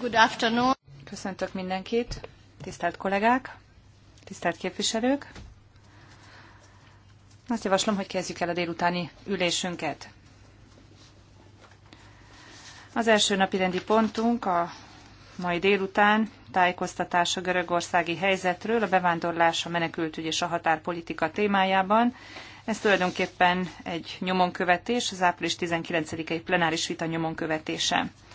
Good afternoon. Köszöntök mindenkit, tisztelt kollégák, tisztelt képviselők. Azt javaslom, hogy kezdjük el a délutáni ülésünket. Az első napi rendi pontunk a mai délután tájékoztatás a görögországi helyzetről, a bevándorlás, a menekültügy és a határpolitika témájában. Ez tulajdonképpen egy nyomonkövetés, az április 19-i plenáris vita nyomonkövetése. követése.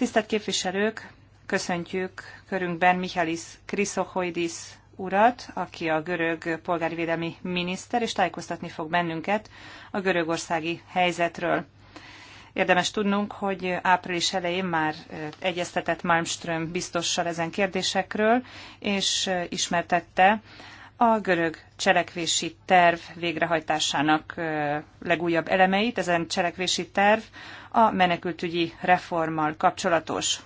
Tisztelt képviselők, köszöntjük körünkben Michalis Krisohoidis urat, aki a görög polgárvédelmi miniszter, és tájékoztatni fog bennünket a görögországi helyzetről. Érdemes tudnunk, hogy április elején már egyeztetett Malmström biztossal ezen kérdésekről, és ismertette a görög cselekvési terv végrehajtásának legújabb elemeit. Ezen cselekvési terv a menekültügyi reformmal kapcsolatos.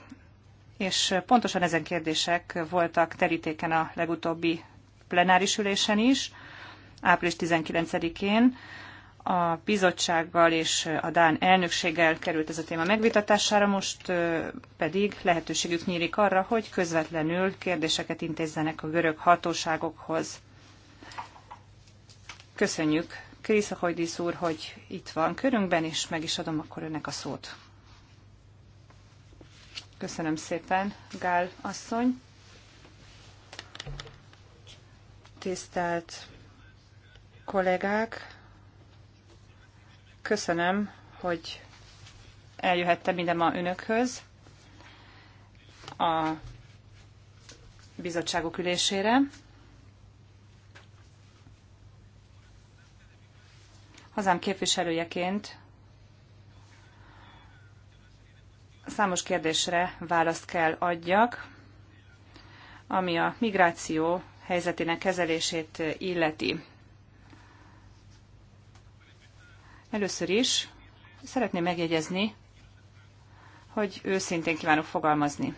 És pontosan ezen kérdések voltak terítéken a legutóbbi plenáris ülésen is, április 19-én. A bizottsággal és a Dán elnökséggel került ez a téma megvitatására, most pedig lehetőségük nyílik arra, hogy közvetlenül kérdéseket intézzenek a görög hatóságokhoz. Köszönjük Kriszahojdis úr, hogy itt van körünkben, és meg is adom akkor önnek a szót. Köszönöm szépen, Gál asszony. Tisztelt kollégák, köszönöm, hogy eljöhettem ide ma önökhöz a bizottságok ülésére. Hazám képviselőjeként számos kérdésre választ kell adjak, ami a migráció helyzetének kezelését illeti. Először is szeretném megjegyezni, hogy őszintén kívánok fogalmazni.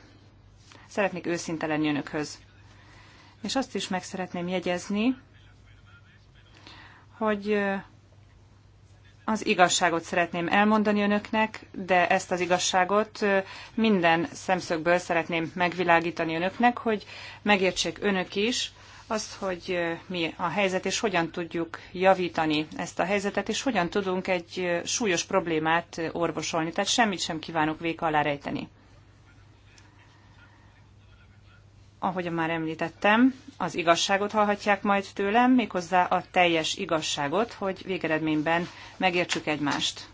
Szeretnék őszinte lenni önökhöz. És azt is meg szeretném jegyezni, hogy az igazságot szeretném elmondani önöknek, de ezt az igazságot minden szemszögből szeretném megvilágítani önöknek, hogy megértsék önök is azt, hogy mi a helyzet, és hogyan tudjuk javítani ezt a helyzetet, és hogyan tudunk egy súlyos problémát orvosolni. Tehát semmit sem kívánok véka alá rejteni. ahogyan már említettem, az igazságot hallhatják majd tőlem, méghozzá a teljes igazságot, hogy végeredményben megértsük egymást.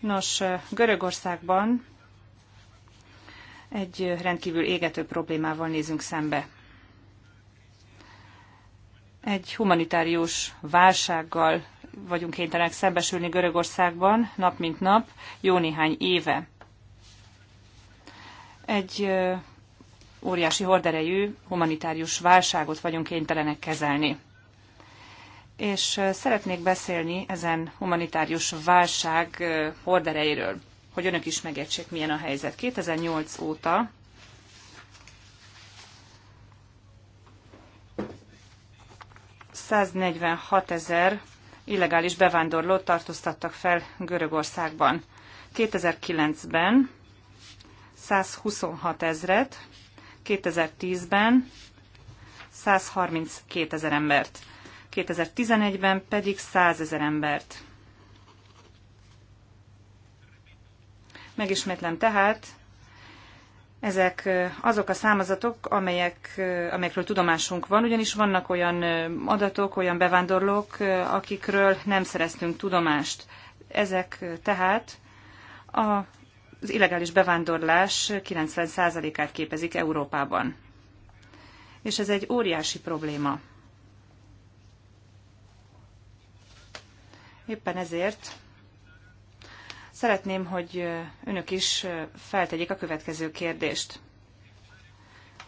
Nos, Görögországban egy rendkívül égető problémával nézünk szembe. Egy humanitárius válsággal vagyunk kénytelenek szembesülni Görögországban nap mint nap, jó néhány éve egy óriási horderejű humanitárius válságot vagyunk kénytelenek kezelni. És szeretnék beszélni ezen humanitárius válság horderejéről, hogy önök is megértsék, milyen a helyzet. 2008 óta ezer illegális bevándorlót tartóztattak fel Görögországban. 2009-ben 126 ezret, 2010-ben 132 ezer embert, 2011-ben pedig 100 ezer embert. Megismétlem tehát, ezek azok a számazatok, amelyek, amelyekről tudomásunk van, ugyanis vannak olyan adatok, olyan bevándorlók, akikről nem szereztünk tudomást. Ezek tehát a az illegális bevándorlás 90%-át képezik Európában. És ez egy óriási probléma. Éppen ezért szeretném, hogy önök is feltegyék a következő kérdést.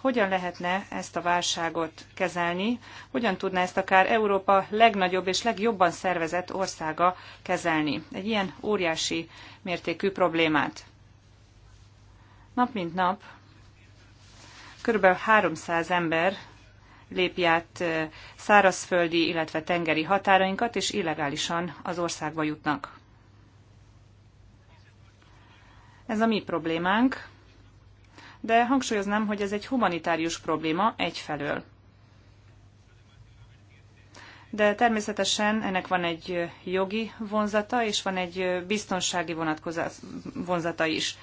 Hogyan lehetne ezt a válságot kezelni? Hogyan tudná ezt akár Európa legnagyobb és legjobban szervezett országa kezelni? Egy ilyen óriási mértékű problémát. Nap mint nap körülbelül 300 ember lépi át szárazföldi, illetve tengeri határainkat, és illegálisan az országba jutnak. Ez a mi problémánk, de hangsúlyoznám, hogy ez egy humanitárius probléma egyfelől. De természetesen ennek van egy jogi vonzata, és van egy biztonsági vonatkozás vonzata is.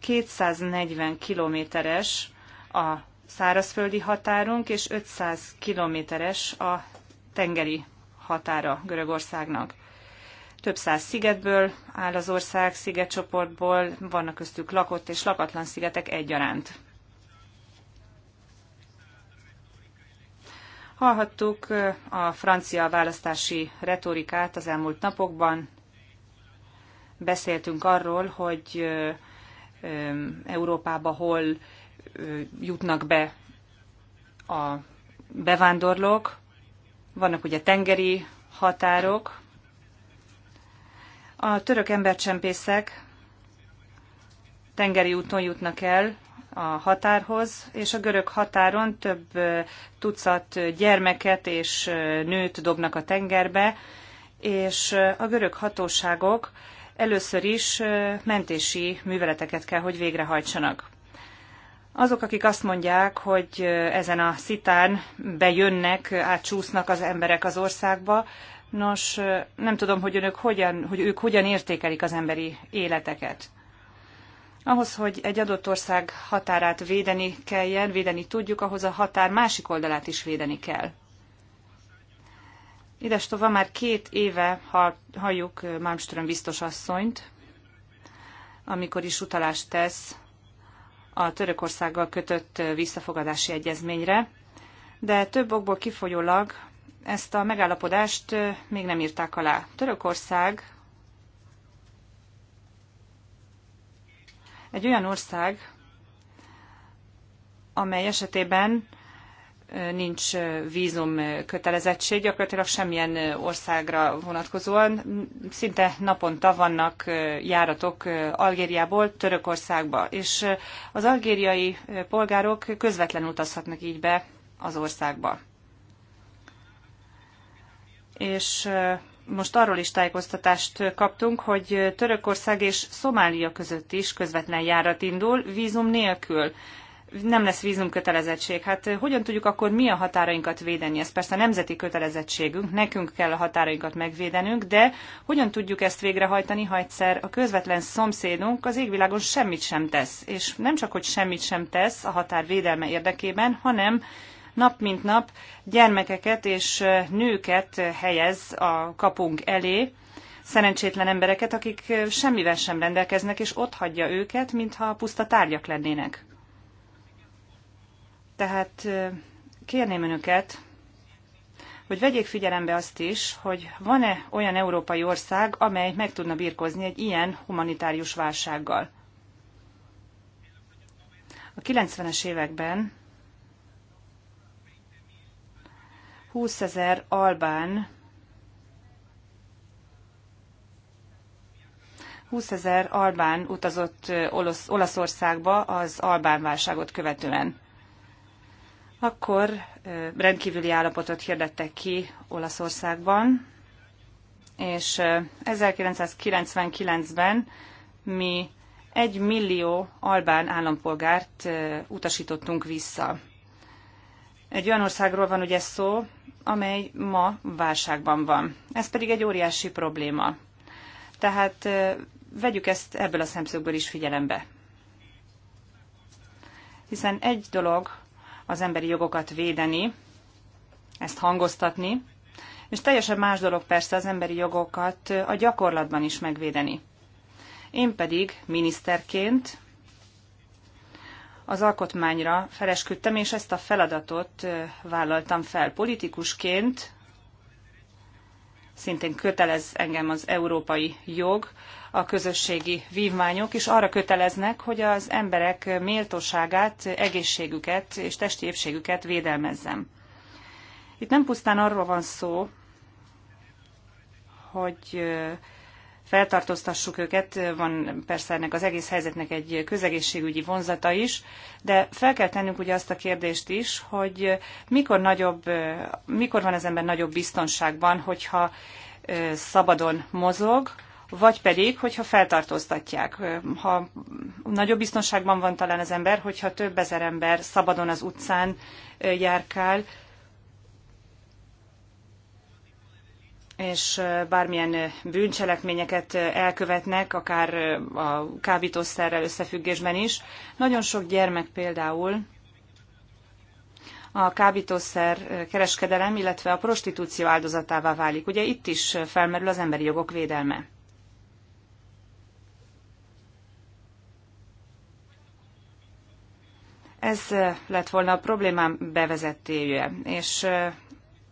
240 kilométeres a szárazföldi határunk, és 500 kilométeres a tengeri határa Görögországnak. Több száz szigetből áll az ország, szigetcsoportból, vannak köztük lakott és lakatlan szigetek egyaránt. Hallhattuk a francia választási retorikát az elmúlt napokban. Beszéltünk arról, hogy Európába hol jutnak be a bevándorlók. Vannak ugye tengeri határok. A török embercsempészek tengeri úton jutnak el a határhoz, és a görög határon több tucat gyermeket és nőt dobnak a tengerbe, és a görög hatóságok először is mentési műveleteket kell, hogy végrehajtsanak. Azok, akik azt mondják, hogy ezen a szitán bejönnek, átcsúsznak az emberek az országba, nos, nem tudom, hogy, önök hogyan, hogy ők hogyan értékelik az emberi életeket. Ahhoz, hogy egy adott ország határát védeni kelljen, védeni tudjuk, ahhoz a határ másik oldalát is védeni kell. Idestova már két éve halljuk Malmström biztos asszonyt, amikor is utalást tesz a Törökországgal kötött visszafogadási egyezményre, de több okból kifolyólag ezt a megállapodást még nem írták alá. Törökország egy olyan ország, amely esetében nincs vízum kötelezettség, gyakorlatilag semmilyen országra vonatkozóan. Szinte naponta vannak járatok Algériából Törökországba, és az algériai polgárok közvetlenül utazhatnak így be az országba. És most arról is tájékoztatást kaptunk, hogy Törökország és Szomália között is közvetlen járat indul, vízum nélkül nem lesz vízumkötelezettség. Hát hogyan tudjuk akkor mi a határainkat védeni? Ez persze a nemzeti kötelezettségünk, nekünk kell a határainkat megvédenünk, de hogyan tudjuk ezt végrehajtani, ha egyszer a közvetlen szomszédunk az égvilágon semmit sem tesz? És nem csak, hogy semmit sem tesz a határ védelme érdekében, hanem nap mint nap gyermekeket és nőket helyez a kapunk elé, szerencsétlen embereket, akik semmivel sem rendelkeznek, és ott hagyja őket, mintha puszta tárgyak lennének. Tehát kérném önöket, hogy vegyék figyelembe azt is, hogy van-e olyan európai ország, amely meg tudna birkozni egy ilyen humanitárius válsággal. A 90-es években 20 ezer albán 20 ezer albán utazott Olasz, Olaszországba az albán válságot követően. Akkor rendkívüli állapotot hirdettek ki Olaszországban, és 1999-ben mi egy millió albán állampolgárt utasítottunk vissza. Egy olyan országról van ugye szó, amely ma válságban van. Ez pedig egy óriási probléma. Tehát vegyük ezt ebből a szemszögből is figyelembe. Hiszen egy dolog az emberi jogokat védeni, ezt hangoztatni, és teljesen más dolog persze az emberi jogokat a gyakorlatban is megvédeni. Én pedig miniszterként az alkotmányra felesküdtem, és ezt a feladatot vállaltam fel politikusként, szintén kötelez engem az európai jog, a közösségi vívmányok, és arra köteleznek, hogy az emberek méltóságát, egészségüket és testi épségüket védelmezzem. Itt nem pusztán arról van szó, hogy feltartóztassuk őket, van persze ennek az egész helyzetnek egy közegészségügyi vonzata is, de fel kell tennünk ugye azt a kérdést is, hogy mikor, nagyobb, mikor van az ember nagyobb biztonságban, hogyha szabadon mozog, vagy pedig, hogyha feltartóztatják. Ha nagyobb biztonságban van talán az ember, hogyha több ezer ember szabadon az utcán járkál, és bármilyen bűncselekményeket elkövetnek, akár a kábítószerrel összefüggésben is. Nagyon sok gyermek például a kábítószer kereskedelem, illetve a prostitúció áldozatává válik. Ugye itt is felmerül az emberi jogok védelme. Ez lett volna a problémám bevezetője, és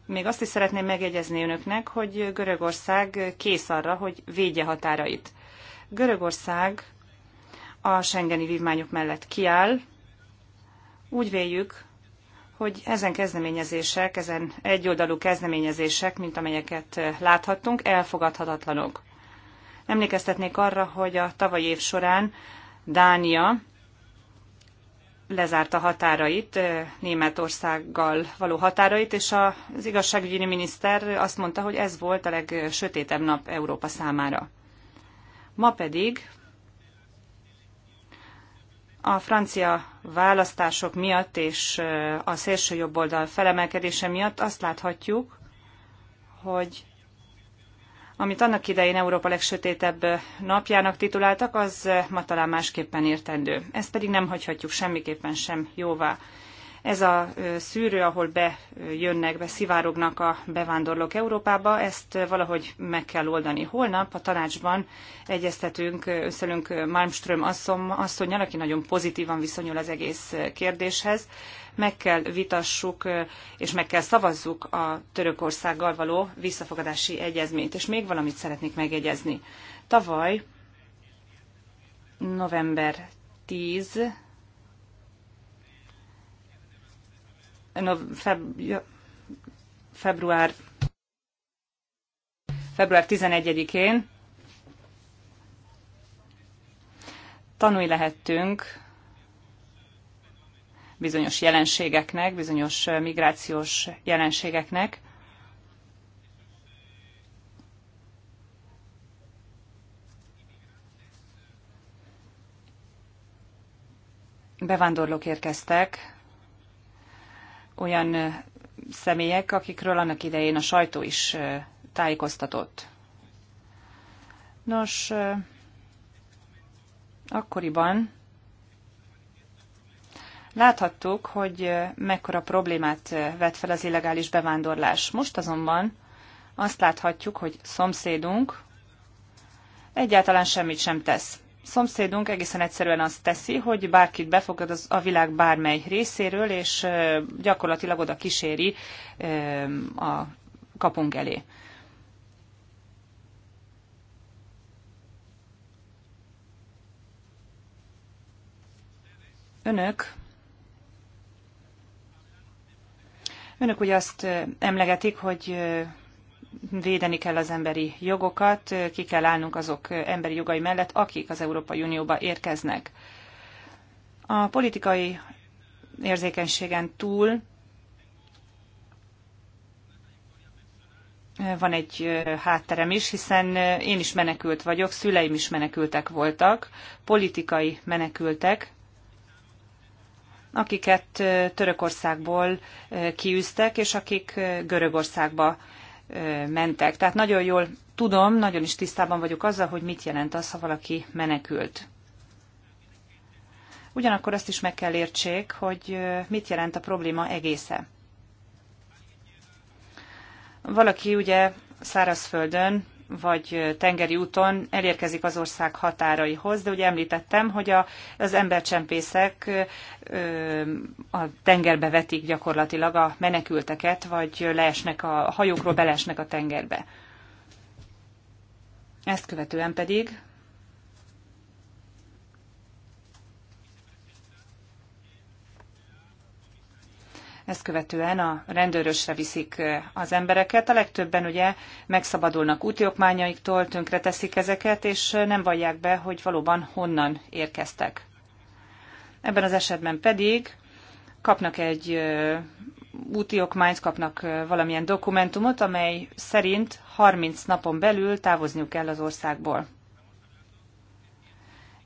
még azt is szeretném megjegyezni önöknek, hogy Görögország kész arra, hogy védje határait. Görögország a Schengeni vívmányok mellett kiáll. Úgy véljük, hogy ezen kezdeményezések, ezen egyoldalú kezdeményezések, mint amelyeket láthattunk, elfogadhatatlanok. Emlékeztetnék arra, hogy a tavalyi év során Dánia lezárta határait, Németországgal való határait, és az igazságügyi miniszter azt mondta, hogy ez volt a legsötétebb nap Európa számára. Ma pedig a francia választások miatt és a szélső jobboldal felemelkedése miatt azt láthatjuk, hogy amit annak idején Európa legsötétebb napjának tituláltak, az ma talán másképpen értendő. Ezt pedig nem hagyhatjuk semmiképpen sem jóvá. Ez a szűrő, ahol bejönnek, beszivárognak a bevándorlók Európába, ezt valahogy meg kell oldani. Holnap a tanácsban egyeztetünk, összelünk Malmström asszonynal, aki nagyon pozitívan viszonyul az egész kérdéshez meg kell vitassuk és meg kell szavazzuk a Törökországgal való visszafogadási egyezményt. És még valamit szeretnék megjegyezni. Tavaly november 10 feb, február február 11-én tanulni lehettünk bizonyos jelenségeknek, bizonyos migrációs jelenségeknek. Bevándorlók érkeztek, olyan személyek, akikről annak idején a sajtó is tájékoztatott. Nos, akkoriban Láthattuk, hogy mekkora problémát vet fel az illegális bevándorlás. Most azonban azt láthatjuk, hogy szomszédunk egyáltalán semmit sem tesz. Szomszédunk egészen egyszerűen azt teszi, hogy bárkit befogad az a világ bármely részéről, és gyakorlatilag oda kíséri a kapunk elé. Önök Önök ugye azt emlegetik, hogy védeni kell az emberi jogokat, ki kell állnunk azok emberi jogai mellett, akik az Európai Unióba érkeznek. A politikai érzékenységen túl van egy hátterem is, hiszen én is menekült vagyok, szüleim is menekültek voltak, politikai menekültek, akiket Törökországból kiűztek, és akik Görögországba mentek. Tehát nagyon jól tudom, nagyon is tisztában vagyok azzal, hogy mit jelent az, ha valaki menekült. Ugyanakkor azt is meg kell értsék, hogy mit jelent a probléma egésze. Valaki ugye szárazföldön vagy tengeri úton elérkezik az ország határaihoz, de ugye említettem, hogy a, az embercsempészek a tengerbe vetik gyakorlatilag a menekülteket, vagy leesnek a, a hajókról belesnek a tengerbe. Ezt követően pedig ezt követően a rendőrösre viszik az embereket. A legtöbben ugye megszabadulnak tönkre tönkreteszik ezeket, és nem vallják be, hogy valóban honnan érkeztek. Ebben az esetben pedig kapnak egy úti okmányt, kapnak valamilyen dokumentumot, amely szerint 30 napon belül távozniuk kell az országból.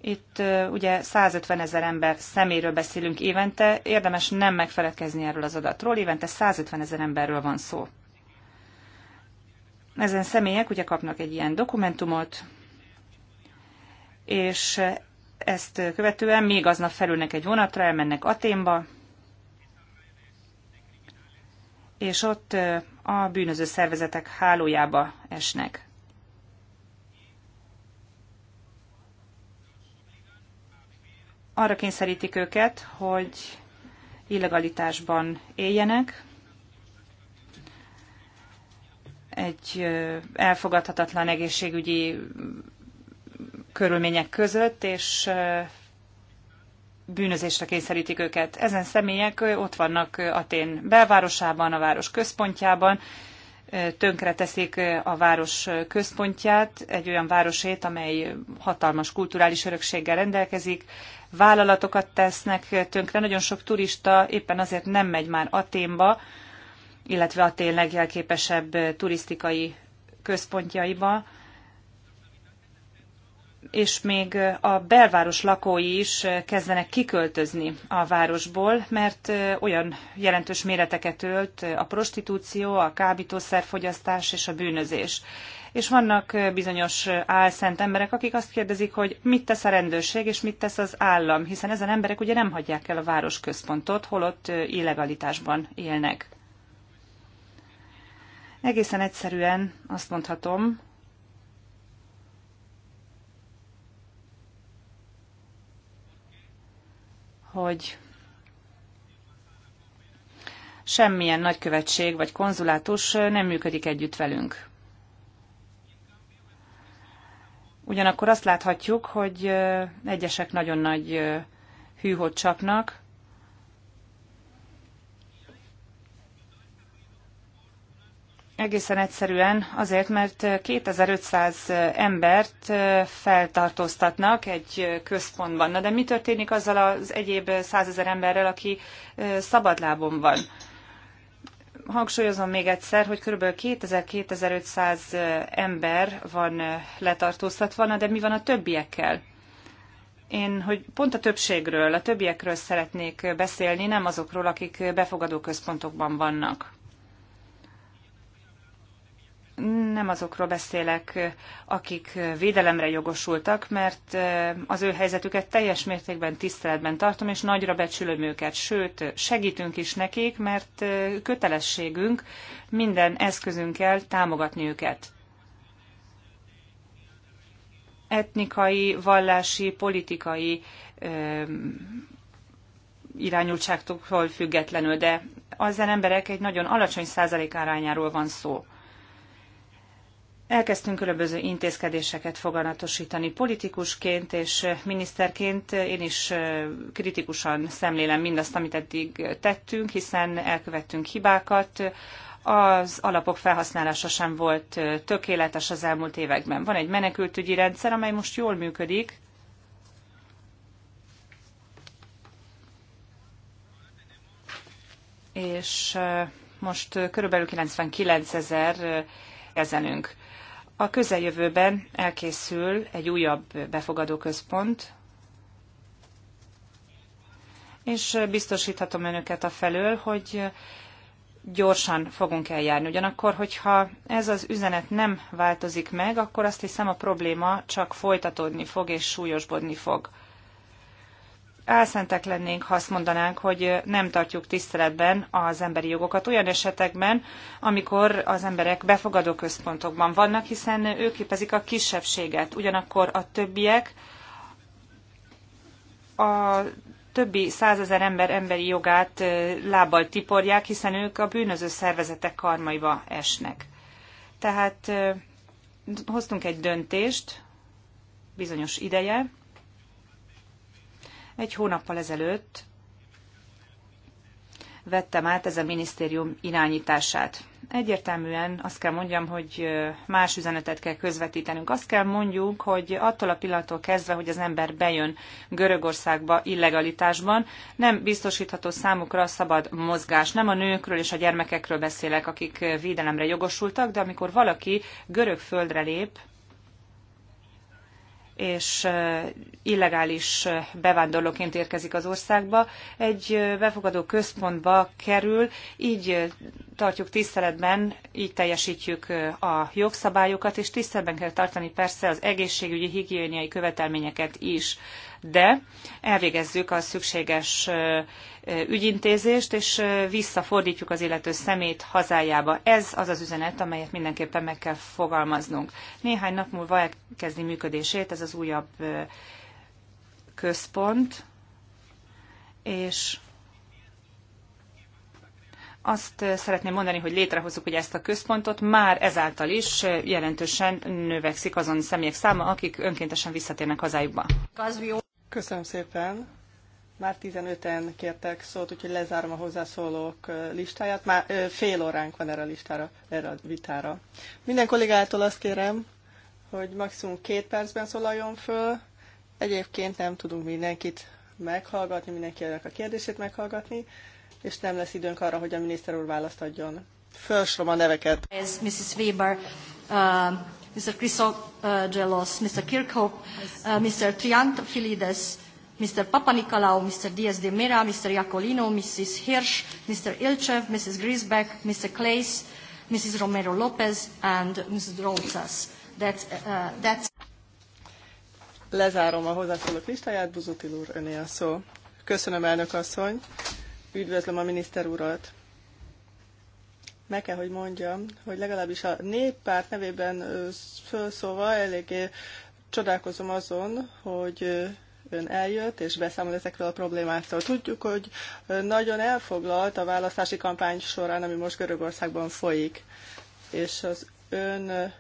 Itt ugye 150 ezer ember szeméről beszélünk évente, érdemes nem megfeledkezni erről az adatról, évente 150 ezer emberről van szó. Ezen személyek ugye kapnak egy ilyen dokumentumot, és ezt követően még aznap felülnek egy vonatra, elmennek Aténba, és ott a bűnöző szervezetek hálójába esnek. arra kényszerítik őket, hogy illegalitásban éljenek. Egy elfogadhatatlan egészségügyi körülmények között, és bűnözésre kényszerítik őket. Ezen személyek ott vannak Atén belvárosában, a város központjában, tönkre teszik a város központját, egy olyan városét, amely hatalmas kulturális örökséggel rendelkezik, vállalatokat tesznek tönkre. Nagyon sok turista éppen azért nem megy már Aténba, illetve Atén legjelképesebb turisztikai központjaiba, és még a belváros lakói is kezdenek kiköltözni a városból, mert olyan jelentős méreteket ölt a prostitúció, a kábítószerfogyasztás és a bűnözés és vannak bizonyos álszent emberek, akik azt kérdezik, hogy mit tesz a rendőrség, és mit tesz az állam, hiszen ezen emberek ugye nem hagyják el a városközpontot, holott illegalitásban élnek. Egészen egyszerűen azt mondhatom, hogy semmilyen nagykövetség vagy konzulátus nem működik együtt velünk. Ugyanakkor azt láthatjuk, hogy egyesek nagyon nagy hűhot csapnak, Egészen egyszerűen azért, mert 2500 embert feltartóztatnak egy központban. Na de mi történik azzal az egyéb 100 emberrel, aki szabadlábon van? hangsúlyozom még egyszer, hogy kb. 2000-2500 ember van letartóztatva, de mi van a többiekkel? Én, hogy pont a többségről, a többiekről szeretnék beszélni, nem azokról, akik befogadó központokban vannak nem azokról beszélek, akik védelemre jogosultak, mert az ő helyzetüket teljes mértékben tiszteletben tartom, és nagyra becsülöm őket. Sőt, segítünk is nekik, mert kötelességünk minden eszközünkkel támogatni őket. Etnikai, vallási, politikai irányultságtól függetlenül, de azon emberek egy nagyon alacsony százalék arányáról van szó Elkezdtünk különböző intézkedéseket foganatosítani politikusként és miniszterként. Én is kritikusan szemlélem mindazt, amit eddig tettünk, hiszen elkövettünk hibákat, az alapok felhasználása sem volt tökéletes az elmúlt években. Van egy menekültügyi rendszer, amely most jól működik. És most körülbelül 99 ezer ezenünk. A közeljövőben elkészül egy újabb befogadóközpont, és biztosíthatom önöket a felől, hogy gyorsan fogunk eljárni. Ugyanakkor, hogyha ez az üzenet nem változik meg, akkor azt hiszem a probléma csak folytatódni fog és súlyosbodni fog álszentek lennénk, ha azt mondanánk, hogy nem tartjuk tiszteletben az emberi jogokat olyan esetekben, amikor az emberek befogadó központokban vannak, hiszen ők képezik a kisebbséget, ugyanakkor a többiek a többi százezer ember emberi jogát lábbal tiporják, hiszen ők a bűnöző szervezetek karmaiba esnek. Tehát hoztunk egy döntést bizonyos ideje, egy hónappal ezelőtt vettem át ez a minisztérium irányítását. Egyértelműen azt kell mondjam, hogy más üzenetet kell közvetítenünk. Azt kell mondjuk, hogy attól a pillanattól kezdve, hogy az ember bejön Görögországba illegalitásban, nem biztosítható számukra a szabad mozgás. Nem a nőkről és a gyermekekről beszélek, akik védelemre jogosultak, de amikor valaki görög földre lép, és illegális bevándorlóként érkezik az országba, egy befogadó központba kerül, így tartjuk tiszteletben, így teljesítjük a jogszabályokat, és tiszteletben kell tartani persze az egészségügyi, higiéniai követelményeket is, de elvégezzük a szükséges ügyintézést, és visszafordítjuk az illető szemét hazájába. Ez az az üzenet, amelyet mindenképpen meg kell fogalmaznunk. Néhány nap múlva elkezdi működését ez az újabb központ, és azt szeretném mondani, hogy létrehozzuk hogy ezt a központot, már ezáltal is jelentősen növekszik azon személyek száma, akik önkéntesen visszatérnek hazájukba. Köszönöm szépen. Már 15-en kértek szót, úgyhogy lezárom a hozzászólók listáját. Már fél óránk van erre a listára, erre a vitára. Minden kollégától azt kérem, hogy maximum két percben szólaljon föl. Egyébként nem tudunk mindenkit meghallgatni, mindenkinek a kérdését meghallgatni és nem lesz időnk arra, hogy a miniszter úr választ adjon. Felsorom a neveket. Ez Mrs. Weber, uh, Mr. Chrysogelos, uh, Mr. Kirkhope, uh, Mr. Triantafilides, Mr. Papanikolaou, Mr. Diaz de Mera, Mr. Iacolino, Mrs. Hirsch, Mr. Ilchev, Mrs. Grisbeck, Mr. Clays, Mrs. Romero Lopez and Mrs. Rousas. That, uh, that's... Lezárom a hozzászólók listáját, Buzutil úr, öné a szó. Köszönöm, elnök asszony. Üdvözlöm a miniszter urat! Meg kell, hogy mondjam, hogy legalábbis a néppárt nevében felszólva eléggé csodálkozom azon, hogy ön eljött és beszámol ezekről a problémákról. Tudjuk, hogy nagyon elfoglalt a választási kampány során, ami most Görögországban folyik, és az ön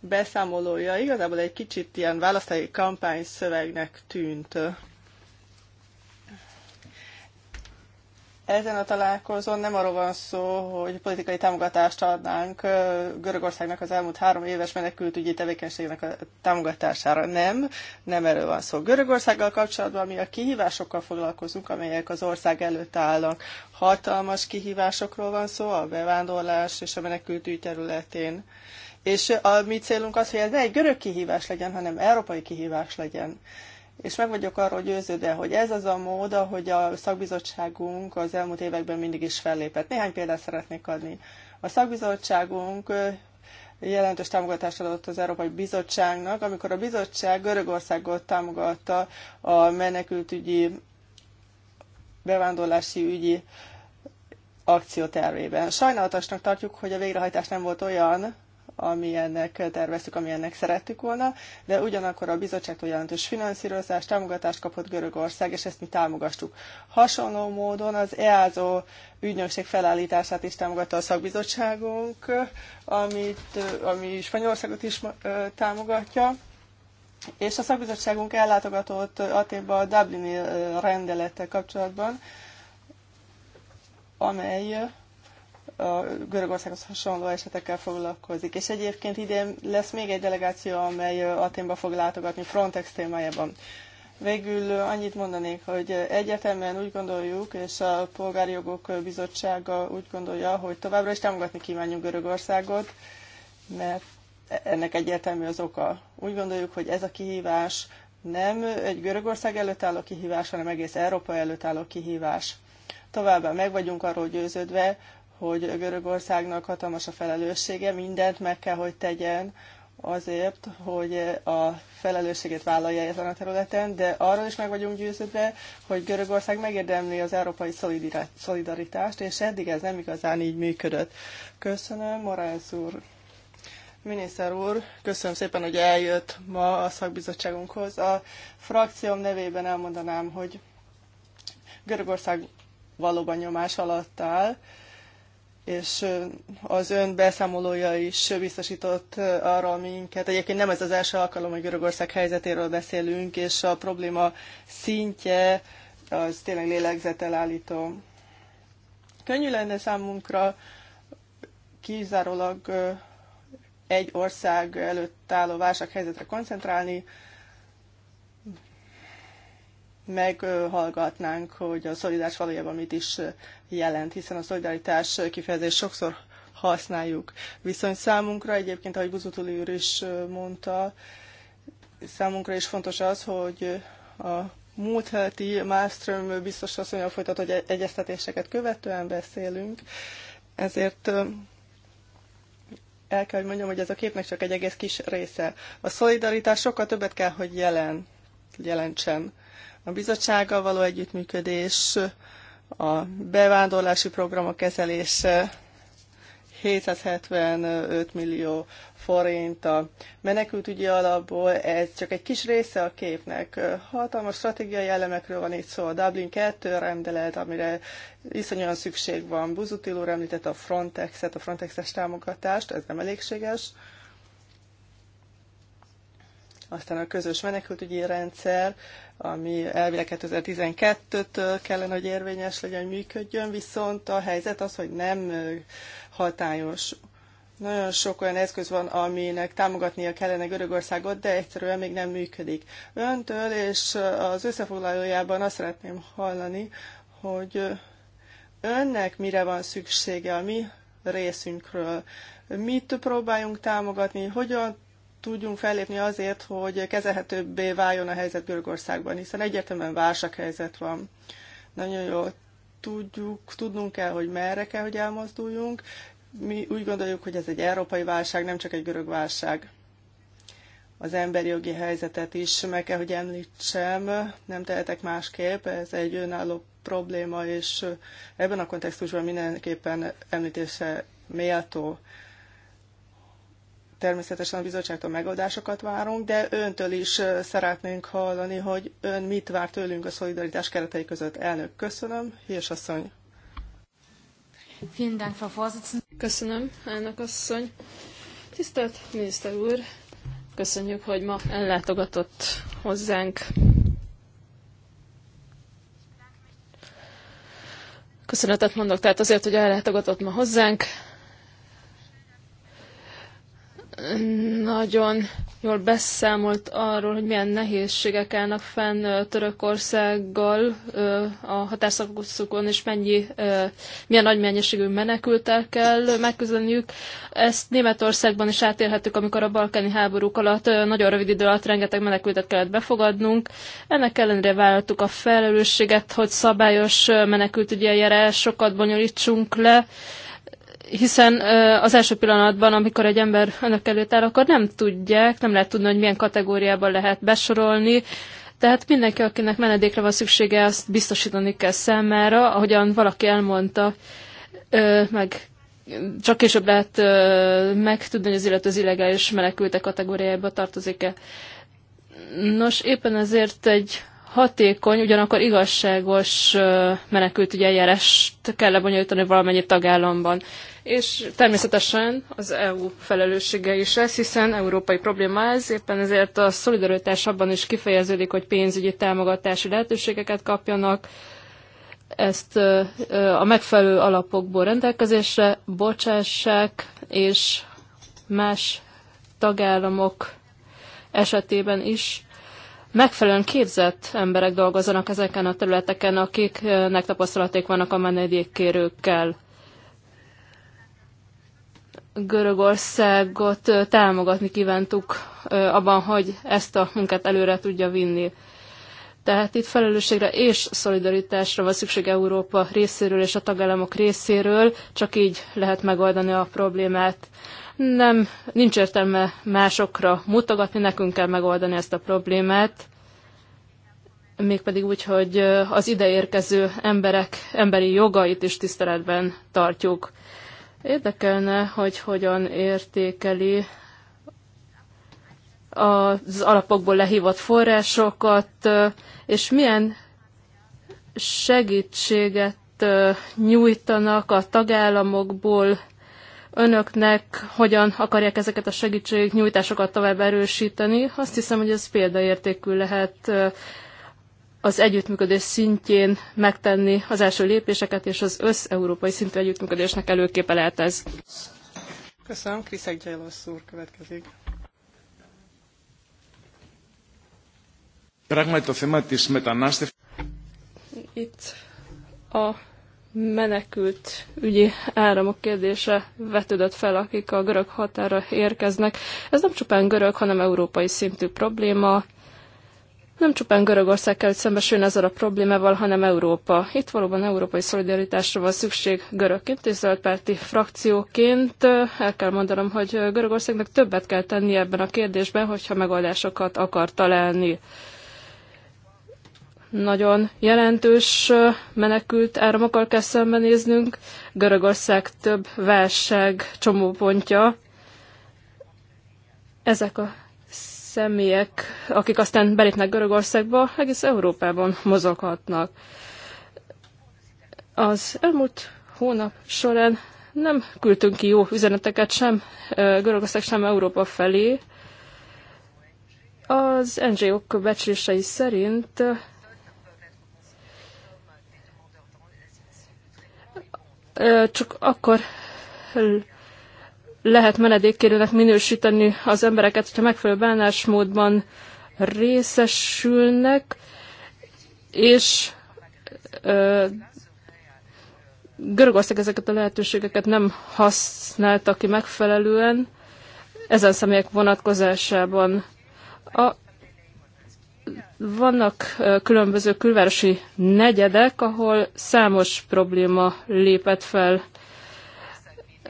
beszámolója igazából egy kicsit ilyen választási kampány szövegnek tűnt. Ezen a találkozón nem arról van szó, hogy politikai támogatást adnánk Görögországnak az elmúlt három éves menekültügyi tevékenységnek a támogatására. Nem, nem erről van szó. Görögországgal kapcsolatban mi a kihívásokkal foglalkozunk, amelyek az ország előtt állnak. Hatalmas kihívásokról van szó a bevándorlás és a menekültügy területén. És a mi célunk az, hogy ez ne egy görög kihívás legyen, hanem európai kihívás legyen és meg vagyok arról győződve, hogy ez az a mód, ahogy a szakbizottságunk az elmúlt években mindig is fellépett. Néhány példát szeretnék adni. A szakbizottságunk jelentős támogatást adott az Európai Bizottságnak, amikor a bizottság Görögországot támogatta a menekültügyi bevándorlási ügyi akciótervében. Sajnálatosnak tartjuk, hogy a végrehajtás nem volt olyan, amilyennek terveztük, amilyennek szerettük volna, de ugyanakkor a bizottságtól jelentős finanszírozást, támogatást kapott Görögország, és ezt mi támogattuk. Hasonló módon az EASO ügynökség felállítását is támogatta a szakbizottságunk, amit, ami Spanyolországot is támogatja. És a szakbizottságunk ellátogatott Aténba a Dublini rendelettel kapcsolatban, amely a Görögországhoz hasonló esetekkel foglalkozik. És egyébként idén lesz még egy delegáció, amely Aténba fog látogatni Frontex témájában. Végül annyit mondanék, hogy egyetemen úgy gondoljuk, és a Polgári Jogok Bizottsága úgy gondolja, hogy továbbra is támogatni kívánjuk Görögországot, mert e- ennek egyértelmű az oka. Úgy gondoljuk, hogy ez a kihívás nem egy Görögország előtt álló kihívás, hanem egész Európa előtt álló kihívás. Továbbá meg vagyunk arról győződve, hogy Görögországnak hatalmas a felelőssége, mindent meg kell, hogy tegyen azért, hogy a felelősséget vállalja ezen a területen, de arról is meg vagyunk győződve, hogy Görögország megérdemli az európai szolidaritást, és eddig ez nem igazán így működött. Köszönöm, Morales úr. Miniszter úr, köszönöm szépen, hogy eljött ma a szakbizottságunkhoz. A frakcióm nevében elmondanám, hogy Görögország valóban nyomás alatt áll, és az ön beszámolója is biztosított arra minket. Egyébként nem ez az első alkalom, hogy Görögország helyzetéről beszélünk, és a probléma szintje az tényleg állító. Könnyű lenne számunkra kizárólag egy ország előtt álló válsághelyzetre koncentrálni, meghallgatnánk, hogy a szolidás valójában mit is jelent, hiszen a szolidaritás kifejezést sokszor használjuk. Viszont számunkra egyébként, ahogy Buzutuli úr is mondta, számunkra is fontos az, hogy a múlt heti Márström biztos asszonyal folytatott hogy egyeztetéseket követően beszélünk, ezért el kell, hogy mondjam, hogy ez a képnek csak egy egész kis része. A szolidaritás sokkal többet kell, hogy jelen, jelentsen. A bizottsággal való együttműködés a bevándorlási programok kezelése 775 millió forint a menekültügyi alapból, ez csak egy kis része a képnek. Hatalmas stratégiai elemekről van itt szó, a Dublin 2 rendelet, amire iszonyúan szükség van. Buzutil úr említette a Frontexet, a Frontexes támogatást, ez nem elégséges. Aztán a közös menekültügyi rendszer, ami elvileg 2012-től kellene, hogy érvényes legyen, működjön, viszont a helyzet az, hogy nem hatályos. Nagyon sok olyan eszköz van, aminek támogatnia kellene Görögországot, de egyszerűen még nem működik. Öntől és az összefoglalójában azt szeretném hallani, hogy önnek mire van szüksége a mi részünkről. Mit próbáljunk támogatni, hogyan tudjunk fellépni azért, hogy kezelhetőbbé váljon a helyzet Görögországban, hiszen egyértelműen válsághelyzet van. Nagyon jól tudjuk, tudnunk kell, hogy merre kell, hogy elmozduljunk. Mi úgy gondoljuk, hogy ez egy európai válság, nem csak egy görög válság. Az emberi jogi helyzetet is meg kell, hogy említsem, nem tehetek másképp, ez egy önálló probléma, és ebben a kontextusban mindenképpen említése méltó. Természetesen a bizottságtól megoldásokat várunk, de öntől is szeretnénk hallani, hogy ön mit vár tőlünk a szolidaritás keretei között. Elnök, köszönöm. Hírs asszony. Köszönöm, elnök asszony. Tisztelt miniszter úr, köszönjük, hogy ma ellátogatott hozzánk. Köszönetet mondok tehát azért, hogy ellátogatott ma hozzánk. nagyon jól beszámolt arról, hogy milyen nehézségek állnak fenn Törökországgal a határszakaszokon, és mennyi, milyen nagy mennyiségű menekültel kell megküzdeniük. Ezt Németországban is átélhettük, amikor a balkáni háborúk alatt nagyon rövid idő alatt rengeteg menekültet kellett befogadnunk. Ennek ellenére vállaltuk a felelősséget, hogy szabályos menekültügyi eljárásokat bonyolítsunk le, hiszen az első pillanatban, amikor egy ember önök előtt áll, akkor nem tudják, nem lehet tudni, hogy milyen kategóriában lehet besorolni, tehát mindenki, akinek menedékre van szüksége, azt biztosítani kell számára, ahogyan valaki elmondta, meg csak később lehet megtudni, hogy az illető az illegális menekültek kategóriájába tartozik-e. Nos, éppen ezért egy hatékony, ugyanakkor igazságos menekültügyi eljárást kell lebonyolítani valamennyi tagállamban és természetesen az EU felelőssége is lesz, hiszen európai probléma ez, éppen ezért a szolidaritás abban is kifejeződik, hogy pénzügyi támogatási lehetőségeket kapjanak, ezt a megfelelő alapokból rendelkezésre bocsássák, és más tagállamok esetében is megfelelően képzett emberek dolgozzanak ezeken a területeken, akiknek tapasztalaték vannak a menedékkérőkkel. Görögországot támogatni kívántuk abban, hogy ezt a munkát előre tudja vinni. Tehát itt felelősségre és szolidaritásra van szükség Európa részéről és a tagállamok részéről, csak így lehet megoldani a problémát. Nem, nincs értelme másokra mutogatni, nekünk kell megoldani ezt a problémát, mégpedig úgy, hogy az ideérkező emberek emberi jogait is tiszteletben tartjuk. Érdekelne, hogy hogyan értékeli az alapokból lehívott forrásokat, és milyen segítséget nyújtanak a tagállamokból önöknek, hogyan akarják ezeket a segítségnyújtásokat tovább erősíteni. Azt hiszem, hogy ez példaértékű lehet az együttműködés szintjén megtenni az első lépéseket, és az összeurópai szintű együttműködésnek előképe lehet ez. Köszönöm, Kriszek Gyajlosz úr következik. Itt a menekült ügyi áramok kérdése vetődött fel, akik a görög határa érkeznek. Ez nem csupán görög, hanem európai szintű probléma nem csupán Görögország kell, hogy szembesüljön ezzel a problémával, hanem Európa. Itt valóban európai szolidaritásra van szükség görögként és zöldpárti frakcióként. El kell mondanom, hogy Görögországnak többet kell tenni ebben a kérdésben, hogyha megoldásokat akar találni. Nagyon jelentős menekült áramokkal kell szembenéznünk. Görögország több válság csomópontja. Ezek a személyek, akik aztán belépnek Görögországba, egész Európában mozoghatnak. Az elmúlt hónap során nem küldtünk ki jó üzeneteket sem Görögország, sem Európa felé. Az NGO-k becslései szerint csak akkor lehet menedékkérőnek minősíteni az embereket, hogyha megfelelő bánásmódban részesülnek, és ö, Görögország ezeket a lehetőségeket nem használta ki megfelelően ezen személyek vonatkozásában. A, vannak különböző külvárosi negyedek, ahol számos probléma lépett fel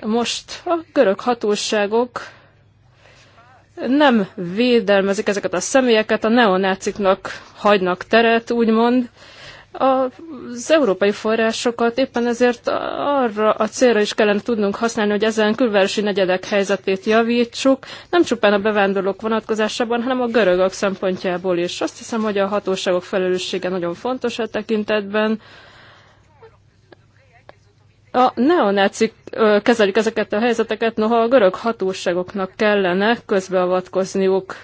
most a görög hatóságok nem védelmezik ezeket a személyeket, a neonáciknak hagynak teret, úgymond. Az európai forrásokat éppen ezért arra a célra is kellene tudnunk használni, hogy ezen külvárosi negyedek helyzetét javítsuk, nem csupán a bevándorlók vonatkozásában, hanem a görögök szempontjából is. Azt hiszem, hogy a hatóságok felelőssége nagyon fontos a e tekintetben. A neonácik kezelik ezeket a helyzeteket, noha a görög hatóságoknak kellene közbeavatkozniuk.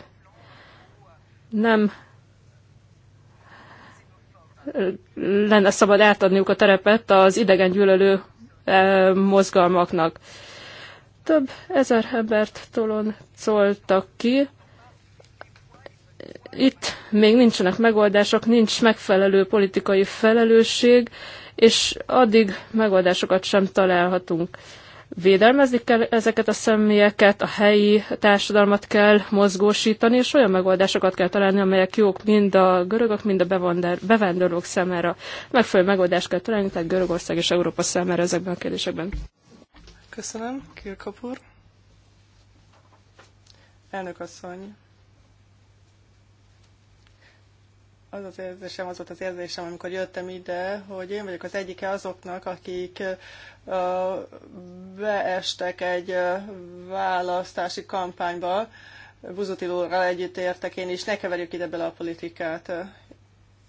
Nem lenne szabad átadniuk a terepet az idegen gyűlölő mozgalmaknak. Több ezer hebert tolon coltak ki. Itt még nincsenek megoldások, nincs megfelelő politikai felelősség, és addig megoldásokat sem találhatunk. Védelmezni kell ezeket a személyeket, a helyi társadalmat kell mozgósítani, és olyan megoldásokat kell találni, amelyek jók mind a görögök, mind a bevándorlók számára. Megfelelő megoldást kell találni, tehát Görögország és Európa számára ezekben a kérdésekben. Köszönöm, Kirkapur. Elnök asszony, az az érzésem, az volt az érzésem, amikor jöttem ide, hogy én vagyok az egyike azoknak, akik beestek egy választási kampányba, Buzutilóral együtt értek én is, ne keverjük ide bele a politikát.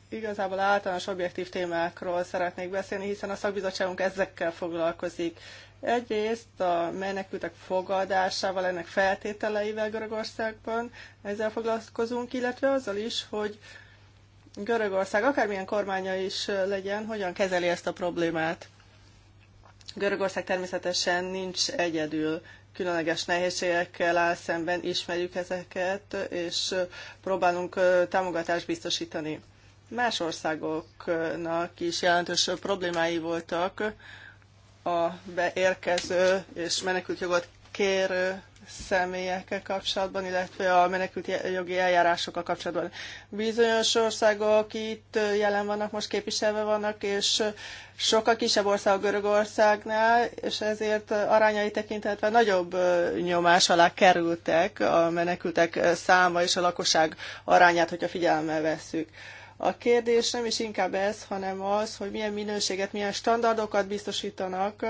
Igazából általános objektív témákról szeretnék beszélni, hiszen a szakbizottságunk ezekkel foglalkozik. Egyrészt a menekültek fogadásával, ennek feltételeivel Görögországban ezzel foglalkozunk, illetve azzal is, hogy Görögország akármilyen kormánya is legyen, hogyan kezeli ezt a problémát. Görögország természetesen nincs egyedül, különleges nehézségekkel áll szemben, ismerjük ezeket, és próbálunk támogatást biztosítani. Más országoknak is jelentős problémái voltak a beérkező és jogot kérő személyekkel kapcsolatban, illetve a menekült jogi eljárásokkal kapcsolatban. Bizonyos országok itt jelen vannak, most képviselve vannak, és sokkal kisebb ország Görögországnál, és ezért arányai tekintetve nagyobb nyomás alá kerültek a menekültek száma és a lakosság arányát, hogyha figyelembe vesszük. A kérdés nem is inkább ez, hanem az, hogy milyen minőséget, milyen standardokat biztosítanak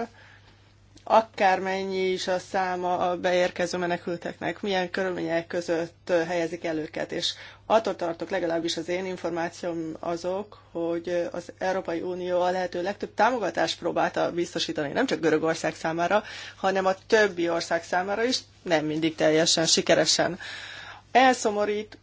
akármennyi is a száma a beérkező menekülteknek, milyen körülmények között helyezik el őket. És attól tartok, legalábbis az én információm azok, hogy az Európai Unió a lehető legtöbb támogatást próbálta biztosítani, nem csak Görögország számára, hanem a többi ország számára is, nem mindig teljesen sikeresen. Elszomorít,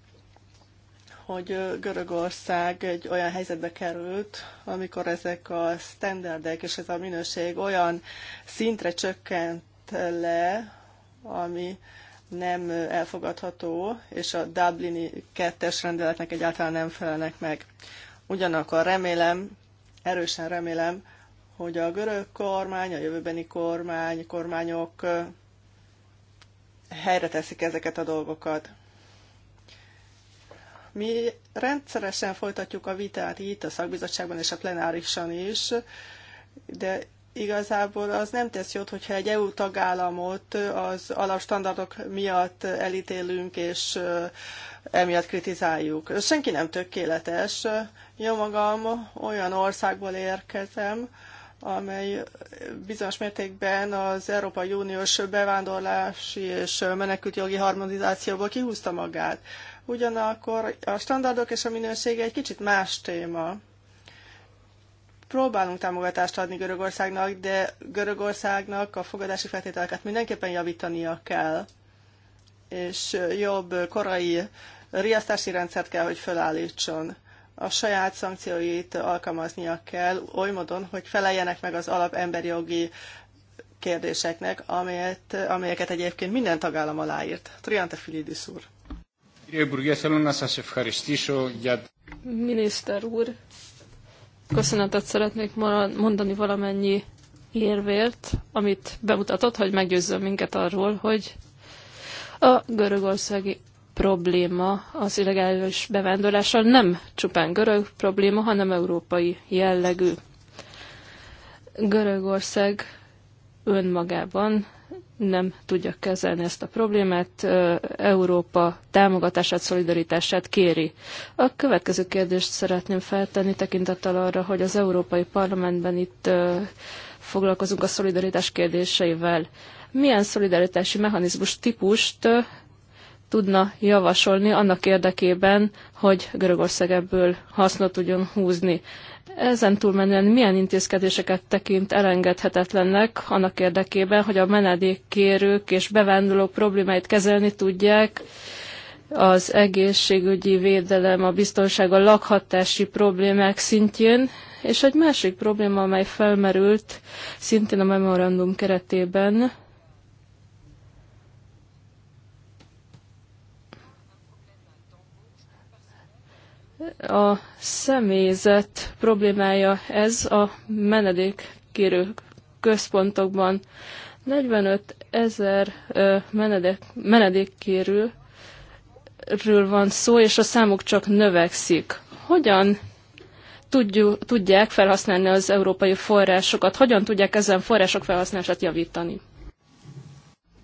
hogy Görögország egy olyan helyzetbe került, amikor ezek a standardek és ez a minőség olyan szintre csökkent le, ami nem elfogadható, és a Dublini kettes rendeletnek egyáltalán nem felelnek meg. Ugyanakkor remélem, erősen remélem, hogy a görög kormány, a jövőbeni kormány, kormányok helyre teszik ezeket a dolgokat. Mi rendszeresen folytatjuk a vitát itt a szakbizottságban és a plenárisan is, de igazából az nem tesz jót, hogyha egy EU tagállamot az alapstandardok miatt elítélünk, és emiatt kritizáljuk. Senki nem tökéletes. Jó magam olyan országból érkezem, amely bizonyos mértékben az Európai Uniós bevándorlási és menekültjogi harmonizációból kihúzta magát ugyanakkor a standardok és a minősége egy kicsit más téma. Próbálunk támogatást adni Görögországnak, de Görögországnak a fogadási feltételeket mindenképpen javítania kell, és jobb korai riasztási rendszert kell, hogy felállítson. A saját szankcióit alkalmaznia kell oly módon, hogy feleljenek meg az alap emberi jogi kérdéseknek, amelyet, amelyeket egyébként minden tagállam aláírt. Triante Filidis úr. Miniszter úr, köszönetet szeretnék mondani valamennyi érvért, amit bemutatott, hogy meggyőzzön minket arról, hogy a görögországi probléma az illegális bevándorlással nem csupán görög probléma, hanem európai jellegű. Görögország önmagában nem tudja kezelni ezt a problémát, Európa támogatását, szolidaritását kéri. A következő kérdést szeretném feltenni tekintettel arra, hogy az Európai Parlamentben itt foglalkozunk a szolidaritás kérdéseivel. Milyen szolidaritási mechanizmus típust tudna javasolni annak érdekében, hogy Görögország ebből hasznot tudjon húzni. Ezen túlmenően milyen intézkedéseket tekint elengedhetetlennek annak érdekében, hogy a menedékkérők és bevándorlók problémáit kezelni tudják, az egészségügyi védelem, a biztonság, a lakhatási problémák szintjén, és egy másik probléma, amely felmerült szintén a memorandum keretében, A személyzet problémája ez a menedékkérő központokban. 45 ezer menedék, menedékkérőről van szó, és a számuk csak növekszik. Hogyan tudjuk, tudják felhasználni az európai forrásokat? Hogyan tudják ezen források felhasználását javítani?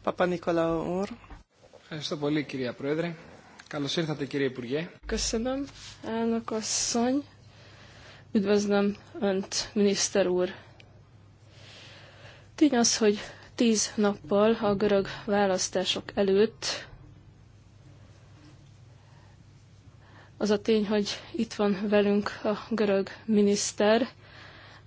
Papa Nikola úr. Ευχαριστώ πολύ, κυρία ήρθατε κύριε Υπουργέ. Köszönöm, elnök asszony. Üdvözlöm Önt, miniszter úr. Tény az, hogy tíz nappal a görög választások előtt az a tény, hogy itt van velünk a görög miniszter,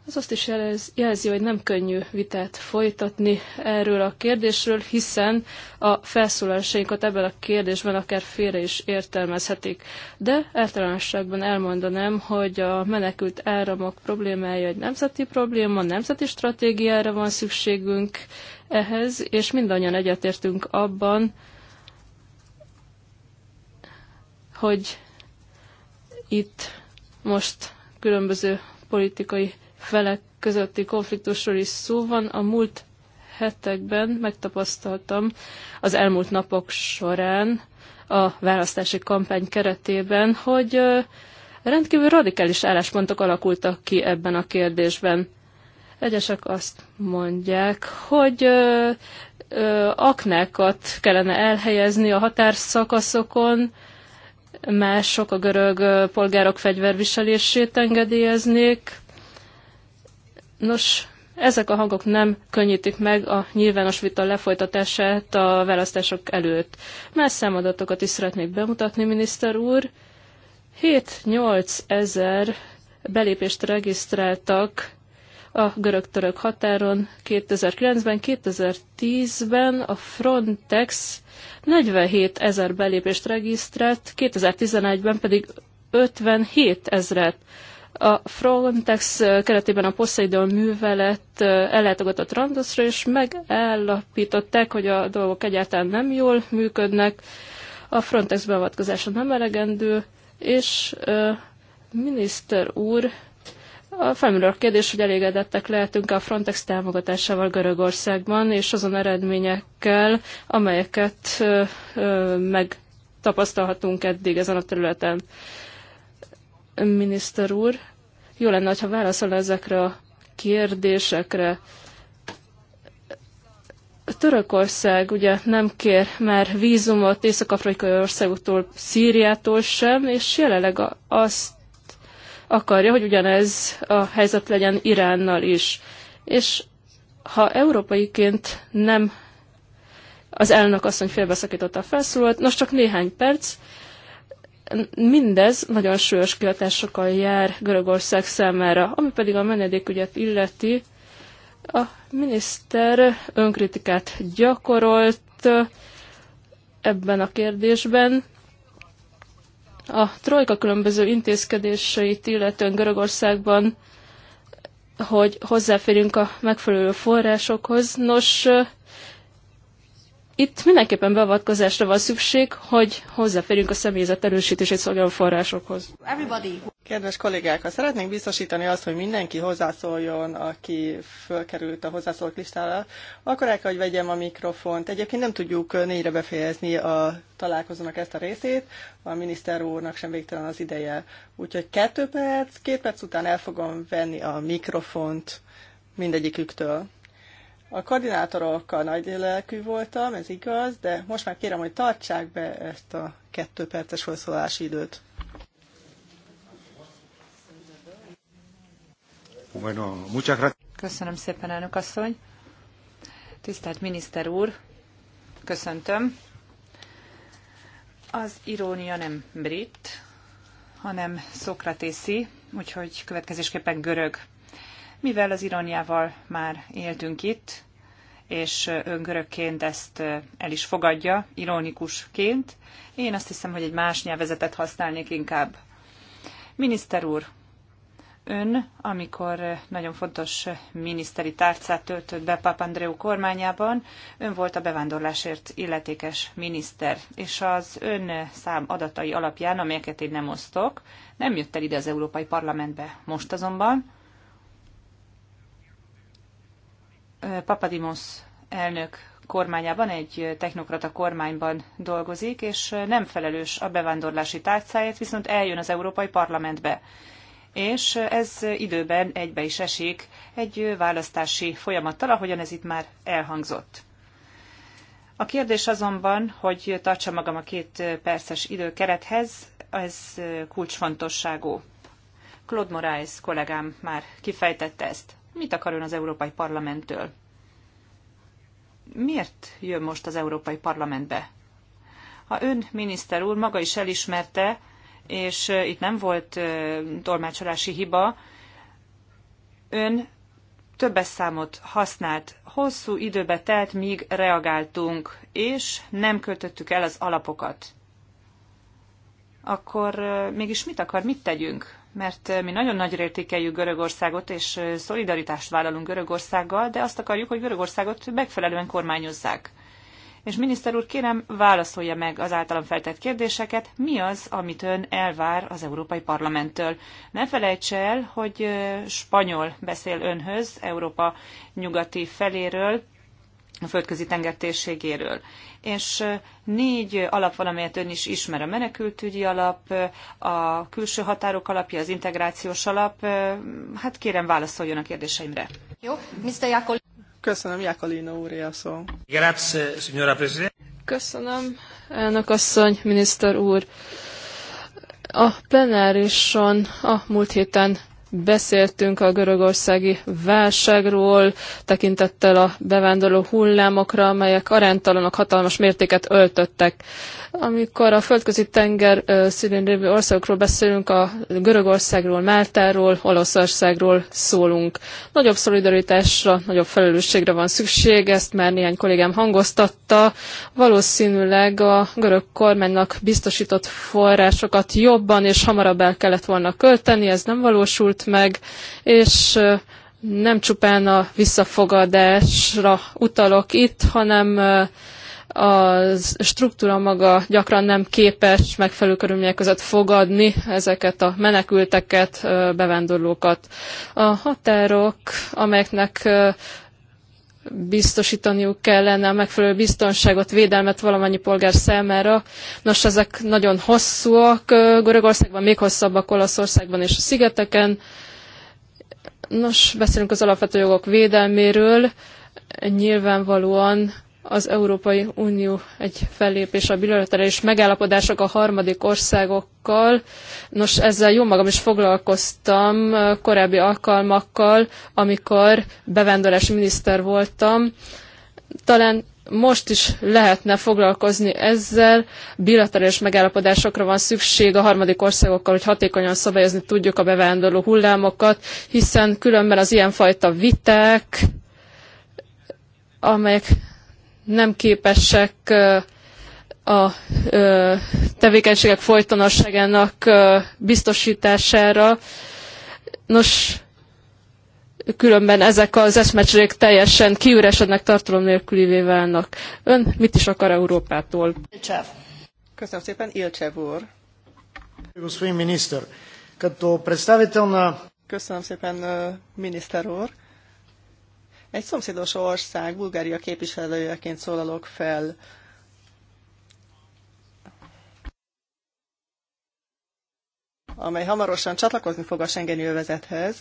ez azt is jelzi, hogy nem könnyű vitát folytatni erről a kérdésről, hiszen a felszólásainkat ebben a kérdésben akár félre is értelmezhetik. De általánosságban elmondanám, hogy a menekült áramok problémája egy nemzeti probléma, nemzeti stratégiára van szükségünk ehhez, és mindannyian egyetértünk abban, hogy itt most különböző politikai felek közötti konfliktusról is szó van. A múlt hetekben megtapasztaltam az elmúlt napok során a választási kampány keretében, hogy rendkívül radikális álláspontok alakultak ki ebben a kérdésben. Egyesek azt mondják, hogy ö, ö, aknákat kellene elhelyezni a határszakaszokon, mások a görög polgárok fegyverviselését engedélyeznék, Nos, ezek a hangok nem könnyítik meg a nyilvános vita lefolytatását a választások előtt. Más számadatokat is szeretnék bemutatni, miniszter úr. 7-8 ezer belépést regisztráltak a görög-török határon 2009-ben, 2010-ben a Frontex 47 ezer belépést regisztrált, 2011-ben pedig 57 ezret. A Frontex keretében a Poseidon művelet ellátogatott Randosra, és megállapították, hogy a dolgok egyáltalán nem jól működnek, a Frontex beavatkozása nem elegendő, és ö, miniszter úr, a felmerül a kérdés, hogy elégedettek lehetünk a Frontex támogatásával Görögországban, és azon eredményekkel, amelyeket megtapasztalhatunk eddig ezen a területen. Ö, miniszter úr. Jó lenne, ha válaszol ezekre a kérdésekre. Törökország ugye nem kér már vízumot észak-afrikai országoktól, Szíriától sem, és jelenleg azt akarja, hogy ugyanez a helyzet legyen Iránnal is. És ha európaiként nem az elnök asszony félbeszakította a felszólalt, nos csak néhány perc, mindez nagyon súlyos kihatásokkal jár Görögország számára, ami pedig a menedékügyet illeti. A miniszter önkritikát gyakorolt ebben a kérdésben. A trojka különböző intézkedéseit illetően Görögországban, hogy hozzáférjünk a megfelelő forrásokhoz. Nos, itt mindenképpen beavatkozásra van szükség, hogy hozzáférjünk a személyzet erősítését szolgáló forrásokhoz. Everybody. Kedves kollégák, ha szeretnénk biztosítani azt, hogy mindenki hozzászóljon, aki fölkerült a hozzászólók listára, akkor el kell, hogy vegyem a mikrofont. Egyébként nem tudjuk négyre befejezni a találkozónak ezt a részét, a miniszter úrnak sem végtelen az ideje. Úgyhogy kettő perc, két perc után el fogom venni a mikrofont mindegyiküktől. A koordinátorokkal nagy lelkű voltam, ez igaz, de most már kérem, hogy tartsák be ezt a kettő perces felszólalási időt. Köszönöm szépen, elnök asszony. Tisztelt miniszter úr, köszöntöm. Az irónia nem brit, hanem szokratészi, úgyhogy következésképpen görög mivel az iróniával már éltünk itt, és öngörökként ezt el is fogadja, irónikusként, én azt hiszem, hogy egy más nyelvezetet használnék inkább. Miniszter úr, ön, amikor nagyon fontos miniszteri tárcát töltött be Papandreou kormányában, ön volt a bevándorlásért illetékes miniszter, és az ön szám adatai alapján, amelyeket én nem osztok, nem jött el ide az Európai Parlamentbe. Most azonban Papadimos elnök kormányában, egy technokrata kormányban dolgozik, és nem felelős a bevándorlási tárcáért, viszont eljön az Európai Parlamentbe. És ez időben egybe is esik egy választási folyamattal, ahogyan ez itt már elhangzott. A kérdés azonban, hogy tartsa magam a két perces időkerethez, ez kulcsfontosságú. Claude Moraes kollégám már kifejtette ezt mit akar ön az Európai Parlamenttől? Miért jön most az Európai Parlamentbe? Ha ön, miniszter úr, maga is elismerte, és itt nem volt tolmácsolási hiba, ön többes számot használt. Hosszú időbe telt, míg reagáltunk, és nem költöttük el az alapokat. Akkor mégis mit akar, mit tegyünk? mert mi nagyon nagyra értékeljük Görögországot, és szolidaritást vállalunk Görögországgal, de azt akarjuk, hogy Görögországot megfelelően kormányozzák. És miniszter úr, kérem, válaszolja meg az általam feltett kérdéseket, mi az, amit ön elvár az Európai Parlamenttől. Ne felejtse el, hogy spanyol beszél önhöz, Európa nyugati feléről, a földközi tenger térségéről és négy alap van, amelyet ön is ismer, a menekültügyi alap, a külső határok alapja, az integrációs alap. Hát kérem, válaszoljon a kérdéseimre. Jó, Mr. Jakol. Köszönöm, Jakolino úr, a szó. signora Presidente. Köszönöm, elnök asszony, miniszter úr. A plenárison a múlt héten beszéltünk a görögországi válságról, tekintettel a bevándorló hullámokra, amelyek aránytalanok hatalmas mértéket öltöttek. Amikor a földközi tenger szélén lévő országokról beszélünk, a Görögországról, Máltáról, Olaszországról szólunk. Nagyobb szolidaritásra, nagyobb felelősségre van szükség, ezt már néhány kollégám hangoztatta. Valószínűleg a görög kormánynak biztosított forrásokat jobban és hamarabb el kellett volna költeni, ez nem valósult meg, és nem csupán a visszafogadásra utalok itt, hanem a struktúra maga gyakran nem képes megfelelő körülmények között fogadni ezeket a menekülteket, bevándorlókat. A határok, amelyeknek biztosítaniuk kellene a megfelelő biztonságot, védelmet valamennyi polgár számára. Nos, ezek nagyon hosszúak Görögországban, még hosszabbak Olaszországban és a szigeteken. Nos, beszélünk az alapvető jogok védelméről. Nyilvánvalóan az Európai Unió egy fellépés a bilaterális megállapodások a harmadik országokkal. Nos, ezzel jó magam is foglalkoztam korábbi alkalmakkal, amikor bevándorlási miniszter voltam. Talán most is lehetne foglalkozni ezzel, bilaterális megállapodásokra van szükség a harmadik országokkal, hogy hatékonyan szabályozni tudjuk a bevándorló hullámokat, hiszen különben az ilyenfajta viták, amelyek nem képesek a tevékenységek folytonosságának biztosítására. Nos, különben ezek az eszmecserék teljesen kiüresednek, tartalom nélkülivé válnak. Ön mit is akar Európától? Ilcsev. Köszönöm szépen, Ilcsev úr. Köszönöm szépen, miniszter úr. Egy szomszédos ország, Bulgária képviselőjeként szólalok fel. amely hamarosan csatlakozni fog a Schengeni övezethez.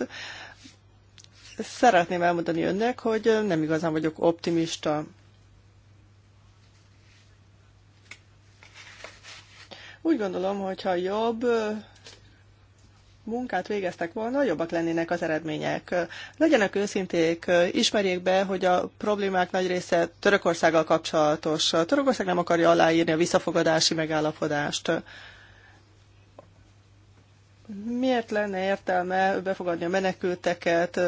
Szeretném elmondani önnek, hogy nem igazán vagyok optimista. Úgy gondolom, hogyha jobb, munkát végeztek volna, jobbak lennének az eredmények. Legyenek őszinték, ismerjék be, hogy a problémák nagy része Törökországgal kapcsolatos. Törökország nem akarja aláírni a visszafogadási megállapodást. Miért lenne értelme befogadni a menekülteket,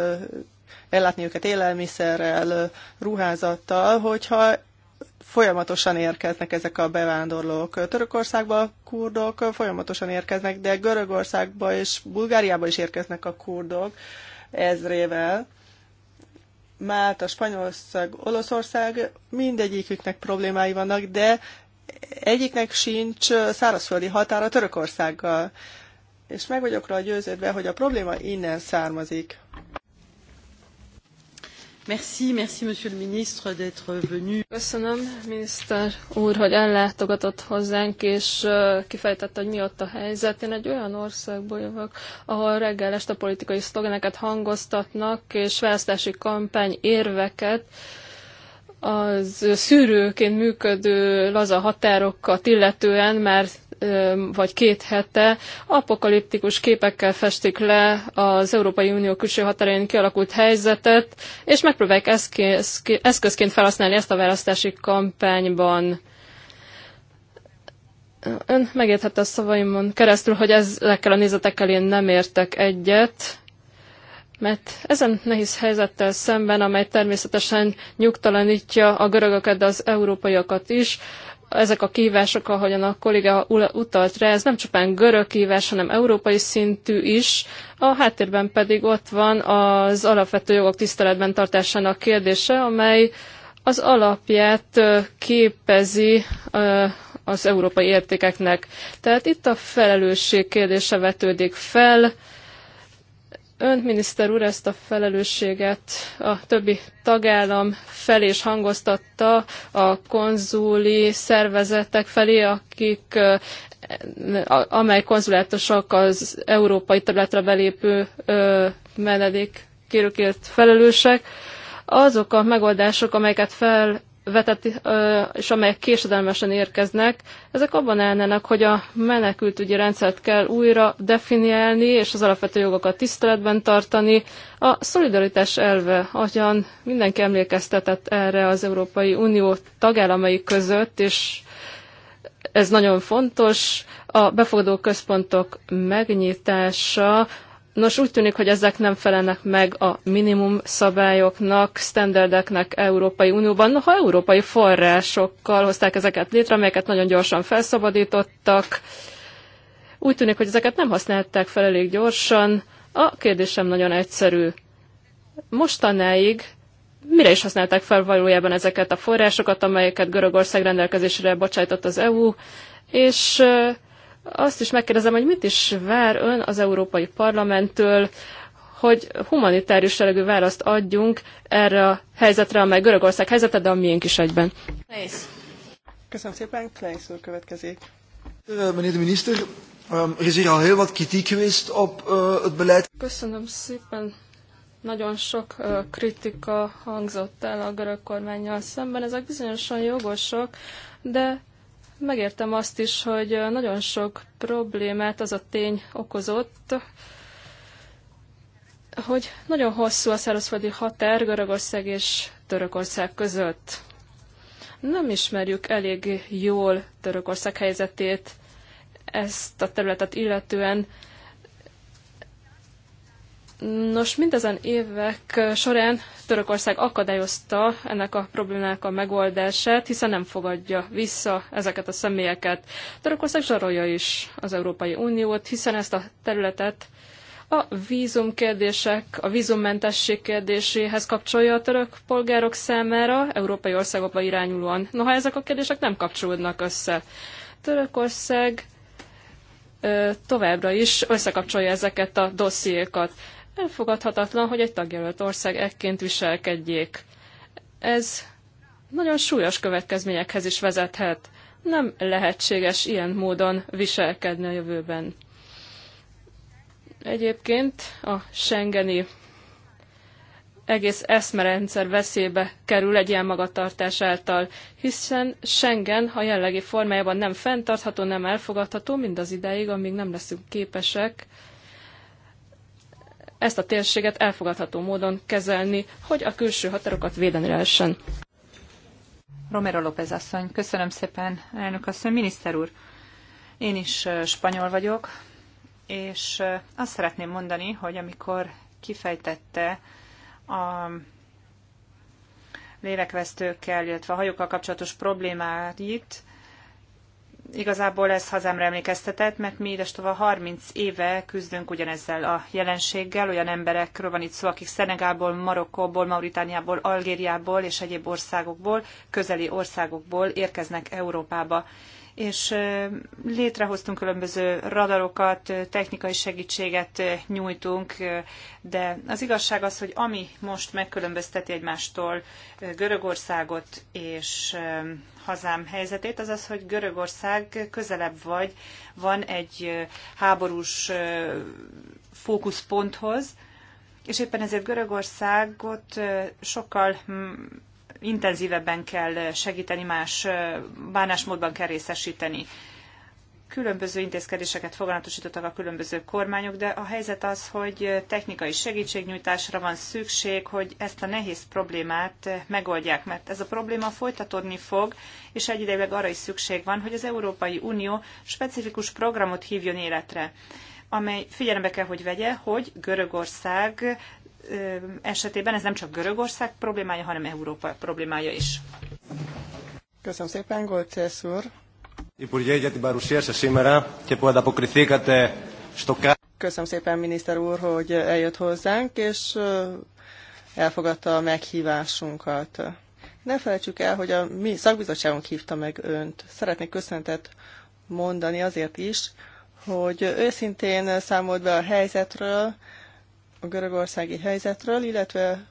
ellátni őket élelmiszerrel, ruházattal, hogyha folyamatosan érkeznek ezek a bevándorlók. Törökországba kurdok folyamatosan érkeznek, de Görögországba és Bulgáriába is érkeznek a kurdok ezrével. Málta, Spanyolország, Olaszország, mindegyiküknek problémái vannak, de egyiknek sincs szárazföldi határa Törökországgal. És meg vagyok rá győződve, hogy a probléma innen származik. Merci, merci, monsieur le ministre, d'être venu. Köszönöm, miniszter úr, hogy ellátogatott hozzánk, és kifejtette, hogy mi ott a helyzet. Én egy olyan országból jövök, ahol reggel este politikai szlogeneket hangoztatnak, és választási kampány érveket, az szűrőként működő laza határokat illetően mert vagy két hete apokaliptikus képekkel festik le az Európai Unió külső határain kialakult helyzetet, és megpróbálják eszközként felhasználni ezt a választási kampányban. Ön megérthette a szavaimon keresztül, hogy ezekkel a nézetekkel én nem értek egyet, mert ezen nehéz helyzettel szemben, amely természetesen nyugtalanítja a görögöket, de az európaiakat is, ezek a kihívások, ahogyan a kolléga utalt rá, ez nem csupán görög kihívás, hanem európai szintű is. A háttérben pedig ott van az alapvető jogok tiszteletben tartásának kérdése, amely az alapját képezi az európai értékeknek. Tehát itt a felelősség kérdése vetődik fel, Önt, miniszter úr, ezt a felelősséget a többi tagállam felé is hangoztatta a konzuli szervezetek felé, akik amely konzulátusok az európai területre belépő menedék kérőkért felelősek. Azok a megoldások, amelyeket fel vetett, és amelyek késedelmesen érkeznek, ezek abban állnának, hogy a menekültügyi rendszert kell újra definiálni, és az alapvető jogokat tiszteletben tartani. A szolidaritás elve, ahogyan mindenki emlékeztetett erre az Európai Unió tagállamai között, és ez nagyon fontos, a befogadó központok megnyitása Nos, úgy tűnik, hogy ezek nem felelnek meg a minimum szabályoknak, standardeknek Európai Unióban. Noha európai forrásokkal hozták ezeket létre, amelyeket nagyon gyorsan felszabadítottak. Úgy tűnik, hogy ezeket nem használták fel elég gyorsan. A kérdésem nagyon egyszerű. Mostanáig mire is használták fel valójában ezeket a forrásokat, amelyeket Görögország rendelkezésre bocsájtott az EU, és azt is megkérdezem, hogy mit is vár ön az Európai Parlamenttől, hogy humanitárius elegű választ adjunk erre a helyzetre, amely Görögország helyzete, de a miénk is egyben. Klész. Köszönöm szépen, Kleisz úr következik. Meneer de minister, ehm, er is hier al heel wat kritiek geweest op eh, het beleid. Köszönöm szépen. Nagyon sok eh, kritika hangzott el a görög kormányjal szemben, ezek bizonyosan jogosak, de Megértem azt is, hogy nagyon sok problémát az a tény okozott, hogy nagyon hosszú a szárazföldi határ Görögország és Törökország között. Nem ismerjük elég jól Törökország helyzetét ezt a területet illetően, Nos, mindezen évek során Törökország akadályozta ennek a problémának a megoldását, hiszen nem fogadja vissza ezeket a személyeket. Törökország zsarolja is az Európai Uniót, hiszen ezt a területet a vízum kérdések, a vízummentesség kérdéséhez kapcsolja a török polgárok számára, európai országokba irányulóan. Noha ezek a kérdések nem kapcsolódnak össze. Törökország továbbra is összekapcsolja ezeket a dossziékat. Elfogadhatatlan, hogy egy tagjelölt ország ekként viselkedjék. Ez nagyon súlyos következményekhez is vezethet. Nem lehetséges ilyen módon viselkedni a jövőben. Egyébként a Schengeni egész eszmerendszer veszélybe kerül egy ilyen magatartás által, hiszen Schengen a jellegi formájában nem fenntartható, nem elfogadható mindaz ideig, amíg nem leszünk képesek ezt a térséget elfogadható módon kezelni, hogy a külső határokat védeni lehessen. Romero López asszony, köszönöm szépen, elnök asszony, miniszter úr. Én is spanyol vagyok, és azt szeretném mondani, hogy amikor kifejtette a lélekvesztőkkel, illetve a hajókkal kapcsolatos problémáit, igazából ez hazámra emlékeztetett, mert mi idestova 30 éve küzdünk ugyanezzel a jelenséggel. Olyan emberekről van itt szó, akik Szenegából, Marokkóból, Mauritániából, Algériából és egyéb országokból, közeli országokból érkeznek Európába és létrehoztunk különböző radarokat, technikai segítséget nyújtunk, de az igazság az, hogy ami most megkülönbözteti egymástól Görögországot és hazám helyzetét, az az, hogy Görögország közelebb vagy, van egy háborús fókuszponthoz, és éppen ezért Görögországot sokkal intenzívebben kell segíteni, más bánásmódban kell részesíteni. Különböző intézkedéseket foganatosítottak a különböző kormányok, de a helyzet az, hogy technikai segítségnyújtásra van szükség, hogy ezt a nehéz problémát megoldják, mert ez a probléma folytatódni fog, és egyidejűleg arra is szükség van, hogy az Európai Unió specifikus programot hívjon életre amely figyelembe kell, hogy vegye, hogy Görögország esetében ez nem csak Görögország problémája, hanem Európa problémája is. Köszönöm szépen, Golcsesz úr. Köszönöm szépen, miniszter úr, hogy eljött hozzánk, és elfogadta a meghívásunkat. Ne felejtsük el, hogy a mi szakbizottságunk hívta meg önt. Szeretnék köszöntet mondani azért is, hogy őszintén számolt be a helyzetről, a görögországi helyzetről, illetve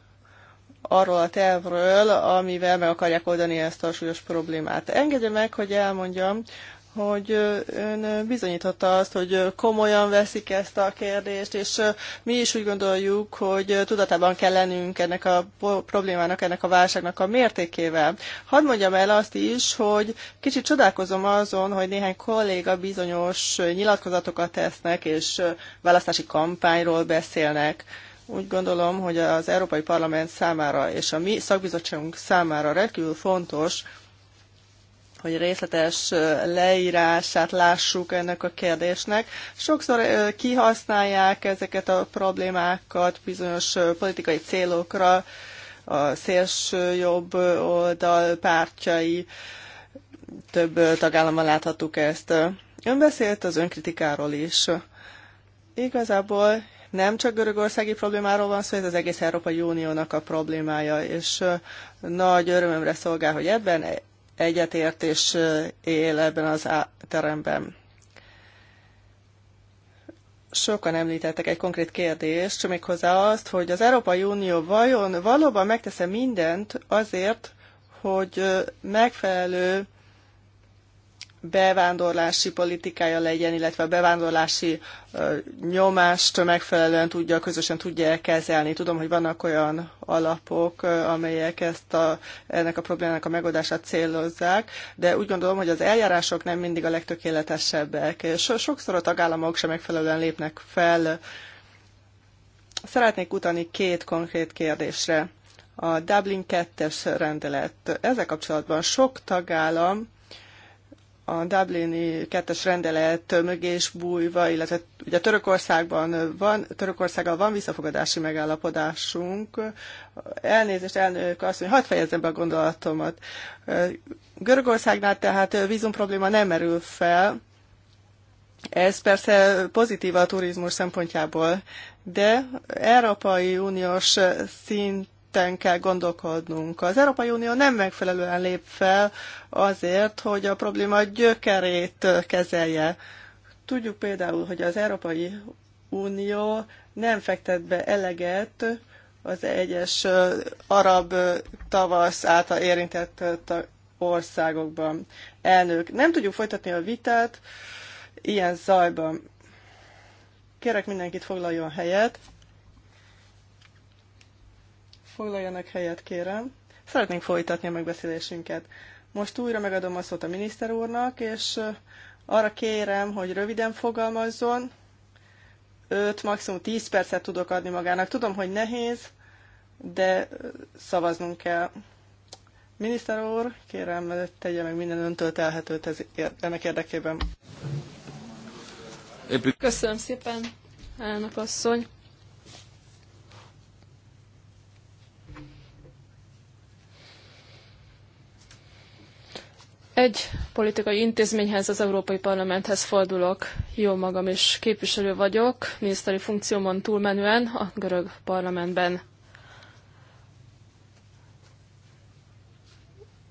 arról a tervről, amivel meg akarják oldani ezt a súlyos problémát. Engedje meg, hogy elmondjam, hogy ön bizonyította azt, hogy komolyan veszik ezt a kérdést, és mi is úgy gondoljuk, hogy tudatában kell lennünk ennek a problémának, ennek a válságnak a mértékével. Hadd mondjam el azt is, hogy kicsit csodálkozom azon, hogy néhány kolléga bizonyos nyilatkozatokat tesznek, és választási kampányról beszélnek úgy gondolom, hogy az Európai Parlament számára és a mi szakbizottságunk számára rendkívül fontos, hogy részletes leírását lássuk ennek a kérdésnek. Sokszor kihasználják ezeket a problémákat bizonyos politikai célokra, a szélső jobb oldal pártjai, több tagállamban láthattuk ezt. Ön beszélt az önkritikáról is. Igazából nem csak görögországi problémáról van szó, ez az egész Európai Uniónak a problémája, és nagy örömömre szolgál, hogy ebben egyetértés él ebben az teremben. Sokan említettek egy konkrét kérdést, méghozzá azt, hogy az Európai Unió vajon valóban megtesz mindent azért, hogy megfelelő bevándorlási politikája legyen, illetve a bevándorlási nyomást megfelelően tudja, közösen tudja kezelni. Tudom, hogy vannak olyan alapok, amelyek ezt a, ennek a problémának a megoldását célozzák, de úgy gondolom, hogy az eljárások nem mindig a legtökéletesebbek. sokszor a tagállamok sem megfelelően lépnek fel. Szeretnék utani két konkrét kérdésre. A Dublin 2-es rendelet. Ezzel kapcsolatban sok tagállam a Dublini kettes rendelet mögé is bújva, illetve ugye Törökországban van, Törökországgal van visszafogadási megállapodásunk. Elnézést, elnök azt mondja, hadd fejezzem be a gondolatomat. Görögországnál tehát vízum probléma nem merül fel, ez persze pozitív a turizmus szempontjából, de Európai Uniós szint szinten kell gondolkodnunk. Az Európai Unió nem megfelelően lép fel azért, hogy a probléma gyökerét kezelje. Tudjuk például, hogy az Európai Unió nem fektet be eleget az egyes arab tavasz által érintett országokban. Elnök, nem tudjuk folytatni a vitát ilyen zajban. Kérek mindenkit foglaljon helyet. Foglaljanak helyet, kérem. Szeretnénk folytatni a megbeszélésünket. Most újra megadom a szót a miniszter úrnak, és arra kérem, hogy röviden fogalmazzon. 5, maximum 10 percet tudok adni magának. Tudom, hogy nehéz, de szavaznunk kell. Miniszter úr, kérem, tegye meg minden öntől telhetőt ez, ennek érdekében. Köszönöm szépen, elnök asszony. Egy politikai intézményhez, az Európai Parlamenthez fordulok. Jó magam is képviselő vagyok, miniszteri funkciómon túlmenően a görög parlamentben.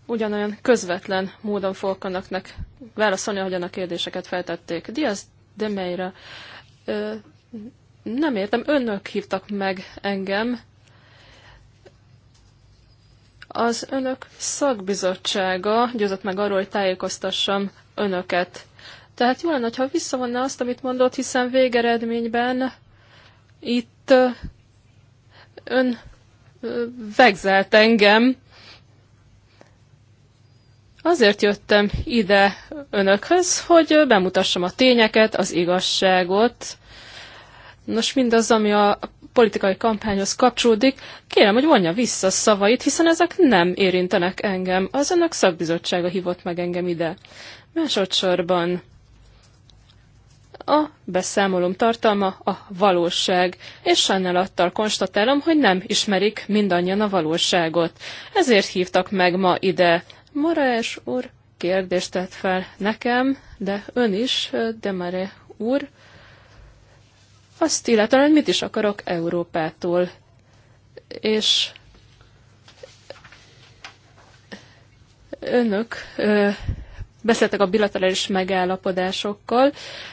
Ugyanolyan közvetlen módon fogok önöknek válaszolni, ahogyan a kérdéseket feltették. Diaz de Meira, nem értem, önök hívtak meg engem, az önök szakbizottsága győzött meg arról, hogy tájékoztassam önöket. Tehát jó lenne, ha visszavonna azt, amit mondott, hiszen végeredményben itt ön vegzelt engem. Azért jöttem ide önökhöz, hogy bemutassam a tényeket, az igazságot. Nos, mindaz, ami a politikai kampányhoz kapcsolódik, kérem, hogy vonja vissza szavait, hiszen ezek nem érintenek engem. Az önök szakbizottsága hívott meg engem ide. Másodszorban a beszámolom tartalma a valóság, és sajnálattal konstatálom, hogy nem ismerik mindannyian a valóságot. Ezért hívtak meg ma ide. Moraes úr kérdést tett fel nekem, de ön is, Demare úr, azt illetve, hogy mit is akarok Európától. És önök ö, beszéltek a bilaterális megállapodásokkal.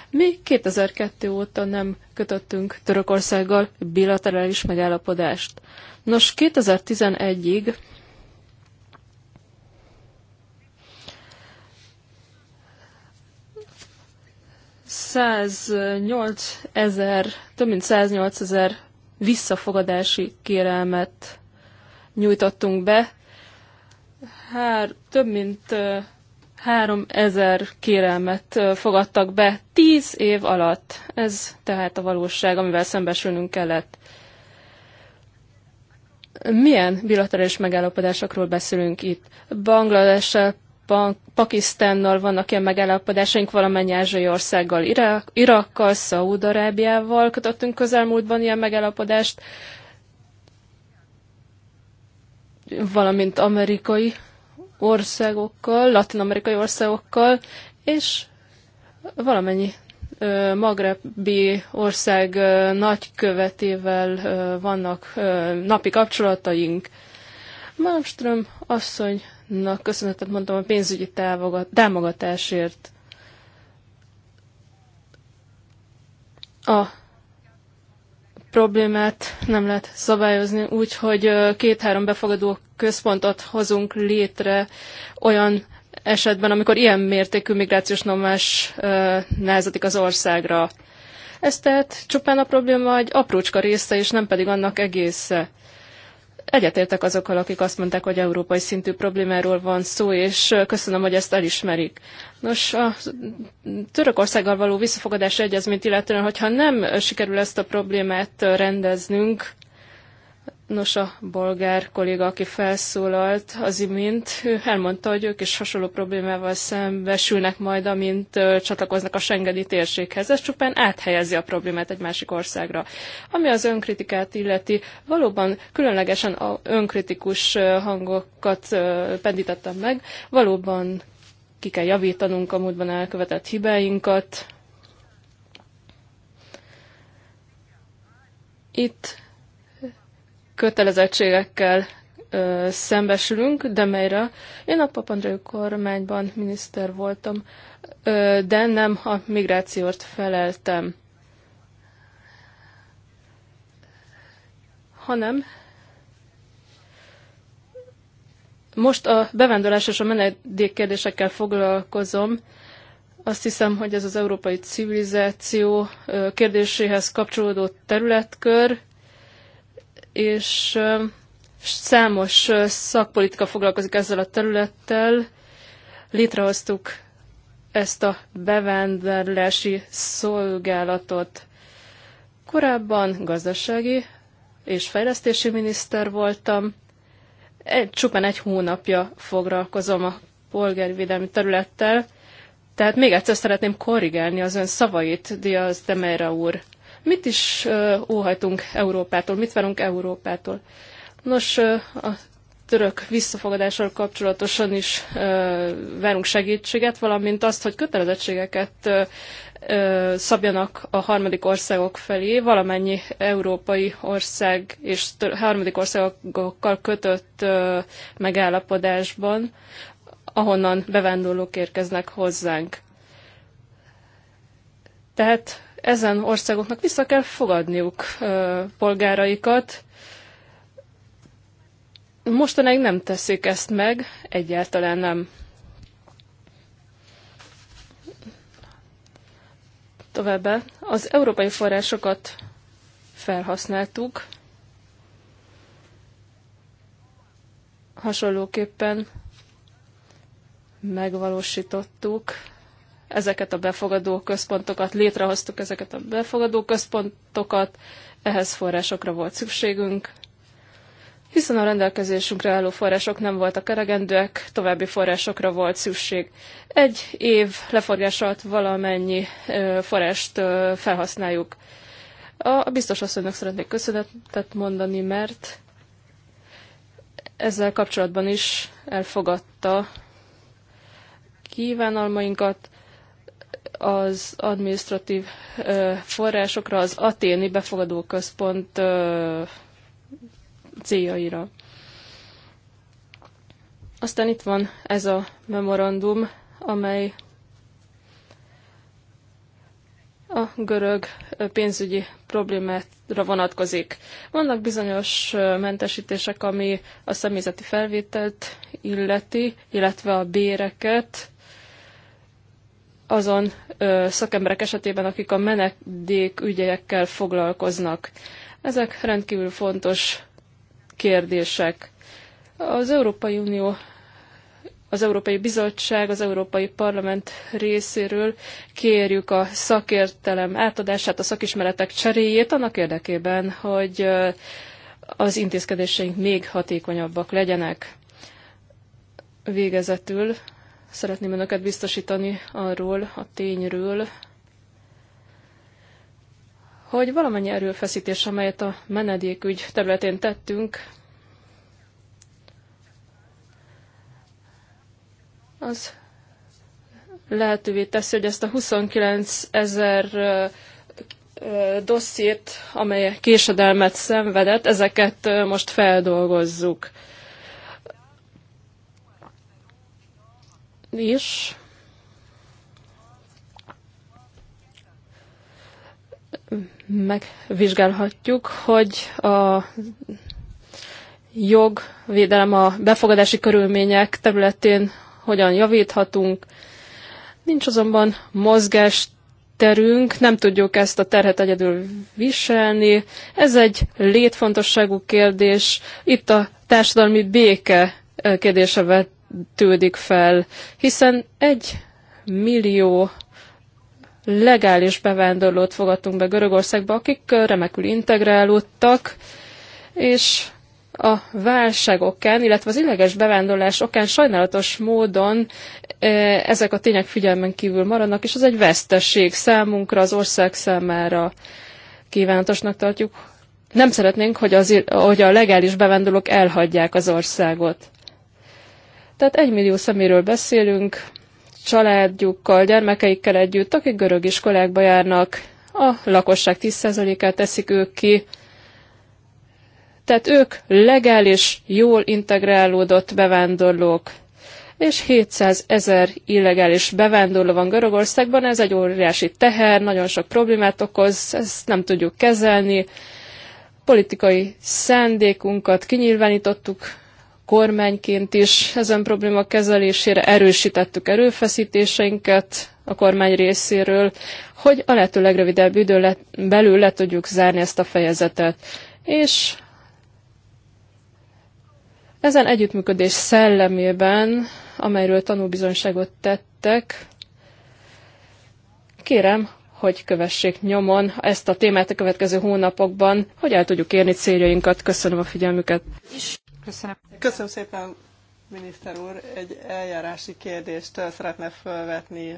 Mi 2002 óta nem kötöttünk Törökországgal bilaterális megállapodást. Nos, 2011-ig 108 ezer, több mint 108 ezer visszafogadási kérelmet nyújtottunk be. Hár, több mint 3 ezer kérelmet fogadtak be 10 év alatt. Ez tehát a valóság, amivel szembesülnünk kellett. Milyen bilaterális megállapodásokról beszélünk itt? Bangladesse? Pakisztánnal vannak ilyen megállapodásaink, valamennyi ázsiai országgal, Irak, Irakkal, Szaúd-Arábiával kötöttünk közelmúltban ilyen megállapodást, valamint amerikai országokkal, latin-amerikai országokkal, és valamennyi magrebi ország nagykövetével vannak napi kapcsolataink. Malmström asszony Na, köszönetet mondtam a pénzügyi támogatásért. A problémát nem lehet szabályozni, úgyhogy két-három befogadó központot hozunk létre olyan esetben, amikor ilyen mértékű migrációs nomás nehezedik az országra. Ez tehát csupán a probléma egy aprócska része, és nem pedig annak egésze. Egyetértek azokkal, akik azt mondták, hogy európai szintű problémáról van szó, és köszönöm, hogy ezt elismerik. Nos, a Törökországgal való visszafogadás egyezményt illetően, hogyha nem sikerül ezt a problémát rendeznünk, Nos, a bolgár kolléga, aki felszólalt az imént, ő elmondta, hogy ők is hasonló problémával szembesülnek majd, amint csatlakoznak a Schengeni térséghez. Ez csupán áthelyezi a problémát egy másik országra. Ami az önkritikát illeti, valóban különlegesen a önkritikus hangokat pendítettem meg, valóban ki kell javítanunk a múltban elkövetett hibáinkat. Itt kötelezettségekkel ö, szembesülünk, de melyre én a papandreou kormányban miniszter voltam, ö, de nem a migrációt feleltem, hanem most a bevándorlás és a menedék kérdésekkel foglalkozom, azt hiszem, hogy ez az európai civilizáció kérdéséhez kapcsolódó területkör, és számos szakpolitika foglalkozik ezzel a területtel. Létrehoztuk ezt a bevándorlási szolgálatot. Korábban gazdasági és fejlesztési miniszter voltam. Egy, csupán egy hónapja foglalkozom a polgári védelmi területtel, tehát még egyszer szeretném korrigálni az ön szavait, Diaz Demeira úr. Mit is óhajtunk Európától, mit várunk Európától? Nos, a török visszafogadással kapcsolatosan is várunk segítséget, valamint azt, hogy kötelezettségeket szabjanak a harmadik országok felé, valamennyi európai ország és harmadik országokkal kötött megállapodásban, ahonnan bevándorlók érkeznek hozzánk. Tehát ezen országoknak vissza kell fogadniuk polgáraikat. Mostanáig nem teszik ezt meg, egyáltalán nem. Továbbá az európai forrásokat felhasználtuk, hasonlóképpen megvalósítottuk ezeket a befogadó központokat, létrehoztuk ezeket a befogadó központokat, ehhez forrásokra volt szükségünk, hiszen a rendelkezésünkre álló források nem voltak elegendőek, további forrásokra volt szükség. Egy év leforgás alatt valamennyi forrást felhasználjuk. A biztos asszonynak szeretnék köszönetet mondani, mert ezzel kapcsolatban is elfogadta kívánalmainkat, az administratív forrásokra, az aténi befogadó központ céljaira. Aztán itt van ez a memorandum, amely a görög pénzügyi problémára vonatkozik. Vannak bizonyos mentesítések, ami a személyzeti felvételt illeti, illetve a béreket, azon ö, szakemberek esetében, akik a menedék ügyekkel foglalkoznak. Ezek rendkívül fontos kérdések. Az Európai Unió, az Európai Bizottság, az Európai Parlament részéről kérjük a szakértelem átadását, a szakismeretek cseréjét annak érdekében, hogy az intézkedéseink még hatékonyabbak legyenek. Végezetül Szeretném önöket biztosítani arról a tényről, hogy valamennyi erőfeszítés, amelyet a menedékügy területén tettünk, az lehetővé teszi, hogy ezt a 29 ezer dossziét, amely késedelmet szenvedett, ezeket most feldolgozzuk. is megvizsgálhatjuk, hogy a jogvédelem a befogadási körülmények területén hogyan javíthatunk. Nincs azonban terünk, nem tudjuk ezt a terhet egyedül viselni. Ez egy létfontosságú kérdés. Itt a társadalmi béke kérdése vett tűdik fel, hiszen egy millió legális bevándorlót fogadtunk be Görögországba, akik remekül integrálódtak, és a válság okán, illetve az illeges bevándorlás okán sajnálatos módon e, ezek a tények figyelmen kívül maradnak, és ez egy veszteség számunkra, az ország számára kívánatosnak tartjuk. Nem szeretnénk, hogy, az, hogy a legális bevándorlók elhagyják az országot. Tehát egymillió szeméről beszélünk, családjukkal, gyermekeikkel együtt, akik görög iskolákba járnak, a lakosság 10%-át teszik ők ki, tehát ők legális, jól integrálódott bevándorlók. És 700 ezer illegális bevándorló van Görögországban, ez egy óriási teher, nagyon sok problémát okoz, ezt nem tudjuk kezelni. Politikai szándékunkat kinyilvánítottuk kormányként is ezen probléma kezelésére erősítettük erőfeszítéseinket a kormány részéről, hogy a lehető legrövidebb időn belül le tudjuk zárni ezt a fejezetet. És ezen együttműködés szellemében, amelyről tanúbizonyságot tettek, kérem, hogy kövessék nyomon ezt a témát a következő hónapokban, hogy el tudjuk érni céljainkat. Köszönöm a figyelmüket. Köszönöm. Köszönöm szépen, miniszter úr. Egy eljárási kérdést szeretne felvetni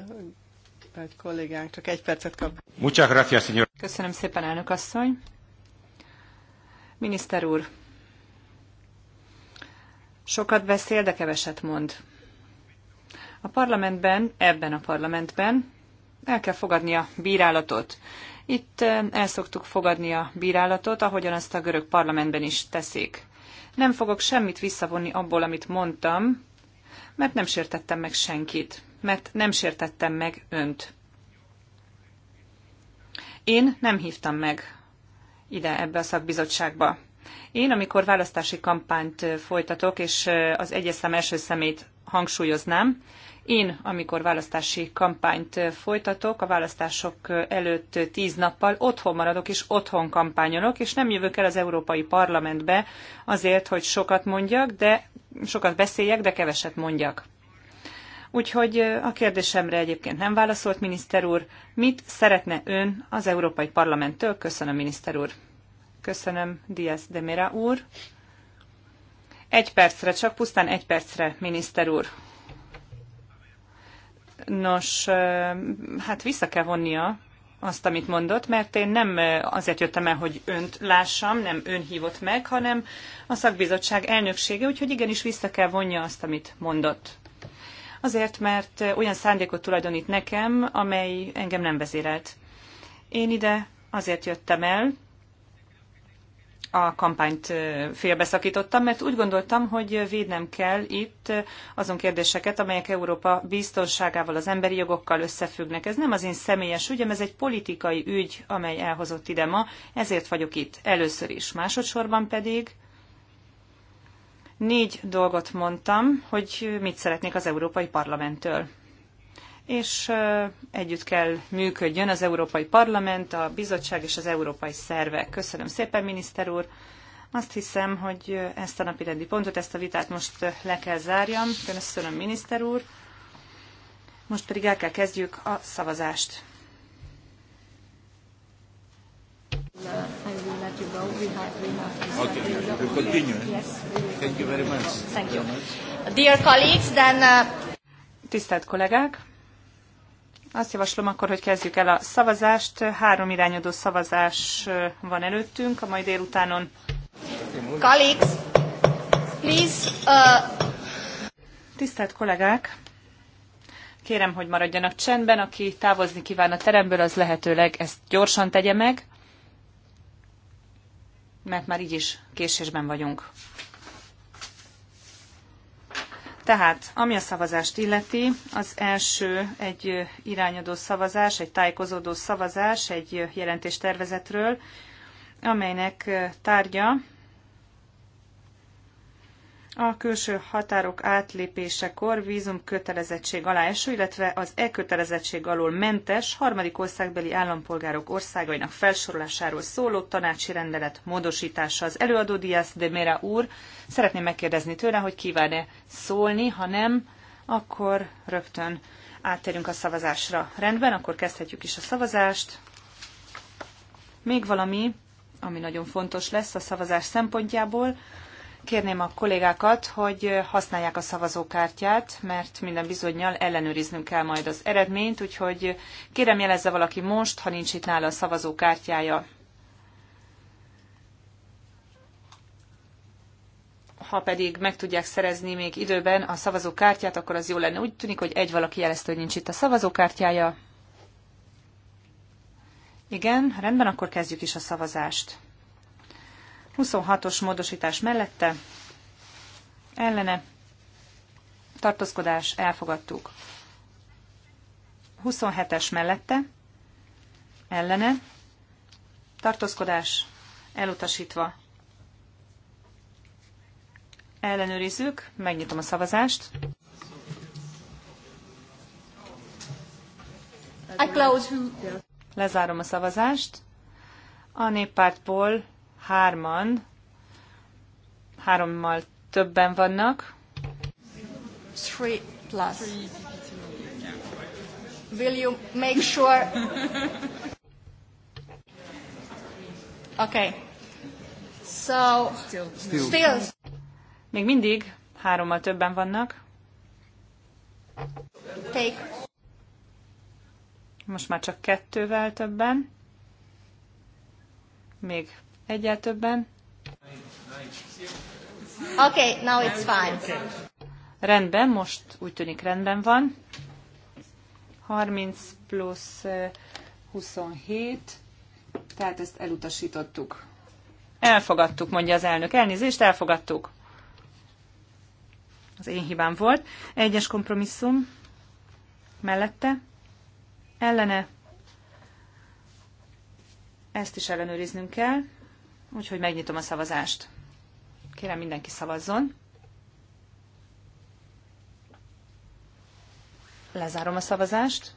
egy kollégánk. Csak egy percet kap. Muchas gracias, señor. Köszönöm szépen, elnök asszony. Miniszter úr, sokat beszél, de keveset mond. A parlamentben, ebben a parlamentben el kell fogadni a bírálatot. Itt el szoktuk fogadni a bírálatot, ahogyan azt a görög parlamentben is teszik. Nem fogok semmit visszavonni abból, amit mondtam, mert nem sértettem meg senkit, mert nem sértettem meg önt. Én nem hívtam meg ide ebbe a szakbizottságba. Én, amikor választási kampányt folytatok, és az egyeszem első szemét hangsúlyoznám. Én, amikor választási kampányt eh, folytatok, a választások eh, előtt eh, tíz nappal otthon maradok és otthon kampányolok, és nem jövök el az Európai Parlamentbe azért, hogy sokat mondjak, de sokat beszéljek, de keveset mondjak. Úgyhogy a kérdésemre egyébként nem válaszolt miniszter úr. Mit szeretne ön az Európai Parlamenttől? Köszönöm, miniszter úr. Köszönöm, Diaz Demera úr. Egy percre, csak pusztán egy percre, miniszter úr. Nos, hát vissza kell vonnia azt, amit mondott, mert én nem azért jöttem el, hogy önt lássam, nem ön hívott meg, hanem a szakbizottság elnöksége, úgyhogy igenis vissza kell vonnia azt, amit mondott. Azért, mert olyan szándékot tulajdonít nekem, amely engem nem vezérelt. Én ide azért jöttem el, a kampányt félbeszakítottam, mert úgy gondoltam, hogy védnem kell itt azon kérdéseket, amelyek Európa biztonságával, az emberi jogokkal összefüggnek. Ez nem az én személyes ügyem, ez egy politikai ügy, amely elhozott ide ma, ezért vagyok itt először is. Másodszorban pedig négy dolgot mondtam, hogy mit szeretnék az Európai Parlamenttől és együtt kell működjön az Európai Parlament, a bizottság és az európai szervek. Köszönöm szépen, miniszter úr! Azt hiszem, hogy ezt a napirendi pontot, ezt a vitát most le kell zárjam. Köszönöm, miniszter úr! Most pedig el kell kezdjük a szavazást. Tisztelt kollégák! Azt javaslom akkor, hogy kezdjük el a szavazást. Három irányadó szavazás van előttünk a mai délutánon. Colleagues, please, uh... Tisztelt kollégák! Kérem, hogy maradjanak csendben, aki távozni kíván a teremből, az lehetőleg ezt gyorsan tegye meg, mert már így is késésben vagyunk. Tehát, ami a szavazást illeti, az első egy irányadó szavazás, egy tájékozódó szavazás egy jelentéstervezetről, amelynek tárgya a külső határok átlépésekor vízum kötelezettség alá eső, illetve az e-kötelezettség alól mentes harmadik országbeli állampolgárok országainak felsorolásáról szóló tanácsi rendelet módosítása. Az előadó Diaz de Mera úr szeretném megkérdezni tőle, hogy kíván-e szólni, ha nem, akkor rögtön átterünk a szavazásra. Rendben, akkor kezdhetjük is a szavazást. Még valami, ami nagyon fontos lesz a szavazás szempontjából, Kérném a kollégákat, hogy használják a szavazókártyát, mert minden bizonyal ellenőriznünk kell majd az eredményt, úgyhogy kérem jelezze valaki most, ha nincs itt nála a szavazókártyája. Ha pedig meg tudják szerezni még időben a szavazókártyát, akkor az jó lenne. Úgy tűnik, hogy egy valaki jelezte, hogy nincs itt a szavazókártyája. Igen, rendben, akkor kezdjük is a szavazást. 26-os módosítás mellette, ellene, tartózkodás, elfogadtuk. 27-es mellette, ellene, tartózkodás, elutasítva. Ellenőrizzük, megnyitom a szavazást. Lezárom a szavazást. A néppártból hárman, hárommal többen vannak. Three plus. Will you make sure? Okay. So, still. still. Még mindig hárommal többen vannak. Take. Most már csak kettővel többen. Még Egyel többen? Okay, now it's fine. Rendben, most úgy tűnik rendben van. 30 plusz 27, tehát ezt elutasítottuk. Elfogadtuk, mondja az elnök. Elnézést, elfogadtuk. Az én hibám volt. Egyes kompromisszum mellette, ellene, ezt is ellenőriznünk kell. Úgyhogy megnyitom a szavazást. Kérem mindenki szavazzon. Lezárom a szavazást.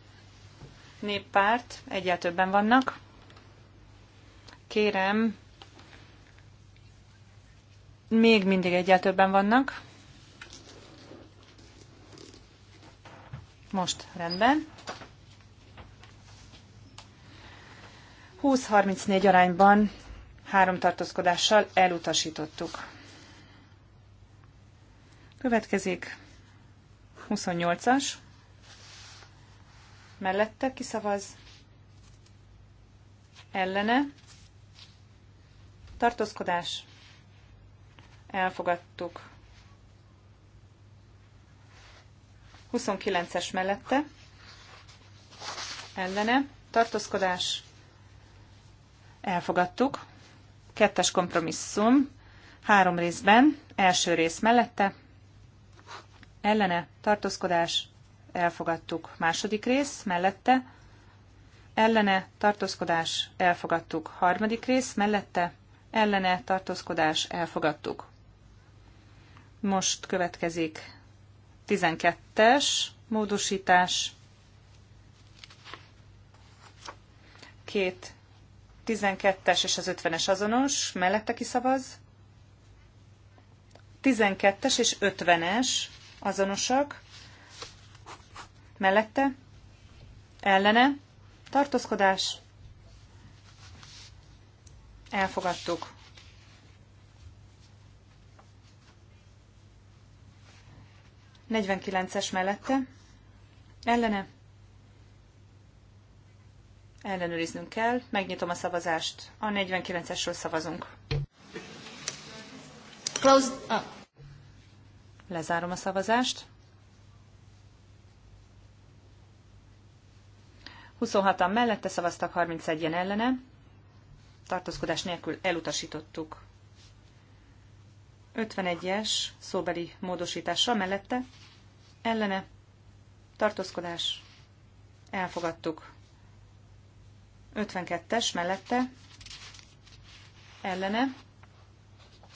Néppárt, egyáltalán többen vannak. Kérem, még mindig egyáltalán többen vannak. Most rendben. 20-34 arányban három tartózkodással elutasítottuk. Következik 28-as. Mellette kiszavaz. Ellene. Tartózkodás. Elfogadtuk. 29-es mellette. Ellene. Tartózkodás. Elfogadtuk. Kettes kompromisszum, három részben, első rész mellette, ellene, tartózkodás, elfogadtuk. Második rész, mellette, ellene, tartózkodás, elfogadtuk. Harmadik rész, mellette, ellene, tartózkodás, elfogadtuk. Most következik 12-es módosítás. Két 12-es és az 50-es azonos, mellette kiszavaz. 12-es és 50-es azonosak, mellette, ellene, tartózkodás, elfogadtuk. Negyvenkilences mellette, ellene, ellenőriznünk kell. Megnyitom a szavazást. A 49-esről szavazunk. Close. Ah. Lezárom a szavazást. 26-an mellette szavaztak, 31-en ellene. Tartózkodás nélkül elutasítottuk. 51-es szóbeli módosítással mellette, ellene, tartózkodás, elfogadtuk. 52-es mellette ellene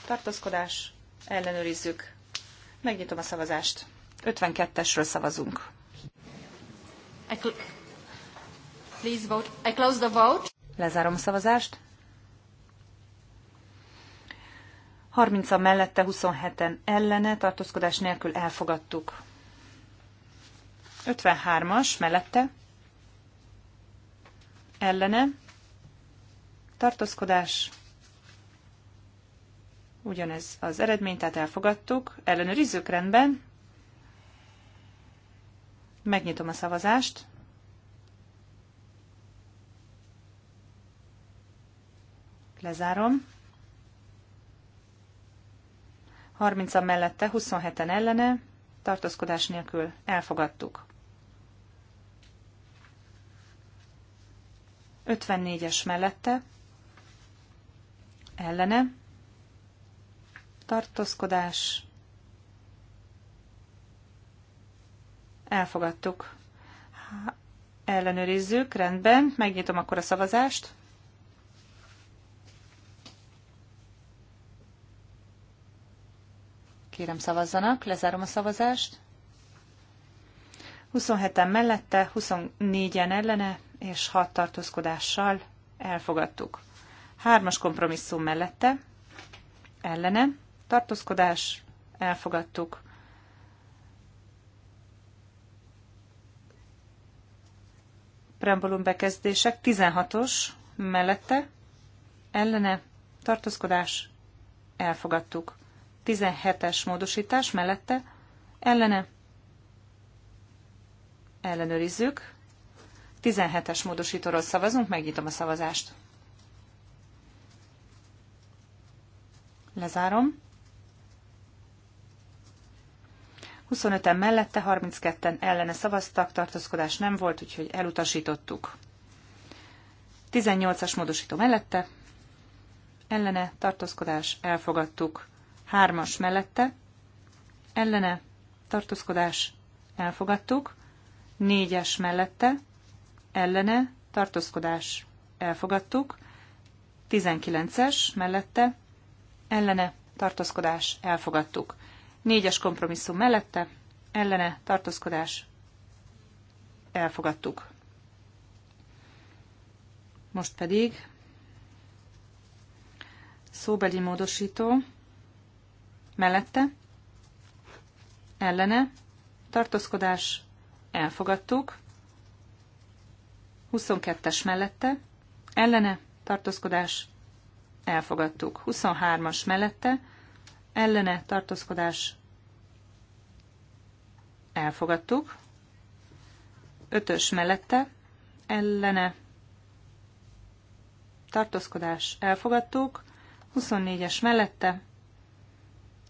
tartózkodás ellenőrizzük. Megnyitom a szavazást. 52-esről szavazunk. I Please vote. I close the vote. Lezárom a szavazást. 30 a mellette, 27-en ellene, tartózkodás nélkül elfogadtuk. 53-as mellette, ellene, tartózkodás, ugyanez az eredmény, tehát elfogadtuk, ellenőrizzük rendben, megnyitom a szavazást, lezárom, 30-an mellette, 27-en ellene, tartózkodás nélkül elfogadtuk. 54-es mellette, ellene, tartózkodás, elfogadtuk. Ellenőrizzük, rendben, megnyitom akkor a szavazást. Kérem szavazzanak, lezárom a szavazást. 27-en mellette, 24-en ellene, és hat tartózkodással elfogadtuk. Hármas kompromisszum mellette, ellene, tartózkodás, elfogadtuk. Prembolum bekezdések 16-os mellette, ellene, tartózkodás, elfogadtuk. 17-es módosítás mellette, ellene, ellenőrizzük, 17-es módosítóról szavazunk, megnyitom a szavazást. Lezárom. 25-en mellette, 32-en ellene szavaztak, tartózkodás nem volt, úgyhogy elutasítottuk. 18-as módosító mellette, ellene tartózkodás elfogadtuk. 3-as mellette, ellene tartózkodás elfogadtuk. 4-es mellette, ellene, tartózkodás elfogadtuk, 19-es mellette, ellene, tartózkodás elfogadtuk, 4-es kompromisszum mellette, ellene, tartózkodás elfogadtuk. Most pedig szóbeli módosító mellette, ellene, tartózkodás elfogadtuk, 22-es mellette, ellene, tartózkodás, elfogadtuk. 23-as mellette, ellene, tartózkodás, elfogadtuk. 5-ös mellette, ellene, tartózkodás, elfogadtuk. 24-es mellette,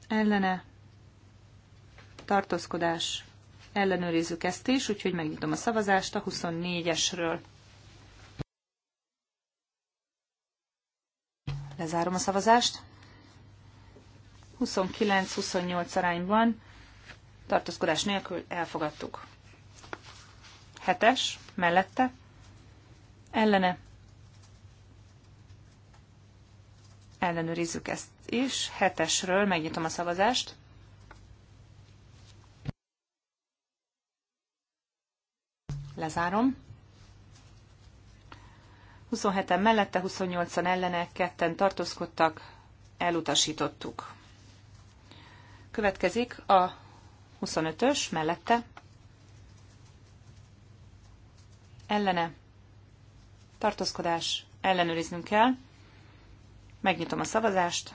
ellene, tartózkodás, ellenőrizzük ezt is, úgyhogy megnyitom a szavazást a 24-esről. Lezárom a szavazást. 29-28 arányban tartózkodás nélkül elfogadtuk. Hetes, mellette, ellene. Ellenőrizzük ezt is. Hetesről megnyitom a szavazást. Lezárom. 27-en mellette, 28-an ellene, ketten tartózkodtak, elutasítottuk. Következik a 25-ös mellette, ellene, tartózkodás, ellenőriznünk kell. Megnyitom a szavazást.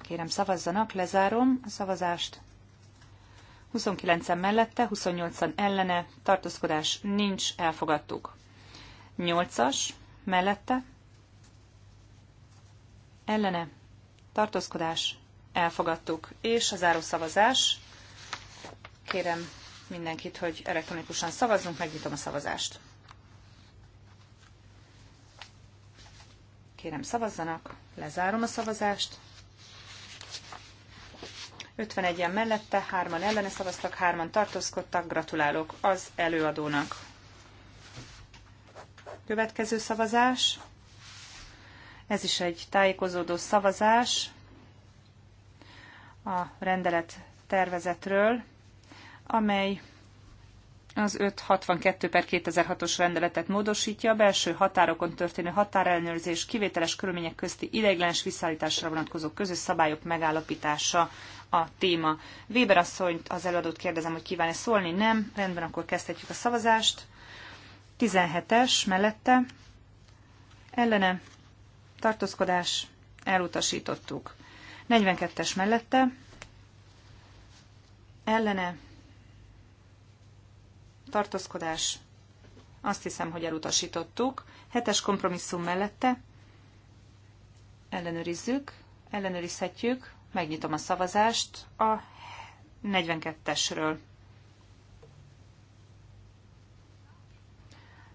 Kérem szavazzanak, lezárom a szavazást. 29-en mellette, 28-an ellene, tartózkodás nincs, elfogadtuk. 8-as mellette, ellene, tartózkodás elfogadtuk. És a szavazás. Kérem mindenkit, hogy elektronikusan szavazzunk, megnyitom a szavazást. Kérem szavazzanak, lezárom a szavazást. 51-en mellette, 3-an ellene szavaztak, 3 tartózkodtak. Gratulálok az előadónak. Következő szavazás. Ez is egy tájékozódó szavazás a rendelet tervezetről, amely az 562 per 2006-os rendeletet módosítja a belső határokon történő határellenőrzés kivételes körülmények közti ideiglenes visszaállításra vonatkozó közös szabályok megállapítása a téma. Weber asszonyt, az előadót kérdezem, hogy kíván-e szólni? Nem. Rendben, akkor kezdhetjük a szavazást. 17-es mellette ellene tartózkodás elutasítottuk. 42-es mellette ellene tartózkodás azt hiszem, hogy elutasítottuk. Hetes kompromisszum mellette ellenőrizzük, ellenőrizhetjük. Megnyitom a szavazást a 42-esről.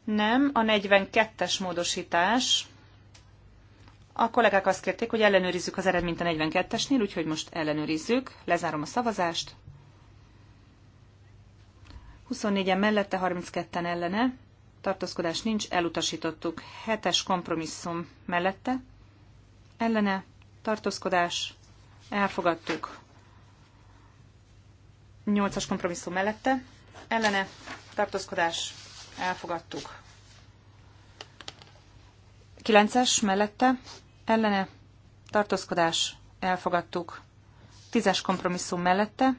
Nem, a 42-es módosítás. A kollégák azt kérték, hogy ellenőrizzük az eredményt a 42-esnél, úgyhogy most ellenőrizzük. Lezárom a szavazást. 24-en mellette, 32-en ellene. Tartózkodás nincs, elutasítottuk. 7-es kompromisszum mellette. Ellene, tartózkodás, elfogadtuk. 8-as kompromisszum mellette, ellene, tartózkodás, elfogadtuk. 9-es mellette, ellene, tartózkodás, elfogadtuk. 10-es kompromisszum mellette,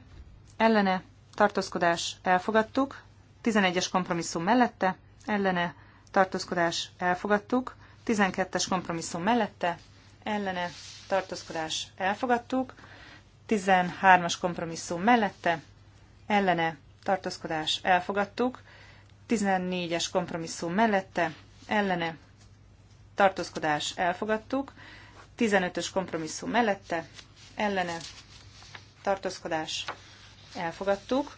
ellene, tartózkodás, elfogadtuk. 11-es kompromisszum mellette, ellene, tartózkodás, elfogadtuk. 12-es kompromisszum mellette, ellene tartózkodás elfogadtuk, 13-as kompromisszum mellette ellene tartózkodás elfogadtuk, 14-es kompromisszum mellette ellene tartózkodás elfogadtuk, 15-ös kompromisszum mellette ellene tartózkodás elfogadtuk,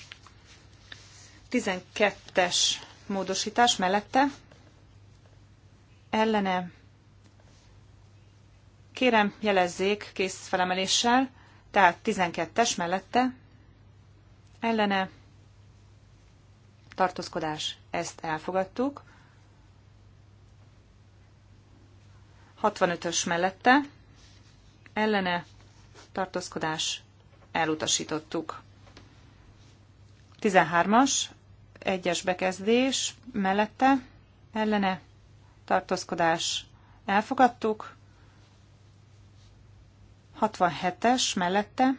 12-es módosítás mellette ellene Kérem, jelezzék kész felemeléssel, tehát 12-es mellette, ellene, tartózkodás, ezt elfogadtuk. 65-ös mellette, ellene, tartózkodás, elutasítottuk. 13-as, egyes bekezdés mellette, ellene, tartózkodás, elfogadtuk. 67-es mellette,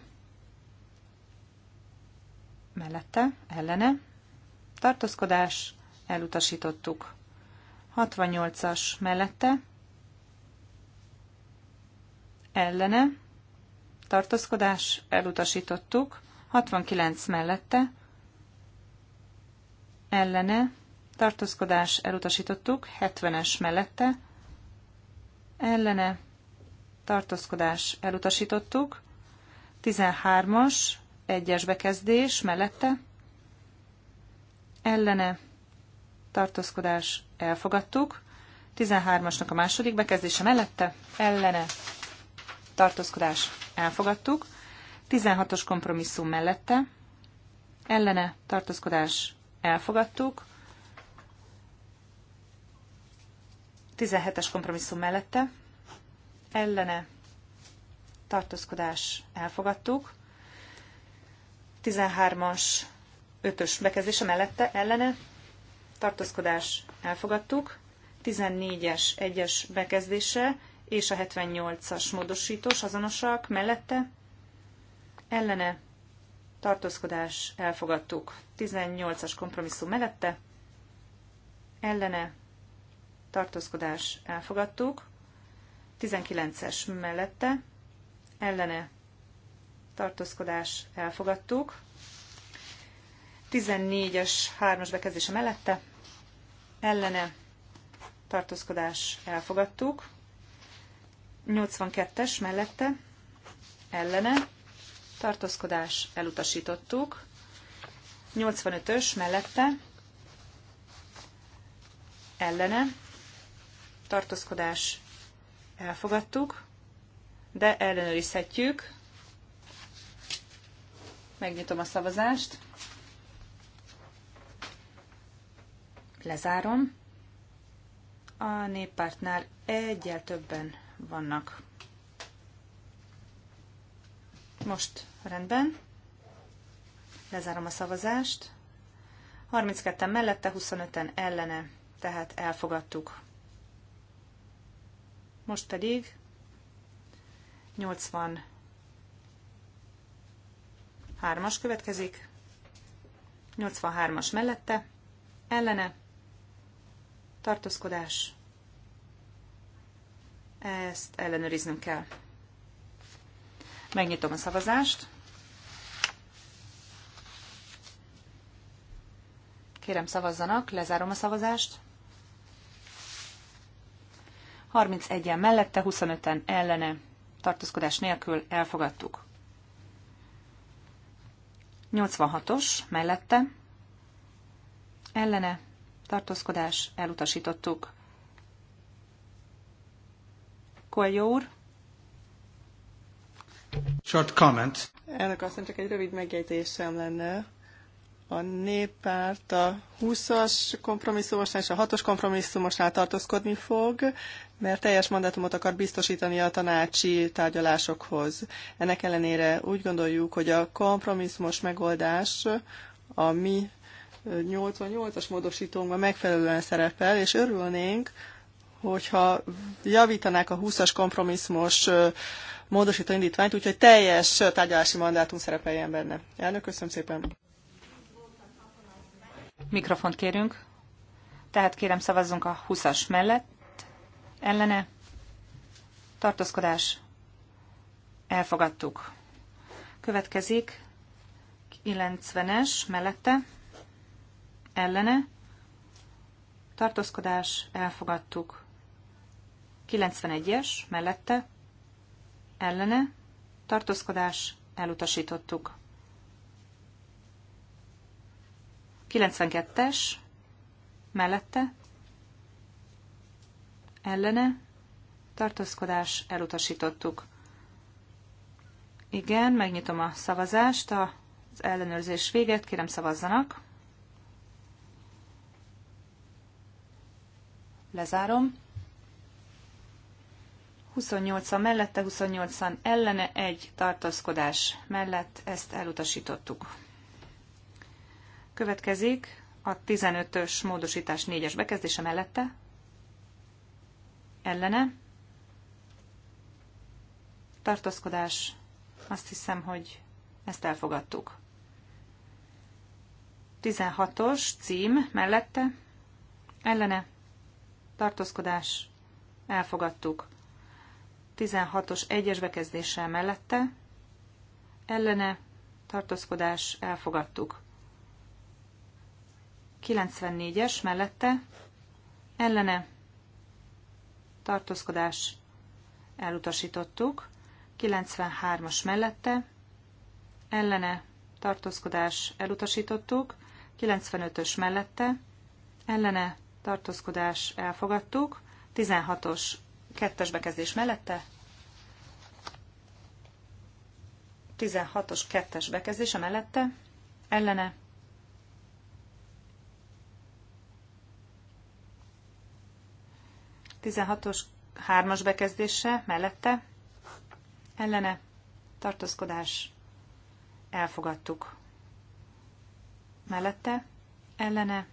mellette, ellene, tartózkodás, elutasítottuk. 68-as mellette, ellene, tartózkodás, elutasítottuk. 69 mellette, ellene, tartózkodás, elutasítottuk. 70-es mellette, ellene, tartózkodás elutasítottuk. 13-as, egyes bekezdés mellette, ellene tartózkodás elfogadtuk. 13-asnak a második bekezdése mellette, ellene tartózkodás elfogadtuk. 16-os kompromisszum mellette, ellene tartózkodás elfogadtuk. 17-es kompromisszum mellette, ellene tartózkodás elfogadtuk. 13-as 5-ös bekezdése mellette ellene tartózkodás elfogadtuk. 14-es 1-es bekezdése és a 78-as módosítós azonosak mellette ellene tartózkodás elfogadtuk. 18-as kompromisszum mellette ellene tartózkodás elfogadtuk. 19-es mellette ellene tartózkodás elfogadtuk. 14-es 3-as bekezdése mellette ellene tartózkodás elfogadtuk. 82-es mellette ellene tartózkodás elutasítottuk. 85-ös mellette ellene tartózkodás Elfogadtuk, de ellenőrizhetjük. Megnyitom a szavazást. Lezárom. A néppártnál egyel többen vannak. Most rendben. Lezárom a szavazást. 32-en mellette, 25-en ellene, tehát elfogadtuk. Most pedig 83-as következik, 83-as mellette, ellene, tartózkodás, ezt ellenőriznünk kell. Megnyitom a szavazást. Kérem szavazzanak, lezárom a szavazást. 31-en mellette, 25-en ellene, tartózkodás nélkül elfogadtuk. 86-os mellette, ellene, tartózkodás, elutasítottuk. Koljó úr. Short comment. Elnök azt csak egy rövid megjegyzésem lenne a néppárt a 20-as kompromisszumosnál és a 6-os kompromisszumosnál tartózkodni fog, mert teljes mandátumot akar biztosítani a tanácsi tárgyalásokhoz. Ennek ellenére úgy gondoljuk, hogy a kompromisszumos megoldás a mi 88-as módosítónkban megfelelően szerepel, és örülnénk, hogyha javítanák a 20-as kompromisszumos módosító indítványt, úgyhogy teljes tárgyalási mandátum szerepeljen benne. Elnök, köszönöm szépen! Mikrofont kérünk. Tehát kérem szavazzunk a 20-as mellett. Ellene. Tartózkodás. Elfogadtuk. Következik 90-es mellette. Ellene. Tartózkodás. Elfogadtuk. 91-es mellette. Ellene. Tartózkodás. Elutasítottuk. 92-es, mellette, ellene, tartózkodás, elutasítottuk. Igen, megnyitom a szavazást, az ellenőrzés véget, kérem szavazzanak. Lezárom. 28-an mellette, 28-an ellene, egy tartózkodás mellett ezt elutasítottuk. Következik a 15-ös módosítás 4-es bekezdése mellette. Ellene. Tartózkodás. Azt hiszem, hogy ezt elfogadtuk. 16-os cím mellette. Ellene. Tartózkodás. Elfogadtuk. 16-os 1-es bekezdéssel mellette. Ellene. Tartózkodás. Elfogadtuk. 94-es mellette ellene tartózkodás elutasítottuk, 93-as mellette ellene tartózkodás elutasítottuk, 95-ös mellette ellene tartózkodás elfogadtuk, 16-os kettes bekezdés mellette 16-os kettes bekezdése mellette ellene 16-os hármas bekezdése mellette ellene tartózkodás elfogadtuk. Mellette ellene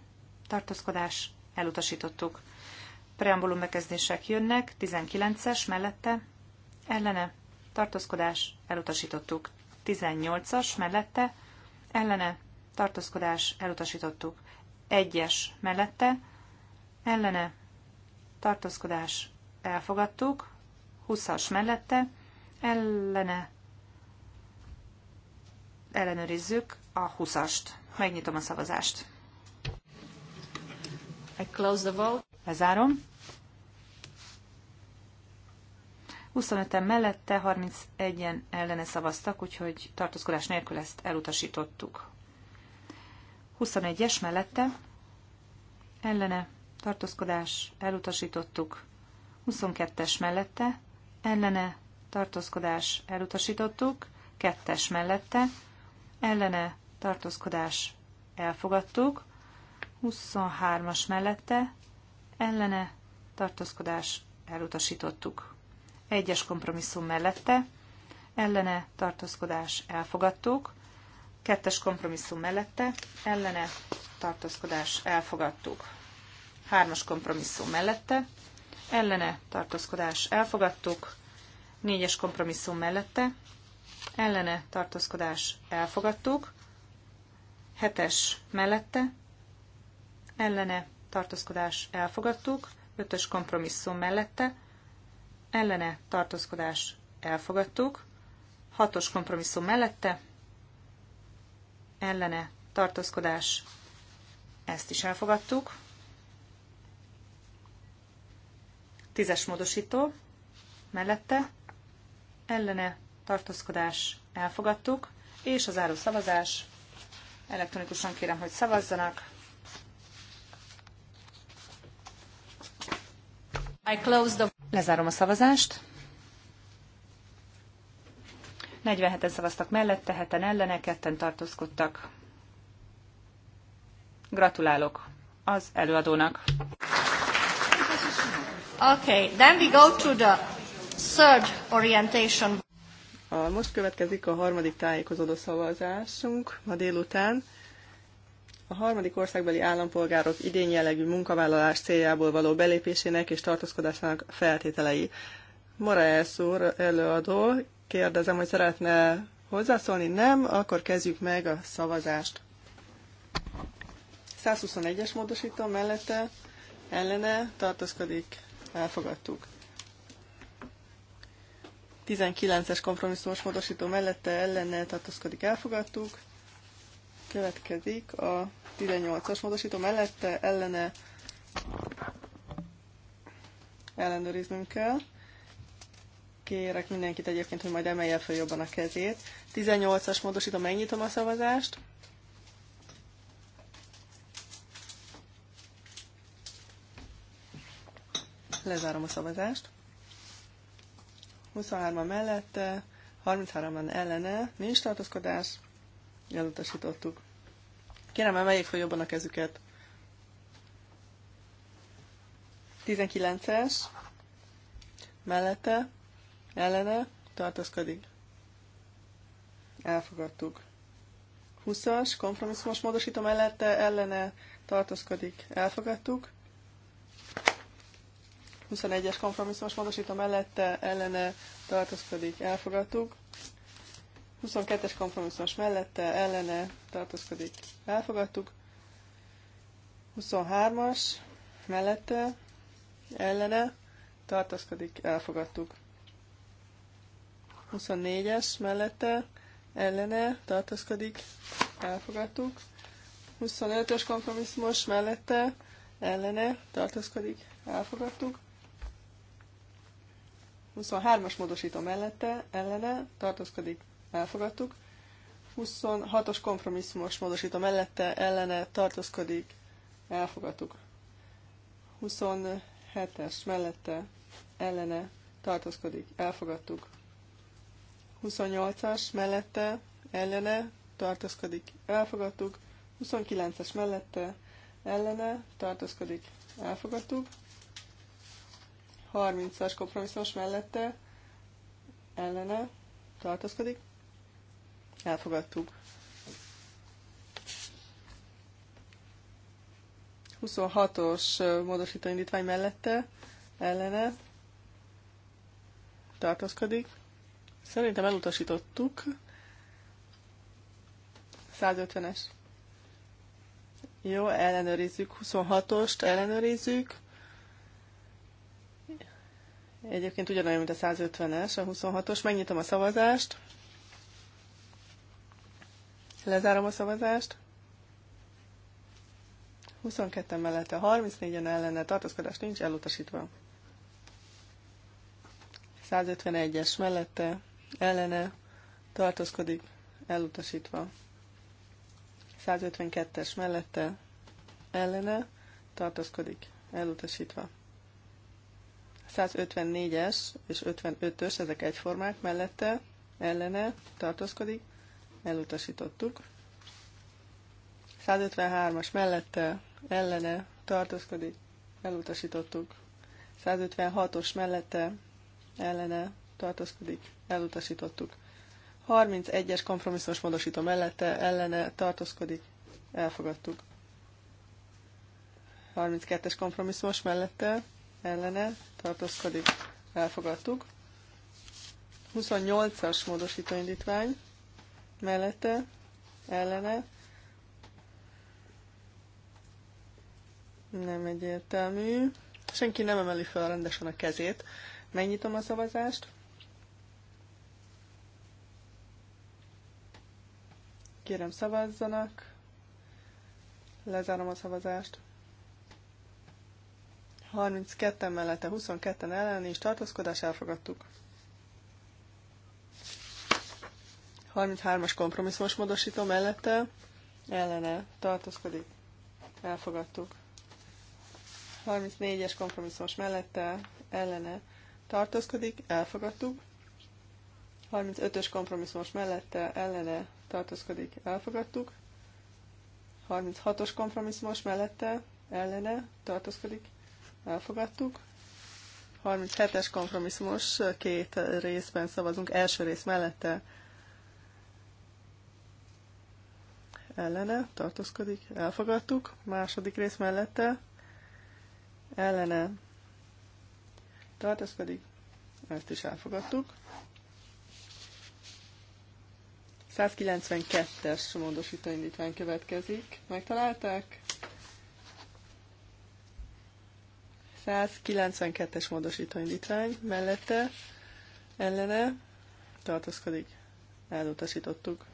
tartózkodás elutasítottuk. Preambulum bekezdések jönnek, 19-es mellette ellene tartózkodás elutasítottuk. 18-as mellette ellene tartózkodás elutasítottuk. 1-es mellette ellene tartózkodás elfogadtuk, 20-as mellette, ellene ellenőrizzük a 20-ast. Megnyitom a szavazást. I close the vote. Lezárom. 25-en mellette, 31-en ellene szavaztak, úgyhogy tartózkodás nélkül ezt elutasítottuk. 21-es mellette, ellene tartózkodás, elutasítottuk. 22-es mellette, ellene, tartózkodás, elutasítottuk. 2-es mellette, ellene, tartózkodás, elfogadtuk. 23-as mellette, ellene, tartózkodás, elutasítottuk. 1-es kompromisszum mellette, ellene, tartózkodás, elfogadtuk. 2-es kompromisszum mellette, ellene, tartózkodás, elfogadtuk. Hármas kompromisszum mellette, ellene tartózkodás elfogadtuk. Négyes kompromisszum mellette, ellene tartózkodás elfogadtuk. Hetes mellette, ellene tartózkodás elfogadtuk. Ötös kompromisszum mellette, ellene tartózkodás elfogadtuk. Hatos kompromisszum mellette, ellene tartózkodás, ezt is elfogadtuk. Tízes módosító mellette ellene tartózkodás elfogadtuk, és a záró szavazás. Elektronikusan kérem, hogy szavazzanak. I close the... Lezárom a szavazást. 47-en szavaztak mellette, heten ellene, ketten tartózkodtak. Gratulálok az előadónak. Okay, then we go to the third orientation. A, most következik a harmadik tájékozódó szavazásunk ma délután. A harmadik országbeli állampolgárok idén jellegű munkavállalás céljából való belépésének és tartózkodásának feltételei. Moraes úr előadó, kérdezem, hogy szeretne hozzászólni? Nem? Akkor kezdjük meg a szavazást. 121-es módosító mellette ellene tartózkodik elfogadtuk. 19-es kompromisszumos módosító mellette ellene tartózkodik, elfogadtuk. Következik a 18-as módosító mellette ellene ellenőriznünk kell. Kérek mindenkit egyébként, hogy majd emelje fel jobban a kezét. 18-as módosítom, megnyitom a szavazást. Lezárom a szavazást. 23-an mellette, 33-an ellene, nincs tartózkodás, elutasítottuk. Kérem, emeljék fel jobban a kezüket. 19-es, mellette, ellene, tartózkodik. Elfogadtuk. 20-as, kompromisszumos módosító mellette, ellene, tartózkodik. Elfogadtuk. 21-es kompromisszumos módosító mellette ellene tartózkodik, elfogadtuk. 22-es kompromisszumos mellette ellene tartózkodik, elfogadtuk. 23-as mellette ellene tartózkodik, elfogadtuk. 24-es mellette ellene tartózkodik, elfogadtuk. 25-ös kompromisszumos mellette ellene tartózkodik, elfogadtuk. 23-as módosító mellette, ellene, tartózkodik, elfogadtuk. 26-os kompromisszumos módosító mellette, ellene, tartózkodik, elfogadtuk. 27-es mellette, ellene, tartózkodik, elfogadtuk. 28-as mellette, ellene, tartózkodik, elfogadtuk. 29-es mellette, ellene, tartózkodik, elfogadtuk. 30-as kompromisszumos mellette ellene tartozkodik. Elfogadtuk. 26-os módosító indítvány mellette ellene tartozkodik. Szerintem elutasítottuk. 150-es. Jó, ellenőrizzük. 26-ost ellenőrizzük. Egyébként ugyanolyan, mint a 150-es, a 26-os. Megnyitom a szavazást. Lezárom a szavazást. 22-en mellette, 34-en ellene, tartózkodás nincs, elutasítva. 151-es mellette, ellene, tartózkodik, elutasítva. 152-es mellette, ellene, tartózkodik, elutasítva. 154-es és 55-ös, ezek egyformák mellette, ellene tartózkodik, elutasítottuk. 153-as mellette, ellene tartózkodik, elutasítottuk. 156-os mellette, ellene tartózkodik, elutasítottuk. 31-es kompromisszumos módosító mellette, ellene tartózkodik, elfogadtuk. 32-es kompromisszumos mellette, ellene tartózkodik, elfogadtuk. 28-as módosítóindítvány mellette, ellene, nem egyértelmű. Senki nem emeli fel rendesen a kezét. Megnyitom a szavazást. Kérem szavazzanak. Lezárom a szavazást. 32 mellette 22-en ellen és tartózkodás elfogadtuk. 33-as kompromisszumos módosító mellette ellene tartózkodik. Elfogadtuk. 34-es kompromisszumos mellette ellene tartózkodik. Elfogadtuk. 35-ös kompromisszumos mellette ellene tartózkodik. Elfogadtuk. 36-os kompromisszumos mellette ellene tartózkodik elfogadtuk. 37-es kompromisszumos, két részben szavazunk, első rész mellette ellene, tartózkodik, elfogadtuk, második rész mellette ellene, tartózkodik, ezt is elfogadtuk. 192-es módosító indítvány következik. Megtalálták? 192-es módosító indítvány mellette ellene tartózkodik. Elutasítottuk.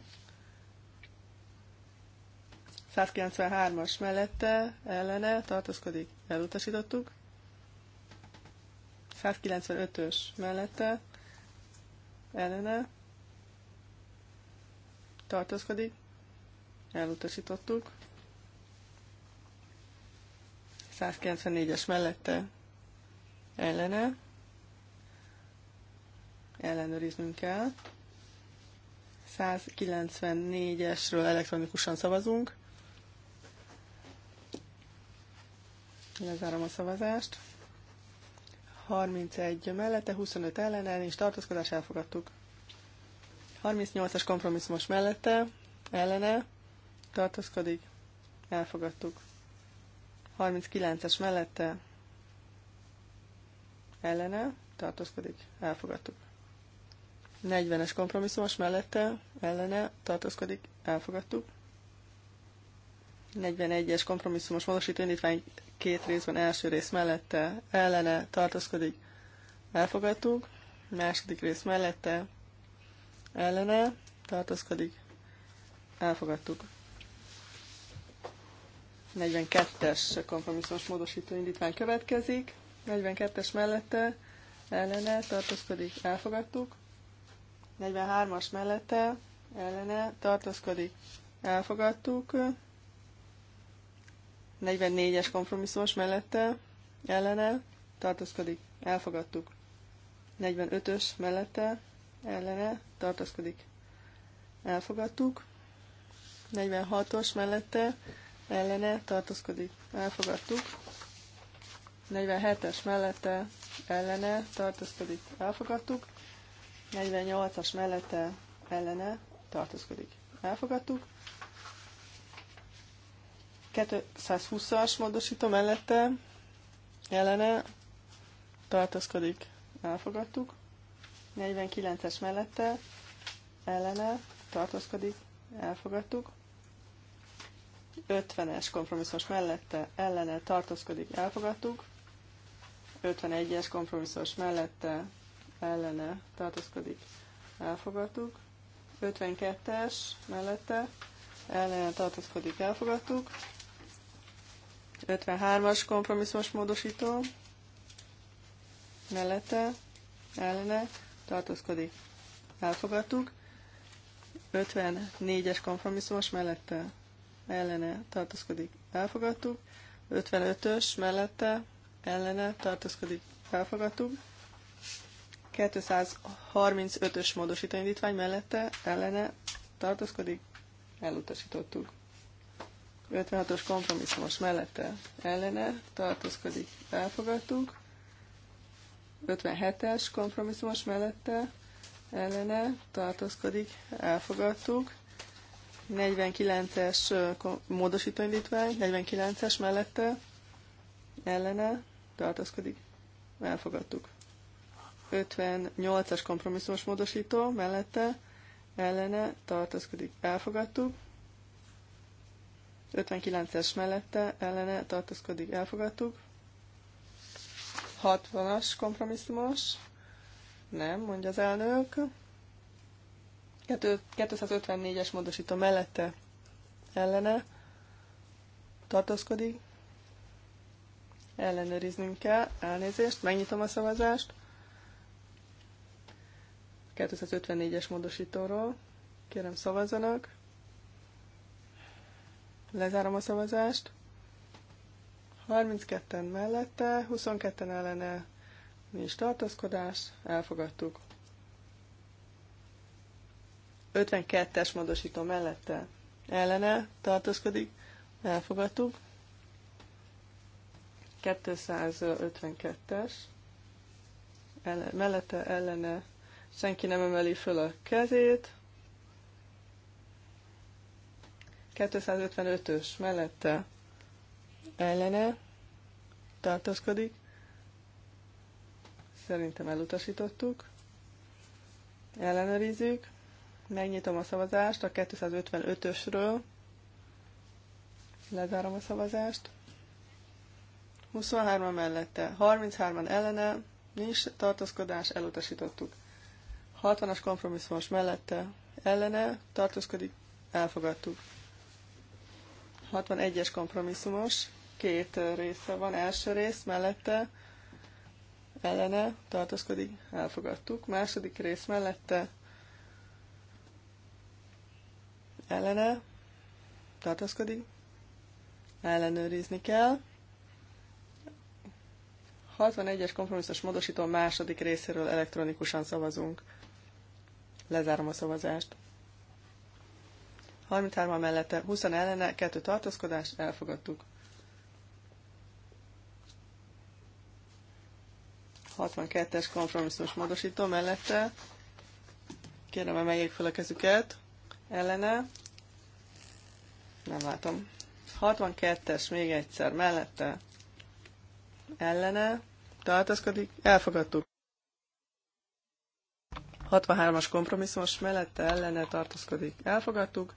193-as mellette ellene tartózkodik. Elutasítottuk. 195-ös mellette ellene tartózkodik. Elutasítottuk. 194-es mellette ellene. Ellenőriznünk kell. 194-esről elektronikusan szavazunk. Lezárom a szavazást. 31 mellette, 25 ellenen és tartózkodás elfogadtuk. 38-as kompromisszumos mellette, ellene, tartózkodik, elfogadtuk. 39-es mellette ellene tartózkodik, elfogadtuk. 40-es kompromisszumos mellette ellene tartózkodik, elfogadtuk. 41-es kompromisszumos módosító indítvány két részben első rész mellette ellene tartózkodik, elfogadtuk. Második rész mellette ellene tartózkodik, elfogadtuk. 42-es kompromisszumos módosító indítvány következik. 42-es mellette ellene tartózkodik, elfogadtuk. 43-as mellette ellene tartózkodik, elfogadtuk. 44-es kompromisszumos mellette ellene tartózkodik, elfogadtuk. 45-ös mellette ellene tartózkodik, elfogadtuk. 46-os mellette ellene tartózkodik, elfogadtuk. 47-es mellette ellene tartózkodik, elfogadtuk. 48-as mellette ellene tartózkodik, elfogadtuk. 220-as módosító mellette ellene tartózkodik, elfogadtuk. 49-es mellette ellene tartózkodik, elfogadtuk. 50-es kompromisszos mellette ellene tartózkodik, elfogadtuk. 51-es kompromisszos mellette ellene tartózkodik, elfogadtuk. 52-es mellette ellene tartózkodik, elfogadtuk. 53-as kompromisszumos módosító mellette ellene tartózkodik, elfogadtuk. 54-es kompromisszumos mellette ellene tartózkodik, elfogadtuk. 55-ös mellette ellene tartózkodik, elfogadtuk. 235-ös módosítóindítvány mellette ellene tartózkodik, elutasítottuk. 56-os kompromisszumos mellette ellene tartózkodik, elfogadtuk. 57-es kompromisszumos mellette ellene tartózkodik, elfogadtuk. 49-es módosítóindítvány, 49-es mellette ellene tartózkodik. Elfogadtuk. 58-as kompromisszumos módosító mellette ellene tartózkodik. Elfogadtuk. 59-es mellette ellene tartózkodik. Elfogadtuk. 60-as kompromisszumos. Nem, mondja az elnök. 254-es módosító mellette ellene tartózkodik. Ellenőriznünk kell. Elnézést, megnyitom a szavazást. 254-es módosítóról. Kérem szavazzanak. Lezárom a szavazást. 32-en mellette, 22-en ellene nincs tartózkodás, elfogadtuk. 52-es módosító mellette ellene tartózkodik, elfogadtuk. 252-es ellen, mellette ellene senki nem emeli föl a kezét. 255-ös mellette ellene tartózkodik. Szerintem elutasítottuk. Ellenőrizzük. Megnyitom a szavazást a 255-ösről. Lezárom a szavazást. 23-an mellette, 33-an ellene, nincs tartózkodás, elutasítottuk. 60-as kompromisszumos mellette, ellene, tartózkodik, elfogadtuk. 61-es kompromisszumos, két része van, első rész mellette, ellene, tartózkodik, elfogadtuk. Második rész mellette, ellene tartózkodik, ellenőrizni kell. 61-es kompromisszus módosító második részéről elektronikusan szavazunk. Lezárom a szavazást. 33 a mellette, 20 ellene, 2 tartózkodás, elfogadtuk. 62-es kompromisszumos módosító mellette. Kérem, emeljék fel a kezüket ellene, nem látom, 62-es még egyszer mellette, ellene, Tartaszkodik. elfogadtuk. 63-as kompromisszumos mellette, ellene tartaszkodik. elfogadtuk.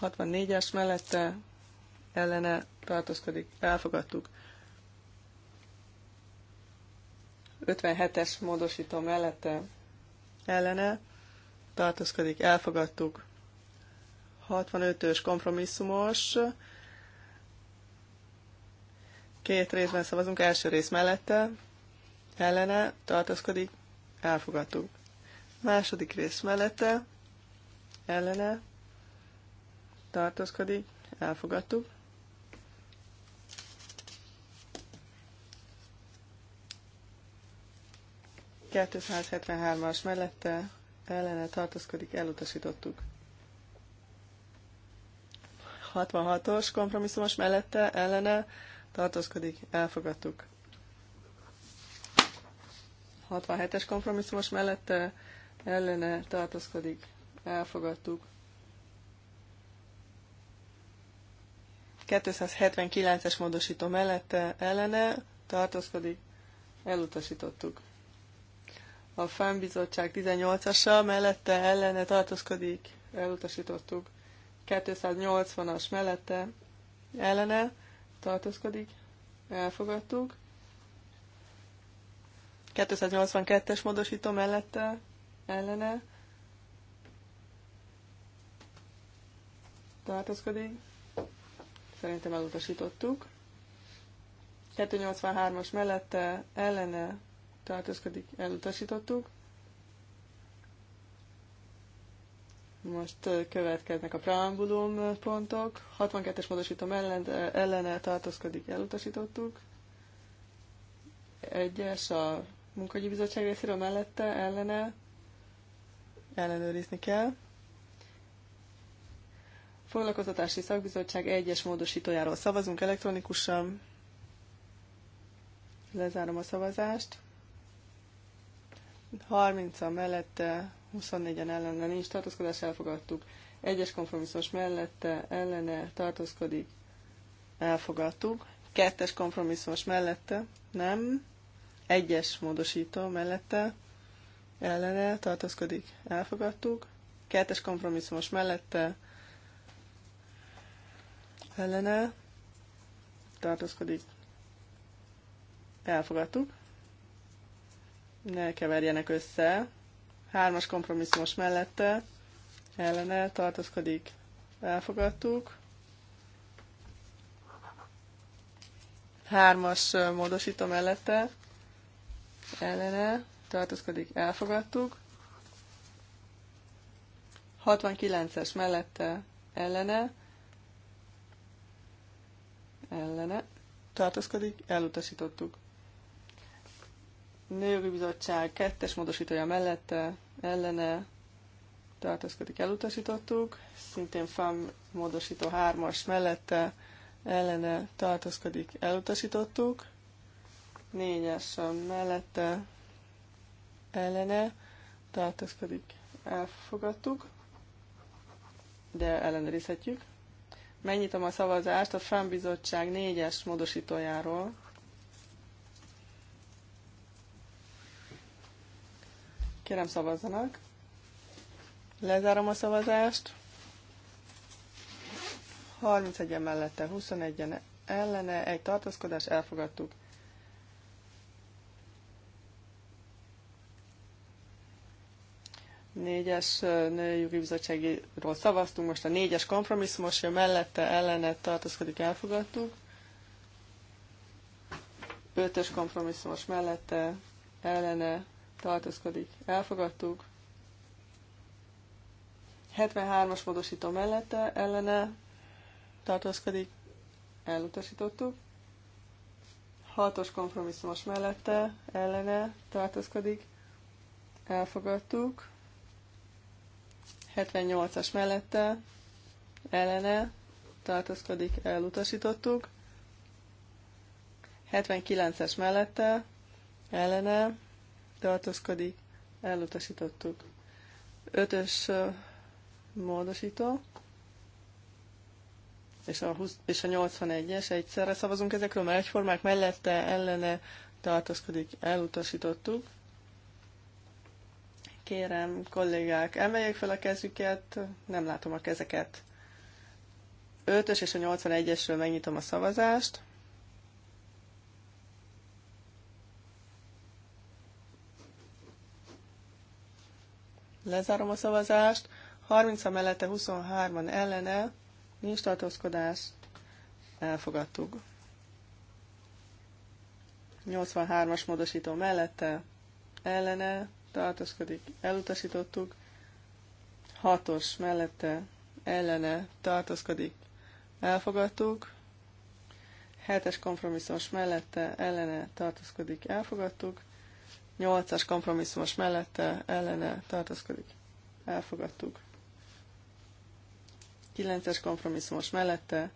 64-es mellette, ellene tartaszkodik. elfogadtuk. 57-es módosító mellette, ellene tartózkodik, elfogadtuk. 65-ös kompromisszumos. Két részben szavazunk, első rész mellette, ellene, tartózkodik, elfogadtuk. Második rész mellette, ellene, tartózkodik, elfogadtuk. Kettőszázhetvenhármas mellette, ellene tartózkodik, elutasítottuk. 66-os kompromisszumos mellette ellene tartózkodik, elfogadtuk. 67-es kompromisszumos mellette ellene tartózkodik, elfogadtuk. 279-es módosító mellette ellene tartózkodik, elutasítottuk. A FAM bizottság 18-asa mellette ellene tartózkodik, elutasítottuk. 280-as mellette ellene tartózkodik, elfogadtuk. 282-es módosító mellette ellene tartózkodik. Szerintem elutasítottuk. 283-as mellette ellene tartózkodik, elutasítottuk. Most következnek a preambulum pontok. 62-es módosítom ellen, ellene tartózkodik, elutasítottuk. Egyes a munkahogyi bizottság részéről mellette, ellene ellenőrizni kell. Foglalkozatási szakbizottság egyes módosítójáról szavazunk elektronikusan. Lezárom a szavazást. 30-a mellette, 24-en ellene nincs tartózkodás, elfogadtuk. Egyes kompromisszumos mellette, ellene tartózkodik, elfogadtuk. Kettes kompromisszumos mellette, nem. Egyes módosító mellette, ellene tartózkodik, elfogadtuk. Kettes kompromisszumos mellette, ellene tartózkodik, elfogadtuk ne keverjenek össze. Hármas kompromisszumos mellette ellene tartozkodik. Elfogadtuk. Hármas módosító mellette ellene tartozkodik. Elfogadtuk. 69-es mellette ellene ellene tartozkodik. Elutasítottuk. Nőjogi Bizottság kettes módosítója mellette ellene tartózkodik, elutasítottuk. Szintén FAM módosító hármas mellette ellene tartózkodik, elutasítottuk. Négyes mellette ellene tartózkodik, elfogadtuk, de ellenőrizhetjük. Megnyitom a szavazást a FAM bizottság négyes módosítójáról. Kérem szavazzanak. Lezárom a szavazást. 31-en mellette, 21-en ellene, egy tartózkodás, elfogadtuk. Négyes nőjogi bizottságról szavaztunk, most a négyes kompromisszumos, jön mellette, ellene tartózkodik, elfogadtuk. Ötös kompromisszumos mellette, ellene tartózkodik, elfogadtuk. 73-as módosító mellette ellene tartózkodik, elutasítottuk. 6-os kompromisszumos mellette ellene tartózkodik, elfogadtuk. 78-as mellette ellene tartózkodik, elutasítottuk. 79-es mellette ellene tartózkodik, elutasítottuk. Ötös módosító, és a, 20, és a 81-es egyszerre szavazunk ezekről, mert egyformák mellette ellene tartózkodik, elutasítottuk. Kérem, kollégák, emeljék fel a kezüket, nem látom a kezeket. 5-ös és a 81-esről megnyitom a szavazást. Lezárom a szavazást. 30 a mellette, 23-an ellene. Nincs tartózkodás. Elfogadtuk. 83-as módosító mellette, ellene, tartózkodik, elutasítottuk. 6-os mellette, ellene, tartózkodik, elfogadtuk. 7-es kompromisszumos mellette, ellene, tartózkodik, elfogadtuk. Nyolcas kompromisszumos mellette ellene tartózkodik. Elfogadtuk. Kilences kompromisszumos mellette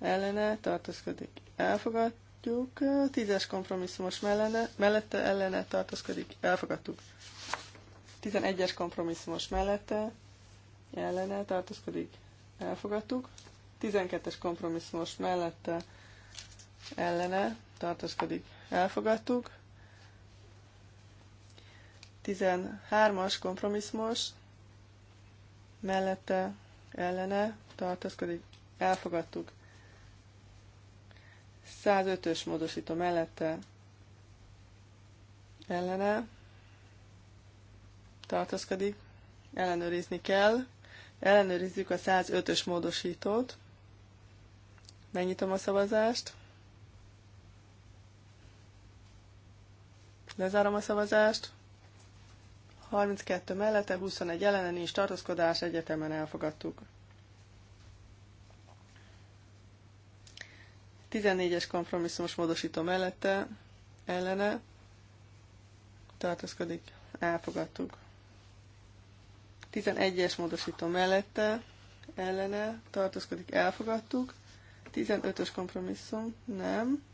ellene tartózkodik. Elfogadjuk. Tízes kompromisszumos mellene, mellette ellene tartózkodik. Elfogadtuk. Tizenegyes kompromisszumos mellette ellene tartózkodik. Elfogadtuk. Tizenkettes kompromisszumos mellette ellene tartózkodik. Elfogadtuk. 13-as kompromisszmos mellette ellene tartozkodik, elfogadtuk. 105-ös módosító mellette ellene tartozkodik, ellenőrizni kell. Ellenőrizzük a 105-ös módosítót. Megnyitom a szavazást. Lezárom a szavazást. 32 mellette, 21 ellene nincs tartózkodás, egyetemen elfogadtuk. 14-es kompromisszumos módosító mellette, ellene tartózkodik, elfogadtuk. 11-es módosító mellette, ellene tartózkodik, elfogadtuk. 15-ös kompromisszum, nem.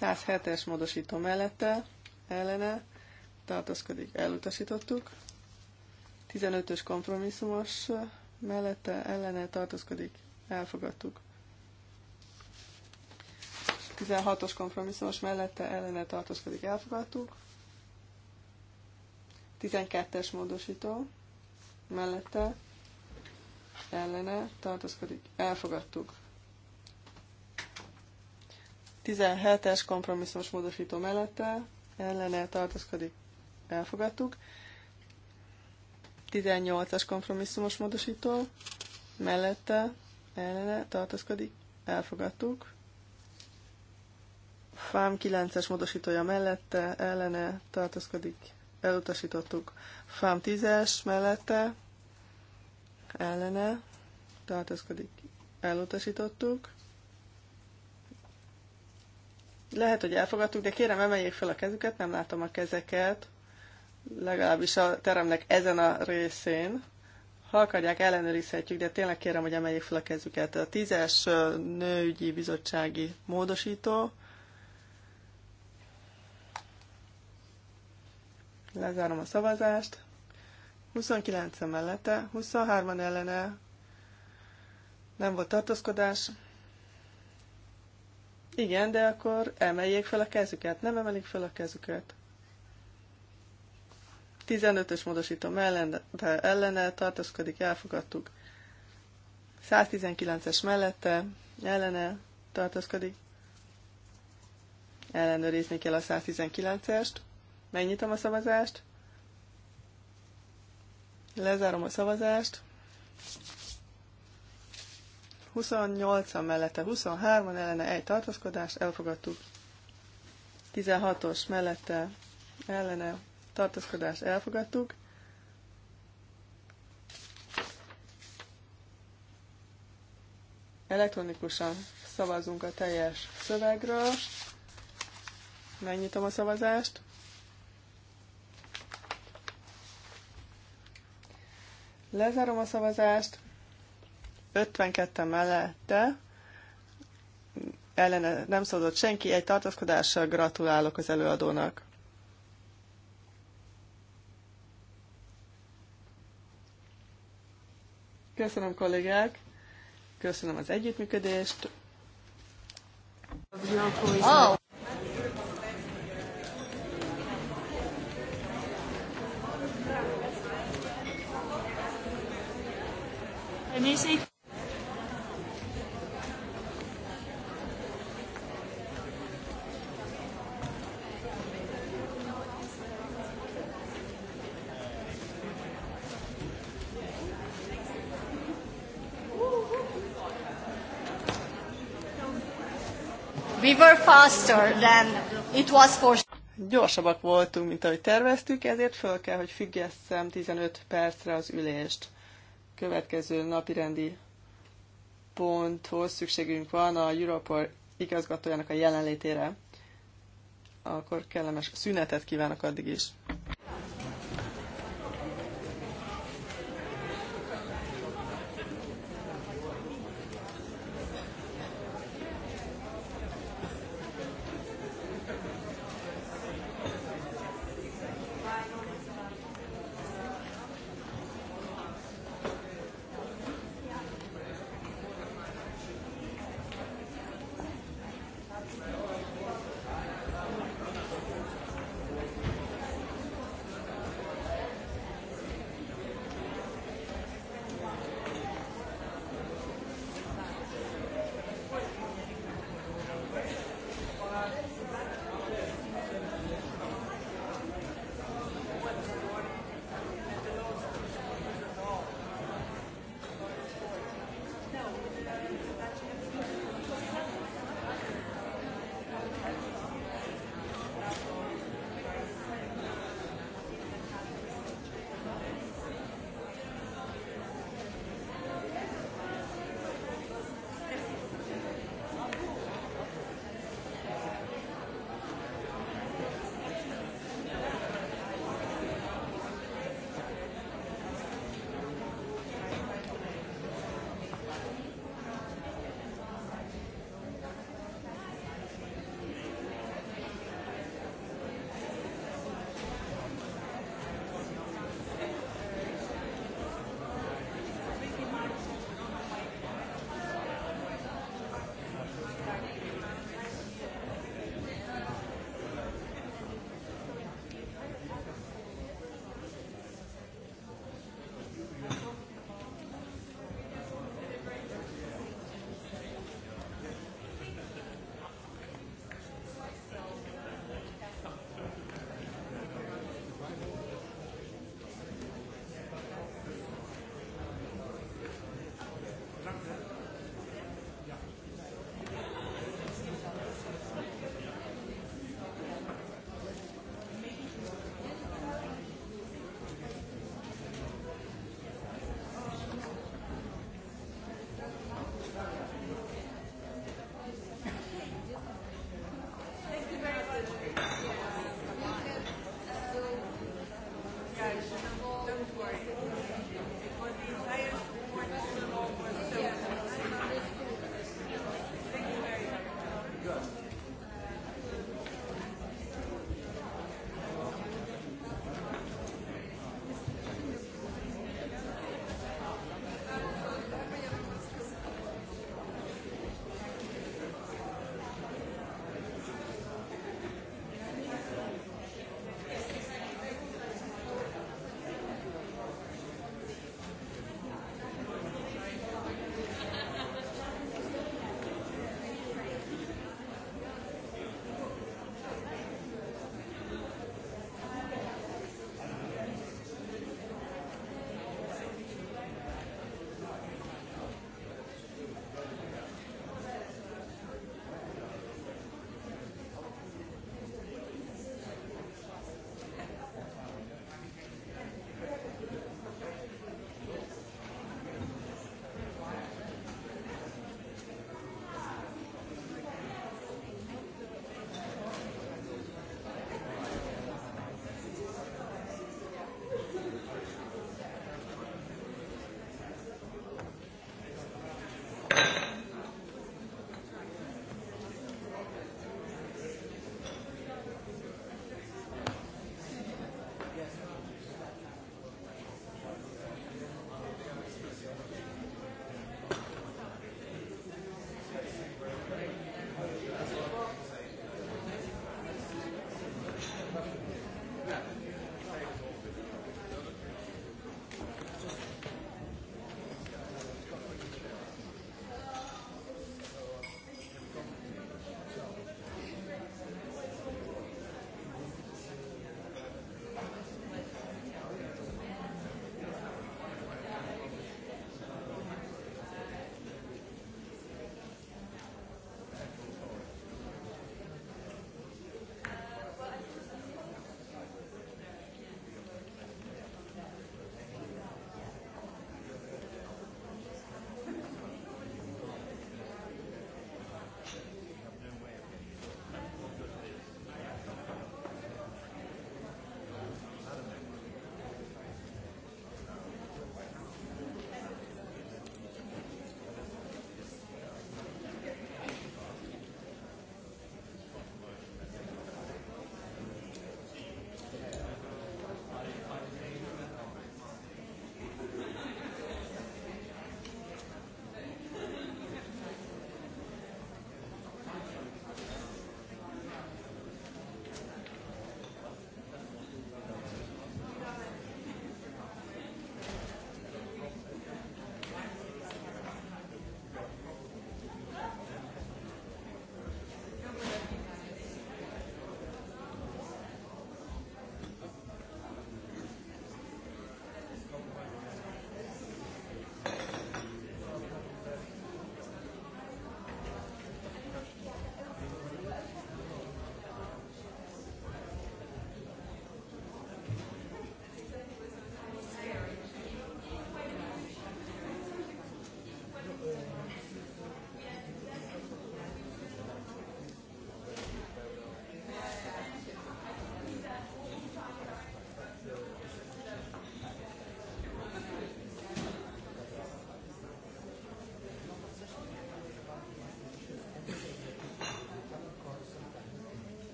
107-es módosító mellette, ellene tartózkodik, elutasítottuk. 15-ös kompromisszumos mellette ellene tartózkodik, elfogadtuk. 16-os kompromisszumos mellette ellene tartózkodik, elfogadtuk. 12-es módosító mellette ellene tartózkodik, elfogadtuk. 17-es kompromisszumos módosító mellette ellene tartózkodik, elfogadtuk. 18-as kompromisszumos módosító, mellette ellene tartózkodik, elfogadtuk. FAM 9-es módosítója mellette ellene tartózkodik, elutasítottuk. FAM 10-es mellette ellene tartózkodik, elutasítottuk. Lehet, hogy elfogadtuk, de kérem emeljék fel a kezüket, nem látom a kezeket, legalábbis a teremnek ezen a részén. Ha akarják, ellenőrizhetjük, de tényleg kérem, hogy emeljék fel a kezüket. A tízes nőügyi bizottsági módosító. Lezárom a szavazást. 29 mellette, 23-an ellene, nem volt tartózkodás. Igen, de akkor emeljék fel a kezüket. Nem emelik fel a kezüket. 15-ös ellen, de ellene tartózkodik, elfogadtuk. 119-es mellette ellene tartózkodik. Ellenőrizni kell a 119-est. Megnyitom a szavazást. Lezárom a szavazást. 28-an mellette, 23-an ellene egy tartózkodást elfogadtuk. 16-os mellette ellene tartózkodást elfogadtuk. Elektronikusan szavazunk a teljes szövegről. Megnyitom a szavazást. Lezárom a szavazást. 52 mellette ellene nem szólott senki, egy tartózkodással gratulálok az előadónak. Köszönöm kollégák, köszönöm az együttműködést. Oh. Music. were faster than it was for... Gyorsabbak voltunk, mint ahogy terveztük, ezért föl kell, hogy függesszem 15 percre az ülést. Következő napirendi ponthoz szükségünk van a Europol igazgatójának a jelenlétére. Akkor kellemes szünetet kívánok addig is.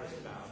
Paris Paris.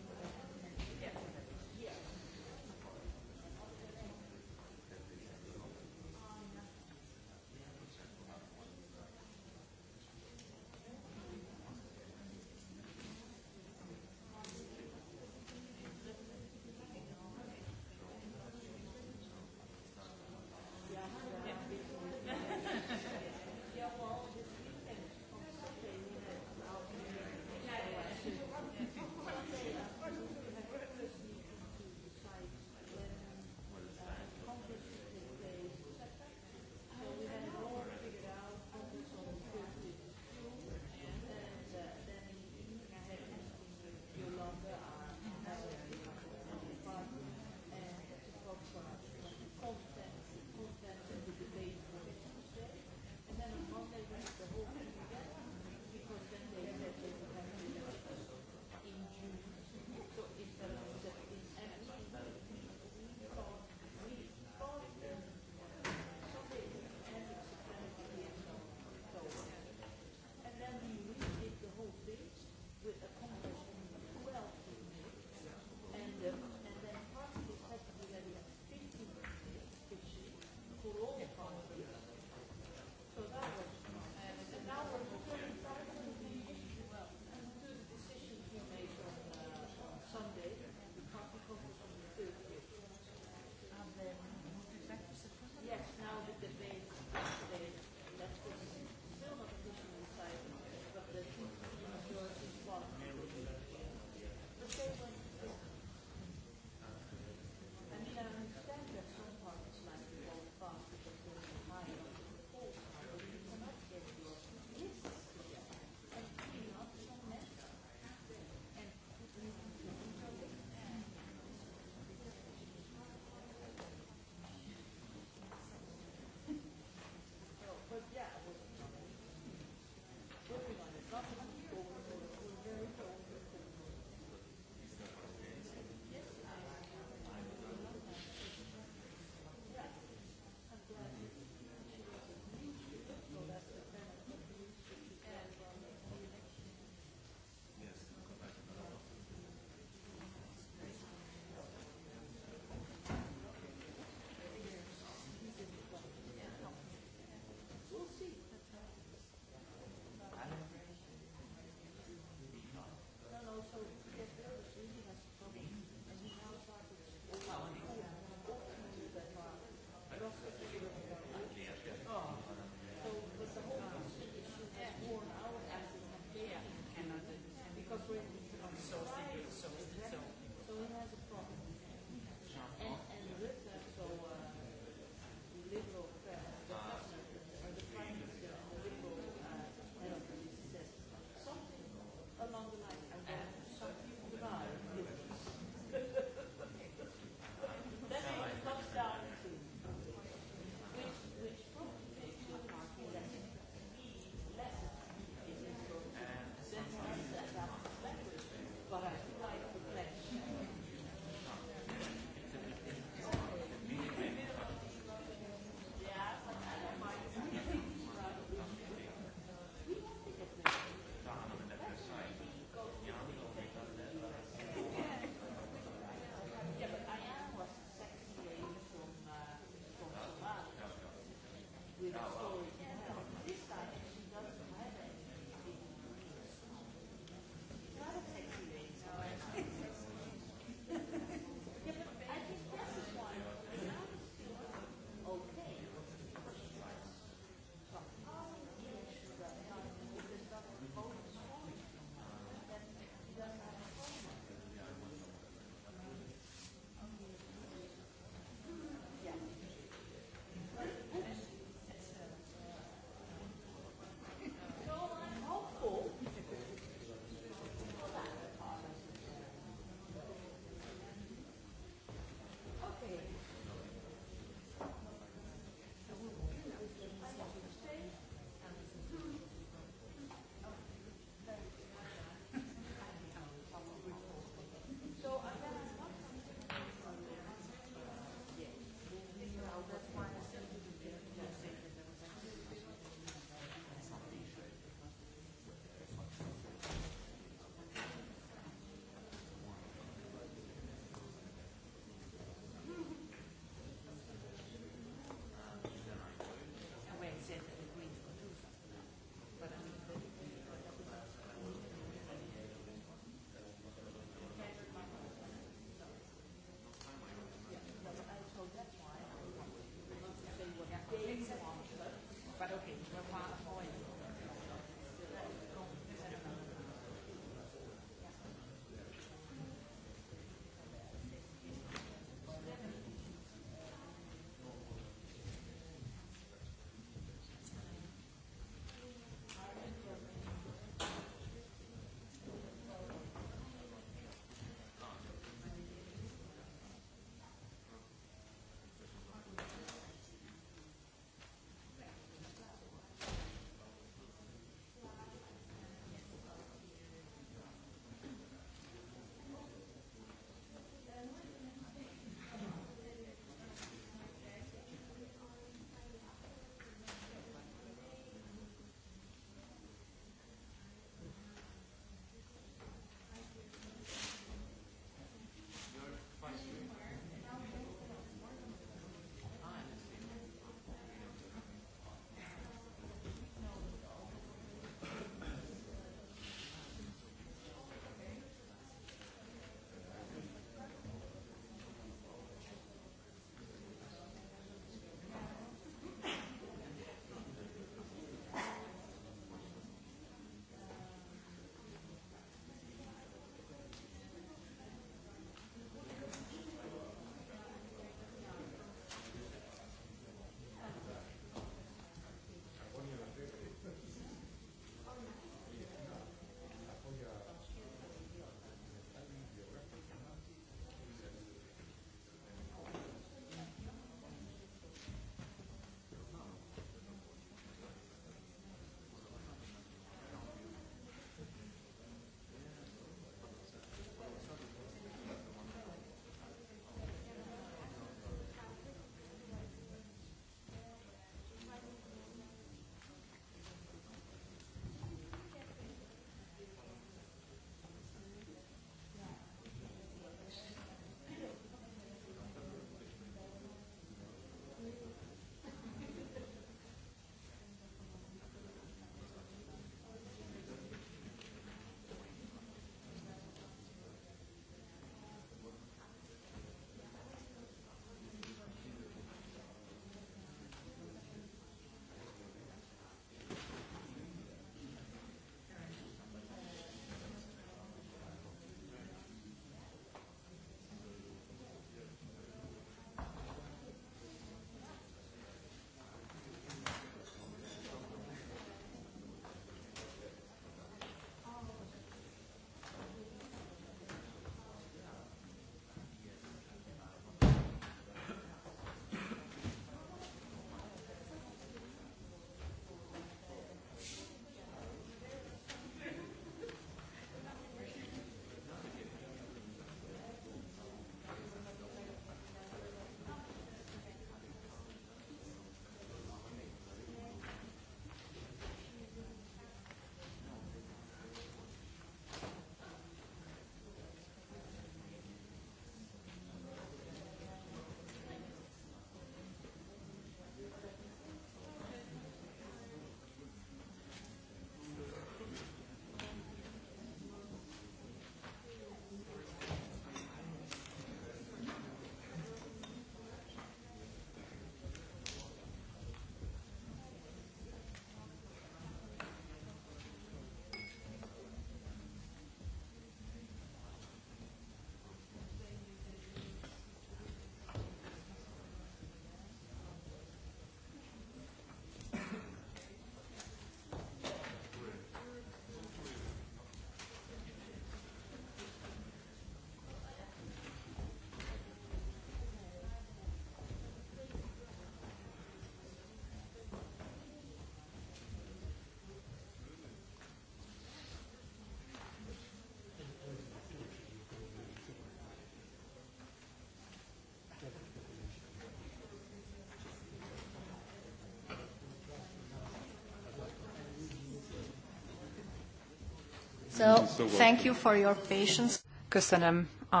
So, thank you for your patience. Köszönöm a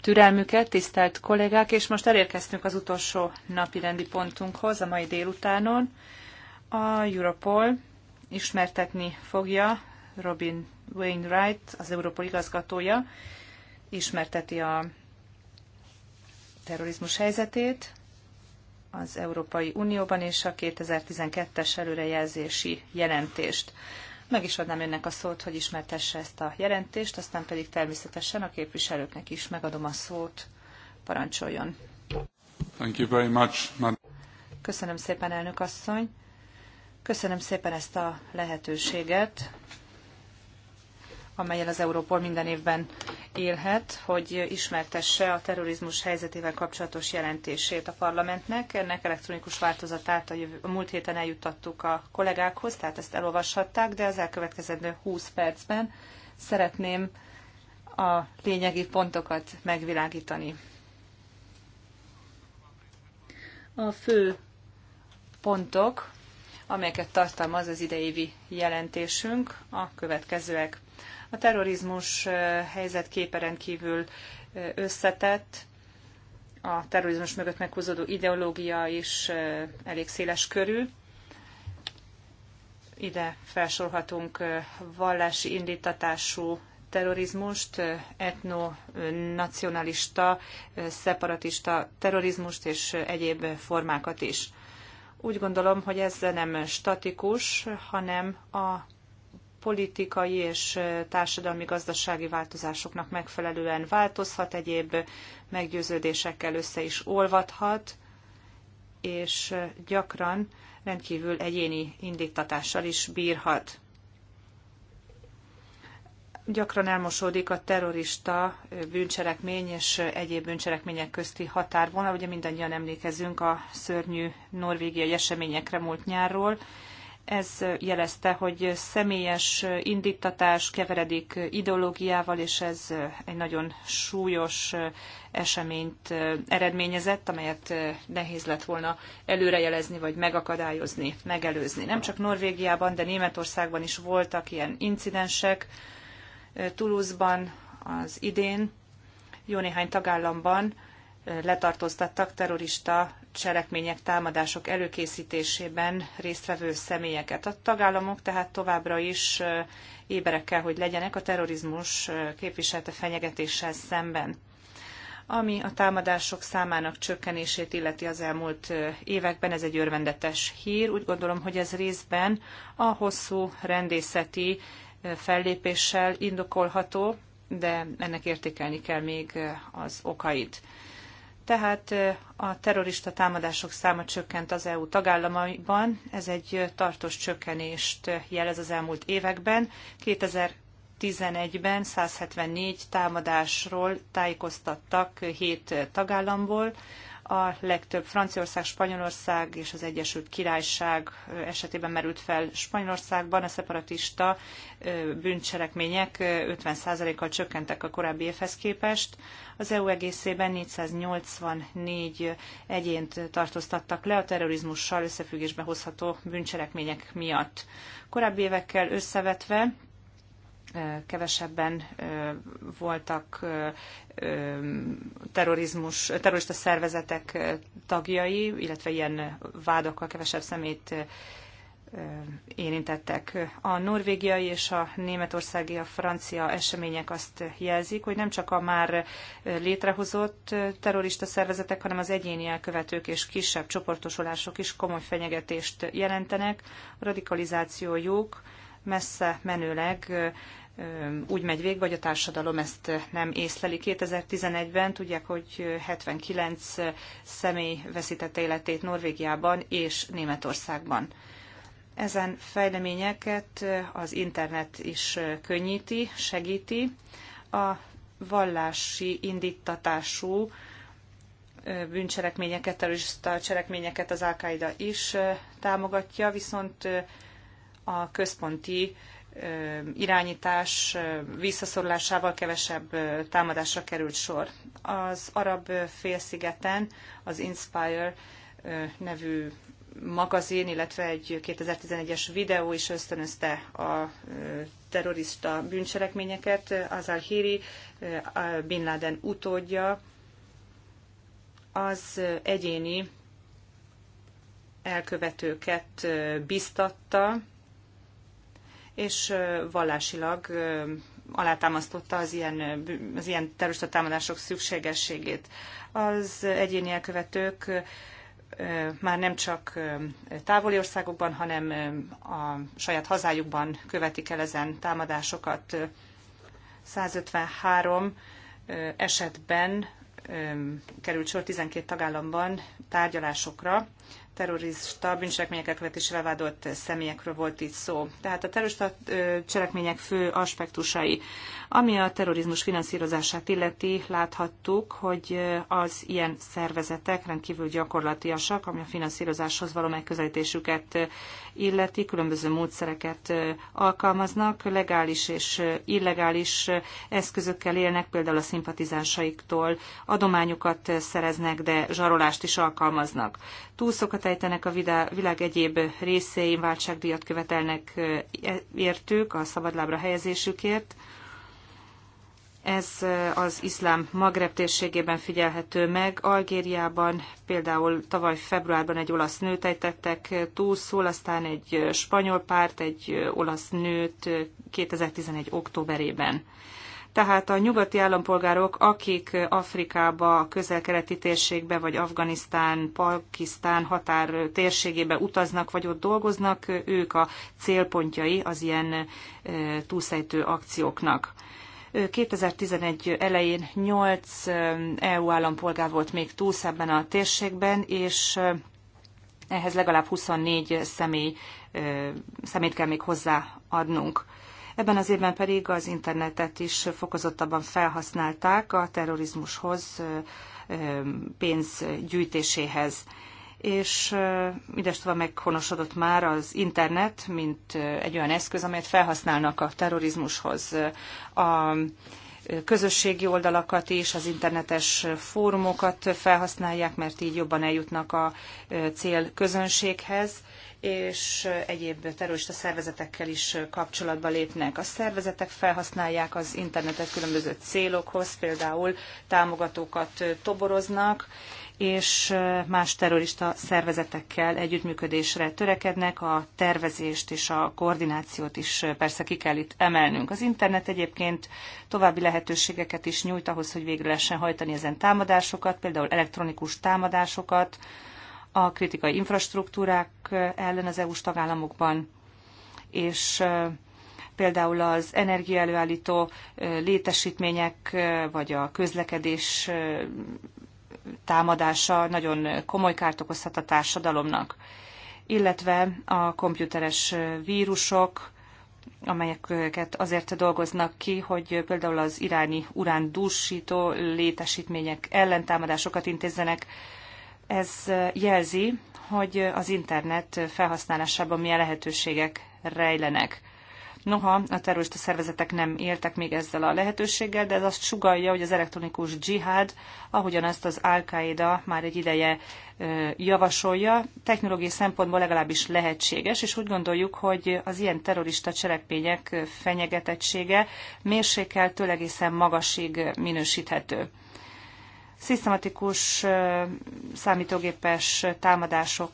türelmüket, tisztelt kollégák, és most elérkeztünk az utolsó napi rendi pontunkhoz a mai délutánon. A Europol ismertetni fogja Robin Wainwright, az Európol igazgatója, ismerteti a terrorizmus helyzetét az Európai Unióban és a 2012-es előrejelzési jelentést. Meg is adnám önnek a szót, hogy ismertesse ezt a jelentést, aztán pedig természetesen a képviselőknek is megadom a szót. Parancsoljon. Thank you very much, Köszönöm szépen, elnök asszony. Köszönöm szépen ezt a lehetőséget, amelyel az Európol minden évben élhet, hogy ismertesse a terrorizmus helyzetével kapcsolatos jelentését a parlamentnek. Ennek elektronikus változatát a, jövő, a múlt héten eljuttattuk a kollégákhoz, tehát ezt elolvashatták, de az elkövetkezendő 20 percben szeretném a lényegi pontokat megvilágítani. A fő pontok, amelyeket tartalmaz az idei jelentésünk, a következőek. A terrorizmus helyzetképe kívül összetett, a terrorizmus mögött meghúzódó ideológia is elég széles körül. Ide felsorhatunk vallási indítatású terrorizmust, etno-nacionalista, szeparatista terrorizmust és egyéb formákat is. Úgy gondolom, hogy ez nem statikus, hanem a politikai és társadalmi-gazdasági változásoknak megfelelően változhat, egyéb meggyőződésekkel össze is olvadhat, és gyakran rendkívül egyéni indítatással is bírhat. Gyakran elmosódik a terrorista bűncselekmény és egyéb bűncselekmények közti határvonal. Ugye mindannyian emlékezünk a szörnyű norvégiai eseményekre múlt nyárról, ez jelezte, hogy személyes indítatás keveredik ideológiával, és ez egy nagyon súlyos eseményt eredményezett, amelyet nehéz lett volna előrejelezni, vagy megakadályozni, megelőzni. Nem csak Norvégiában, de Németországban is voltak ilyen incidensek. Toulouse-ban az idén, jó néhány tagállamban letartóztattak terrorista bűncselekmények, támadások előkészítésében résztvevő személyeket. A tagállamok tehát továbbra is éberek kell, hogy legyenek a terrorizmus képviselte fenyegetéssel szemben. Ami a támadások számának csökkenését illeti az elmúlt években, ez egy örvendetes hír. Úgy gondolom, hogy ez részben a hosszú rendészeti fellépéssel indokolható, de ennek értékelni kell még az okait. Tehát a terrorista támadások száma csökkent az EU tagállamaiban, ez egy tartós csökkenést jelez az elmúlt években. 2011-ben 174 támadásról tájékoztattak 7 tagállamból, a legtöbb Franciaország, Spanyolország és az Egyesült Királyság esetében merült fel. Spanyolországban a szeparatista bűncselekmények 50%-kal csökkentek a korábbi évhez képest. Az EU egészében 484 egyént tartóztattak le a terrorizmussal összefüggésbe hozható bűncselekmények miatt. Korábbi évekkel összevetve kevesebben voltak terrorizmus, terrorista szervezetek tagjai, illetve ilyen vádokkal kevesebb szemét érintettek. A norvégiai és a németországi, a francia események azt jelzik, hogy nem csak a már létrehozott terrorista szervezetek, hanem az egyéni elkövetők és kisebb csoportosulások is komoly fenyegetést jelentenek. A radikalizációjuk messze menőleg úgy megy végbe, hogy a társadalom ezt nem észleli. 2011-ben tudják, hogy 79 személy veszítette életét Norvégiában és Németországban. Ezen fejleményeket az internet is könnyíti, segíti. A vallási indítatású bűncselekményeket, terrorista cselekményeket az al is támogatja, viszont a központi irányítás visszaszorulásával kevesebb támadásra került sor. Az arab félszigeten az Inspire nevű magazin, illetve egy 2011-es videó is ösztönözte a terrorista bűncselekményeket. Az al-Hiri, Bin Laden utódja, az egyéni elkövetőket biztatta, és vallásilag alátámasztotta az ilyen, az ilyen terrorista támadások szükségességét. Az egyéni elkövetők már nem csak távoli országokban, hanem a saját hazájukban követik el ezen támadásokat. 153 esetben került sor 12 tagállamban tárgyalásokra terrorista bűncselekményekkel követésre vádolt személyekről volt itt szó. Tehát a terrorista cselekmények fő aspektusai. Ami a terrorizmus finanszírozását illeti, láthattuk, hogy az ilyen szervezetek rendkívül gyakorlatiasak, ami a finanszírozáshoz való megközelítésüket illeti, különböző módszereket alkalmaznak, legális és illegális eszközökkel élnek, például a szimpatizásaiktól adományokat szereznek, de zsarolást is alkalmaznak. Túl harcot ejtenek a világ egyéb részein, váltságdíjat követelnek e, értük a szabadlábra helyezésükért. Ez az iszlám Magreb térségében figyelhető meg. Algériában például tavaly februárban egy olasz nőt ejtettek túlszól, aztán egy spanyol párt, egy olasz nőt 2011. októberében. Tehát a nyugati állampolgárok, akik Afrikába, közel-keleti térségbe, vagy Afganisztán, Pakisztán határ térségébe utaznak, vagy ott dolgoznak, ők a célpontjai az ilyen e, túlszejtő akcióknak. 2011 elején 8 EU e állampolgár volt még túlsz ebben a térségben, és e, ehhez legalább 24 személy, szemét kell még hozzáadnunk. Ebben az évben pedig az internetet is fokozottabban felhasználták a terrorizmushoz, pénz gyűjtéséhez. És idestova meghonosodott már az internet, mint egy olyan eszköz, amelyet felhasználnak a terrorizmushoz. A közösségi oldalakat és az internetes fórumokat felhasználják, mert így jobban eljutnak a cél közönséghez és egyéb terrorista szervezetekkel is kapcsolatba lépnek. A szervezetek felhasználják az internetet különböző célokhoz, például támogatókat toboroznak, és más terrorista szervezetekkel együttműködésre törekednek, a tervezést és a koordinációt is persze ki kell itt emelnünk. Az internet egyébként további lehetőségeket is nyújt ahhoz, hogy végre lehessen hajtani ezen támadásokat, például elektronikus támadásokat, a kritikai infrastruktúrák ellen az EU-s tagállamokban, és például az energiaelőállító létesítmények vagy a közlekedés támadása nagyon komoly kárt okozhat a társadalomnak, illetve a komputeres vírusok, amelyeket azért dolgoznak ki, hogy például az iráni urán dúsító létesítmények ellen támadásokat intézzenek ez jelzi, hogy az internet felhasználásában milyen lehetőségek rejlenek. Noha a terrorista szervezetek nem éltek még ezzel a lehetőséggel, de ez azt sugalja, hogy az elektronikus dzsihád, ahogyan ezt az Al-Qaeda már egy ideje javasolja, technológiai szempontból legalábbis lehetséges, és úgy gondoljuk, hogy az ilyen terrorista cselekmények fenyegetettsége mérsékeltől egészen magasig minősíthető szisztematikus számítógépes támadások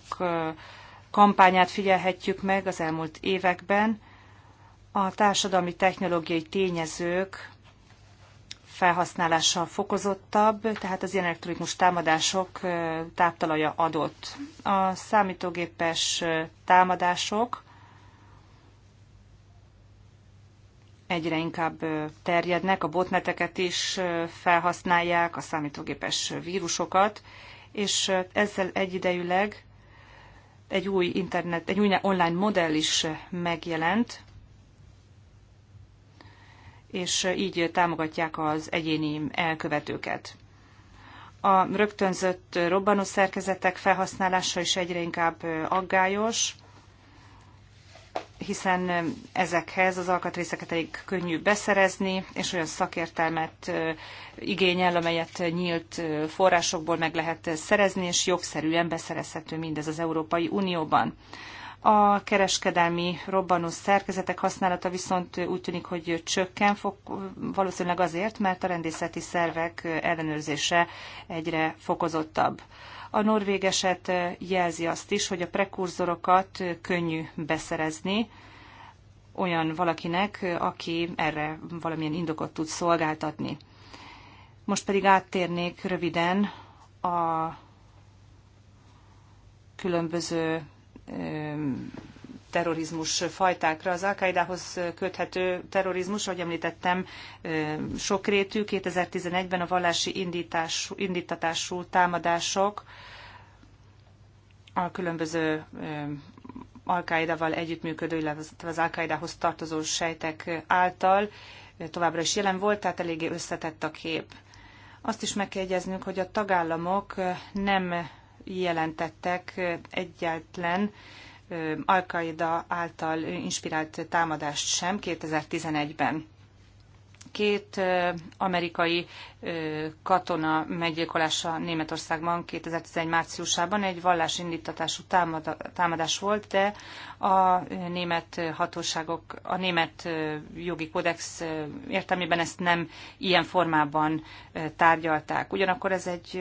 kampányát figyelhetjük meg az elmúlt években. A társadalmi technológiai tényezők felhasználása fokozottabb, tehát az ilyen elektronikus támadások táptalaja adott. A számítógépes támadások egyre inkább terjednek, a botneteket is felhasználják, a számítógépes vírusokat, és ezzel egyidejűleg egy új internet, egy új online modell is megjelent, és így támogatják az egyéni elkövetőket. A rögtönzött szerkezetek felhasználása is egyre inkább aggályos, hiszen ezekhez az alkatrészeket elég könnyű beszerezni, és olyan szakértelmet igényel, amelyet nyílt forrásokból meg lehet szerezni, és jogszerűen beszerezhető mindez az Európai Unióban. A kereskedelmi robbanó szerkezetek használata viszont úgy tűnik, hogy csökken fog, valószínűleg azért, mert a rendészeti szervek ellenőrzése egyre fokozottabb. A norvég eset jelzi azt is, hogy a prekurzorokat könnyű beszerezni olyan valakinek, aki erre valamilyen indokot tud szolgáltatni. Most pedig áttérnék röviden a különböző terrorizmus fajtákra. Az Al-Qaidához köthető terrorizmus, ahogy említettem, sokrétű. 2011-ben a vallási indítás, indítatású támadások a különböző Al-Qaidával együttműködő, illetve az Al-Qaidához tartozó sejtek által továbbra is jelen volt, tehát eléggé összetett a kép. Azt is meg kell hogy a tagállamok nem jelentettek egyáltalán al qaeda által inspirált támadást sem 2011-ben. Két amerikai katona meggyilkolása Németországban 2011 márciusában egy vallásindítatású támadás volt, de a német hatóságok, a német jogi kodex értelmében ezt nem ilyen formában tárgyalták. Ugyanakkor ez egy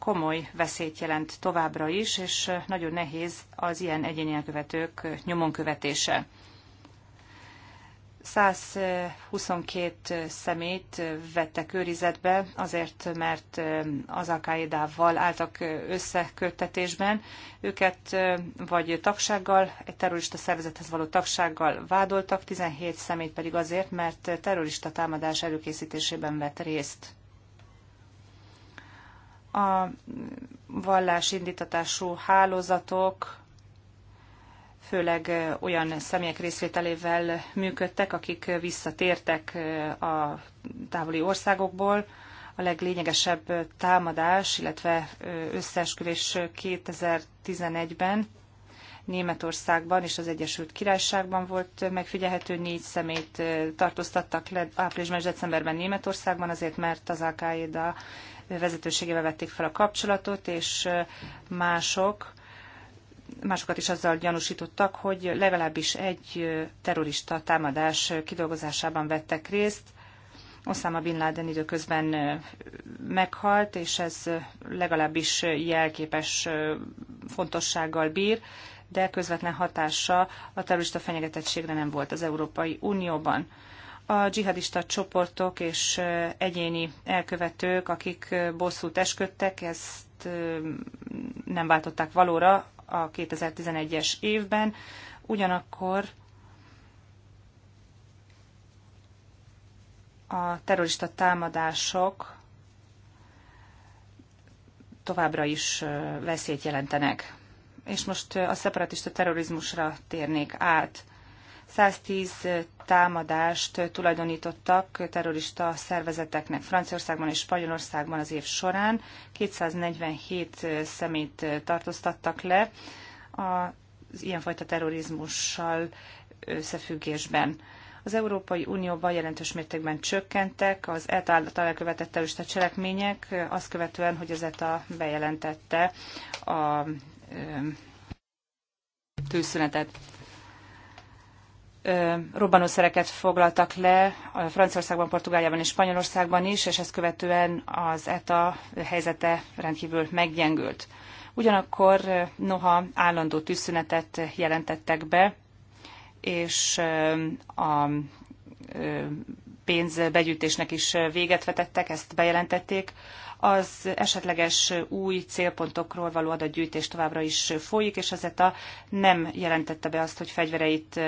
komoly veszélyt jelent továbbra is, és nagyon nehéz az ilyen egyéni elkövetők nyomon követése. 122 szemét vettek őrizetbe, azért, mert az Al-Qaedával álltak összeköttetésben. Őket vagy tagsággal, egy terrorista szervezethez való tagsággal vádoltak, 17 szemét pedig azért, mert terrorista támadás előkészítésében vett részt a vallásindítatású hálózatok, főleg olyan személyek részvételével működtek, akik visszatértek a távoli országokból. A leglényegesebb támadás, illetve összeesküvés 2011-ben Németországban és az Egyesült Királyságban volt megfigyelhető. Négy szemét tartóztattak le áprilisban és decemberben Németországban, azért mert az al vezetőségével vették fel a kapcsolatot, és mások, másokat is azzal gyanúsítottak, hogy legalábbis egy terrorista támadás kidolgozásában vettek részt. Osama Bin Laden időközben meghalt, és ez legalábbis jelképes fontossággal bír, de közvetlen hatása a terrorista fenyegetettségre nem volt az Európai Unióban a dzsihadista csoportok és egyéni elkövetők, akik bosszút esködtek, ezt nem váltották valóra a 2011-es évben, ugyanakkor a terrorista támadások továbbra is veszélyt jelentenek. És most a szeparatista terrorizmusra térnék át. 110 támadást tulajdonítottak terrorista szervezeteknek Franciaországban és Spanyolországban az év során. 247 szemét tartóztattak le az ilyenfajta terrorizmussal összefüggésben. Az Európai Unióban jelentős mértékben csökkentek az ETA által elkövetett terrorista cselekmények, azt követően, hogy az ETA bejelentette a tűzszünetet robbanószereket foglaltak le Franciaországban, Portugáliában és Spanyolországban is, és ezt követően az ETA helyzete rendkívül meggyengült. Ugyanakkor noha állandó tűzszünetet jelentettek be, és a pénzbegyűjtésnek is véget vetettek, ezt bejelentették, az esetleges új célpontokról való adatgyűjtés továbbra is folyik, és az ETA nem jelentette be azt, hogy fegyvereit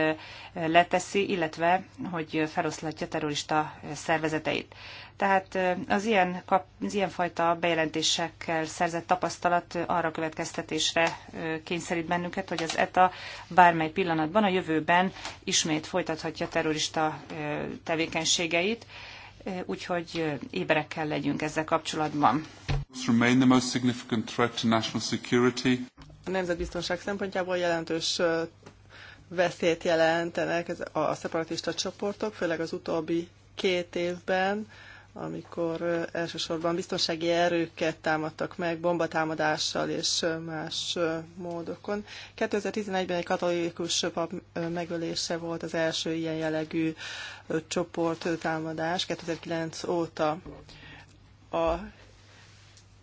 leteszi, illetve hogy feloszlatja terrorista szervezeteit. Tehát az ilyen, kap, az ilyen fajta bejelentésekkel szerzett tapasztalat arra következtetésre kényszerít bennünket, hogy az ETA bármely pillanatban a jövőben ismét folytathatja terrorista tevékenységeit, úgyhogy éberek kell legyünk ezzel kapcsolatban. A nemzetbiztonság szempontjából jelentős veszélyt jelentenek a szeparatista csoportok, főleg az utóbbi két évben amikor elsősorban biztonsági erőket támadtak meg bombatámadással és más módokon. 2011-ben egy katolikus pap megölése volt az első ilyen jellegű csoport támadás 2009 óta. A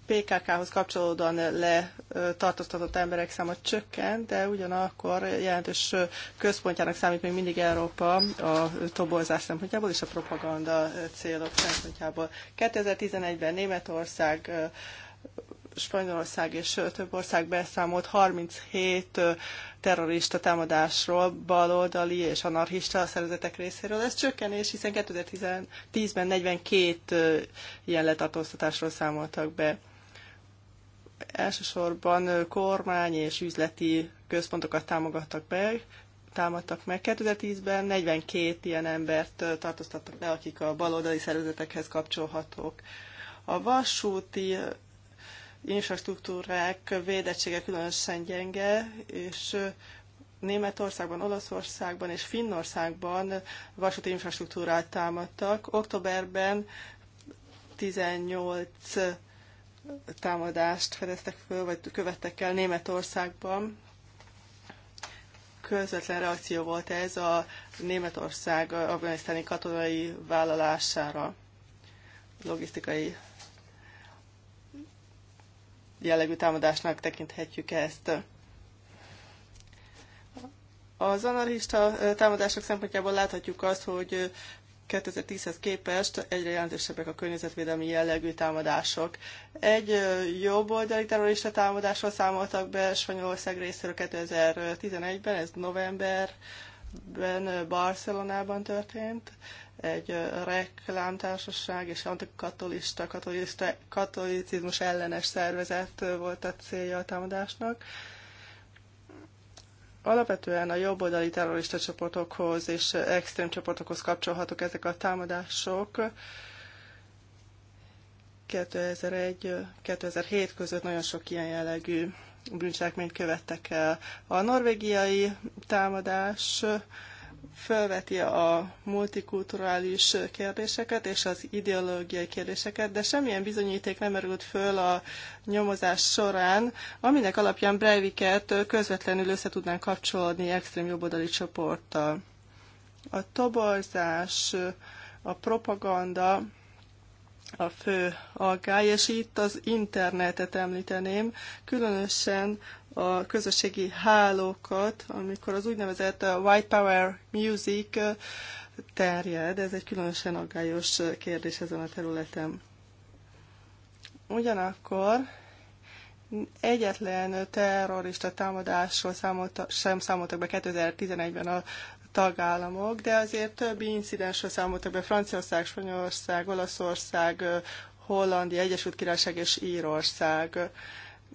PKK-hoz kapcsolódóan letartóztatott emberek száma csökken, de ugyanakkor jelentős központjának számít még mindig Európa a toborzás szempontjából és a propaganda célok szempontjából. 2011-ben Németország Spanyolország és több ország beszámolt 37 terrorista támadásról baloldali és anarchista szervezetek részéről. Ez csökkenés, hiszen 2010-ben 42 ilyen letartóztatásról számoltak be elsősorban kormány és üzleti központokat támogattak be, támadtak meg. 2010-ben 42 ilyen embert tartóztattak le, akik a baloldali szervezetekhez kapcsolhatók. A vasúti infrastruktúrák védettsége különösen gyenge, és Németországban, Olaszországban és Finnországban vasúti infrastruktúrát támadtak. Októberben 18 támadást fedeztek föl, vagy követtek el Németországban. Közvetlen reakció volt ez a Németország afganisztáni katonai vállalására, logisztikai jellegű támadásnak tekinthetjük ezt. Az anarchista támadások szempontjából láthatjuk azt, hogy 2010-hez képest egyre jelentősebbek a környezetvédelmi jellegű támadások. Egy jobboldali terrorista támadásról számoltak be Spanyolország részéről 2011-ben, ez novemberben Barcelonában történt. Egy reklámtársaság és antikatolista, katolista, katolicizmus ellenes szervezet volt a célja a támadásnak. Alapvetően a jobboldali terrorista csoportokhoz és extrém csoportokhoz kapcsolhatók ezek a támadások. 2001-2007 között nagyon sok ilyen jellegű bűncselekményt követtek el. A norvégiai támadás felveti a multikulturális kérdéseket és az ideológiai kérdéseket, de semmilyen bizonyíték nem merült föl a nyomozás során, aminek alapján Breiviket közvetlenül össze tudnánk kapcsolni extrém jobboldali csoporttal. A toborzás, a propaganda a fő aggály, és itt az internetet említeném, különösen a közösségi hálókat, amikor az úgynevezett uh, White Power Music uh, terjed, ez egy különösen aggályos kérdés ezen a területen. Ugyanakkor egyetlen terrorista támadásról számolta, sem számoltak be 2011-ben a tagállamok, de azért többi incidensre számoltak be Franciaország, Spanyolország, Olaszország, Hollandia, Egyesült Királyság és Írország.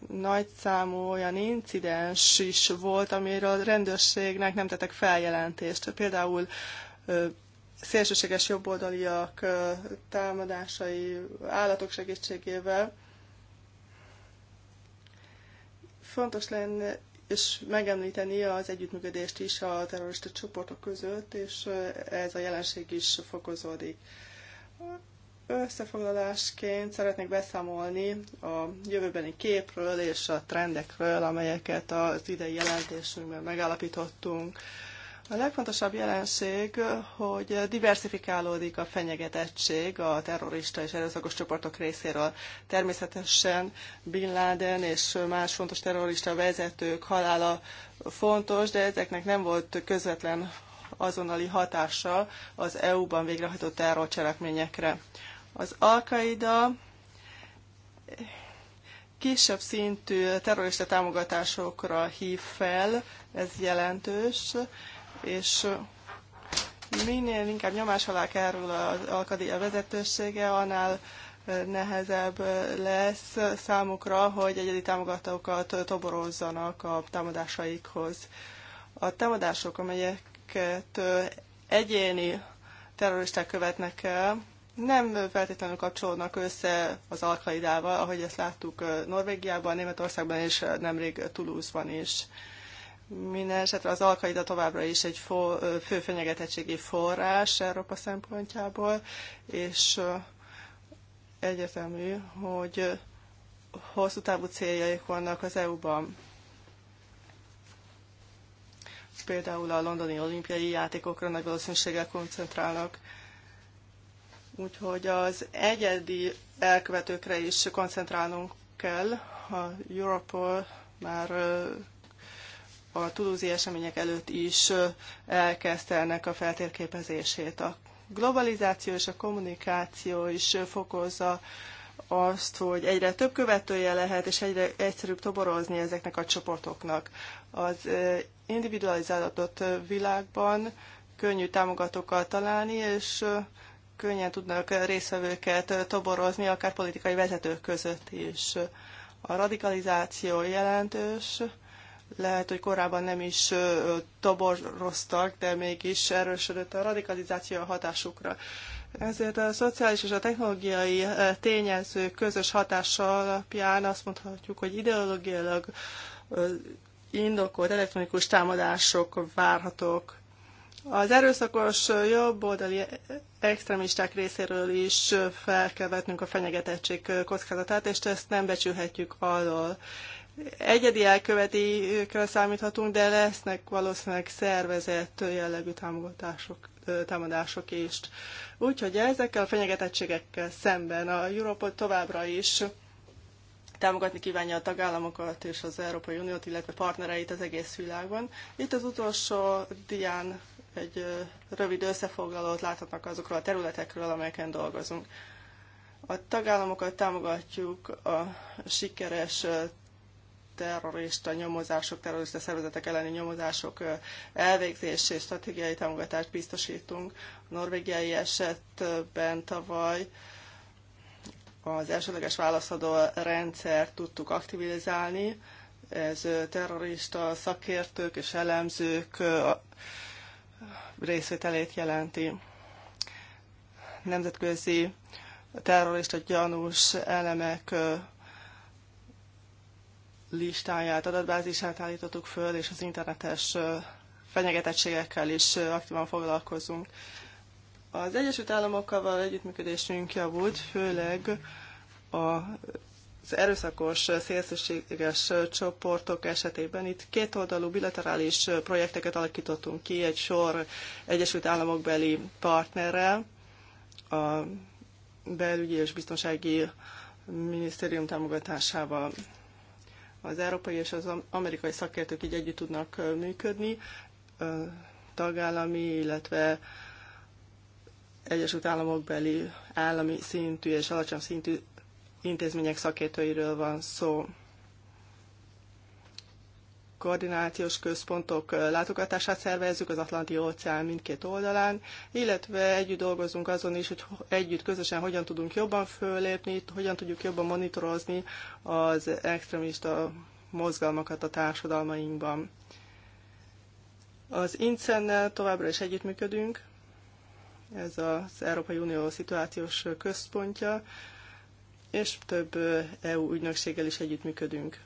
Nagy számú olyan incidens is volt, amiről a rendőrségnek nem tettek feljelentést. Például szélsőséges jobboldaliak támadásai állatok segítségével. Fontos lenne és megemlíteni az együttműködést is a terrorista csoportok között, és ez a jelenség is fokozódik. Összefoglalásként szeretnék beszámolni a jövőbeni képről és a trendekről, amelyeket az idei jelentésünkben megállapítottunk. A legfontosabb jelenség, hogy diversifikálódik a fenyegetettség a terrorista és erőszakos csoportok részéről. Természetesen Bin Laden és más fontos terrorista vezetők halála fontos, de ezeknek nem volt közvetlen azonnali hatása az EU-ban végrehajtott terrorcselekményekre. Az al qaeda kisebb szintű terrorista támogatásokra hív fel, ez jelentős, és minél inkább nyomás alá kerül az Alkadia vezetősége, annál nehezebb lesz számukra, hogy egyedi támogatókat toborozzanak a támadásaikhoz. A támadások, amelyeket egyéni terroristák követnek el, nem feltétlenül kapcsolódnak össze az alkaidával, ahogy ezt láttuk Norvégiában, Németországban és nemrég Toulouse-ban is. Minden esetre az alkaida továbbra is egy fo, fő fenyegetettségi forrás Európa szempontjából, és egyetemű, hogy hosszú távú céljaik vannak az EU-ban. Például a londoni olimpiai játékokra nagy valószínűséggel koncentrálnak. Úgyhogy az egyedi elkövetőkre is koncentrálnunk kell. A Europol már a tulúzi események előtt is elkezdte ennek a feltérképezését. A globalizáció és a kommunikáció is fokozza azt, hogy egyre több követője lehet, és egyre egyszerűbb toborozni ezeknek a csoportoknak. Az individualizálódott világban könnyű támogatókat találni, és könnyen tudnak részvevőket toborozni, akár politikai vezetők között is. A radikalizáció jelentős, lehet, hogy korábban nem is toboroztak, de mégis erősödött a radikalizáció hatásukra. Ezért a szociális és a technológiai tényező közös hatása alapján azt mondhatjuk, hogy ideológiailag indokolt elektronikus támadások várhatók. Az erőszakos jobboldali e, extremisták részéről is fel kell vetnünk a fenyegetettség kockázatát, és ezt nem becsülhetjük alól egyedi elkövetőkre számíthatunk, de lesznek valószínűleg szervezett jellegű támogatások, támadások is. Úgyhogy ezekkel a fenyegetettségekkel szemben a Európa továbbra is támogatni kívánja a tagállamokat és az Európai Uniót, illetve partnereit az egész világban. Itt az utolsó dián egy rövid összefoglalót láthatnak azokról a területekről, amelyeken dolgozunk. A tagállamokat támogatjuk a sikeres terrorista nyomozások, terrorista szervezetek elleni nyomozások elvégzés és stratégiai támogatást biztosítunk. A norvégiai esetben tavaly az elsődleges válaszadó rendszer tudtuk aktivizálni. Ez terrorista szakértők és elemzők részvételét jelenti. Nemzetközi terrorista gyanús elemek listáját, adatbázisát állítottuk föl, és az internetes fenyegetettségekkel is aktívan foglalkozunk. Az Egyesült Államokkal való együttműködésünk javult, főleg a az erőszakos szélsőséges csoportok esetében itt kétoldalú bilaterális projekteket alakítottunk ki egy sor Egyesült Államokbeli partnerrel, a belügyi és biztonsági minisztérium támogatásával az európai és az amerikai szakértők így együtt tudnak működni, tagállami, illetve Egyesült Államok beli állami szintű és alacsony szintű intézmények szakértőiről van szó koordinációs központok látogatását szervezzük az Atlanti-óceán mindkét oldalán, illetve együtt dolgozunk azon is, hogy együtt közösen hogyan tudunk jobban fölépni, hogyan tudjuk jobban monitorozni az extremista mozgalmakat a társadalmainkban. Az INCEN-nel továbbra is együttműködünk, ez az Európai Unió szituációs központja, és több EU ügynökséggel is együttműködünk.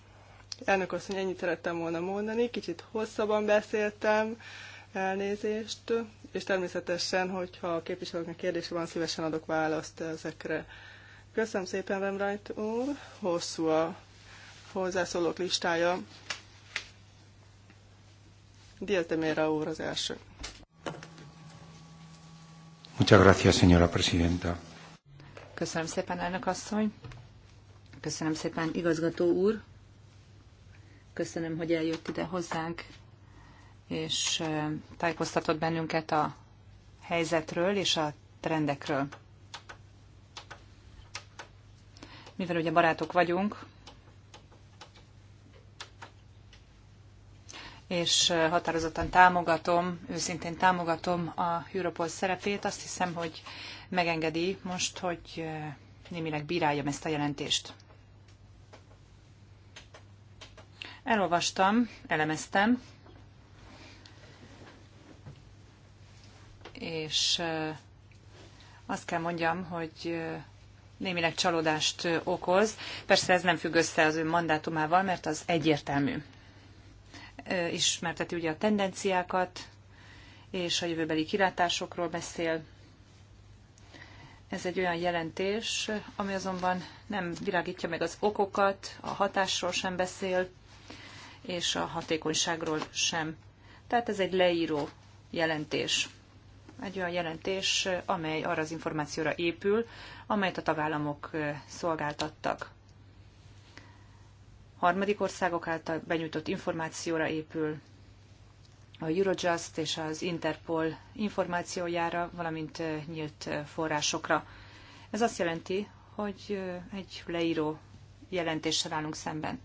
Elnök mondja, ennyit szerettem volna mondani, kicsit hosszabban beszéltem, elnézést, és természetesen, hogyha a képviselőknek kérdése van, szívesen adok választ ezekre. Köszönöm szépen, Remrajt úr, hosszú a hozzászólók listája. Dieltemére úr az első. Muchas gracias, señora presidenta. Köszönöm szépen, elnök asszony. Köszönöm szépen, igazgató úr. Köszönöm, hogy eljött ide hozzánk, és tájékoztatott bennünket a helyzetről és a trendekről. Mivel ugye barátok vagyunk, és határozottan támogatom, őszintén támogatom a Europol szerepét. Azt hiszem, hogy megengedi most, hogy némileg bíráljam ezt a jelentést. Elolvastam, elemeztem, és azt kell mondjam, hogy némileg csalódást okoz. Persze ez nem függ össze az ön mandátumával, mert az egyértelmű. Ismerteti ugye a tendenciákat, és a jövőbeli kilátásokról beszél. Ez egy olyan jelentés, ami azonban nem világítja meg az okokat, a hatásról sem beszél, és a hatékonyságról sem. Tehát ez egy leíró jelentés. Egy olyan jelentés, amely arra az információra épül, amelyet a tagállamok szolgáltattak. Harmadik országok által benyújtott információra épül, a Eurojust és az Interpol információjára, valamint nyílt forrásokra. Ez azt jelenti, hogy egy leíró jelentéssel állunk szemben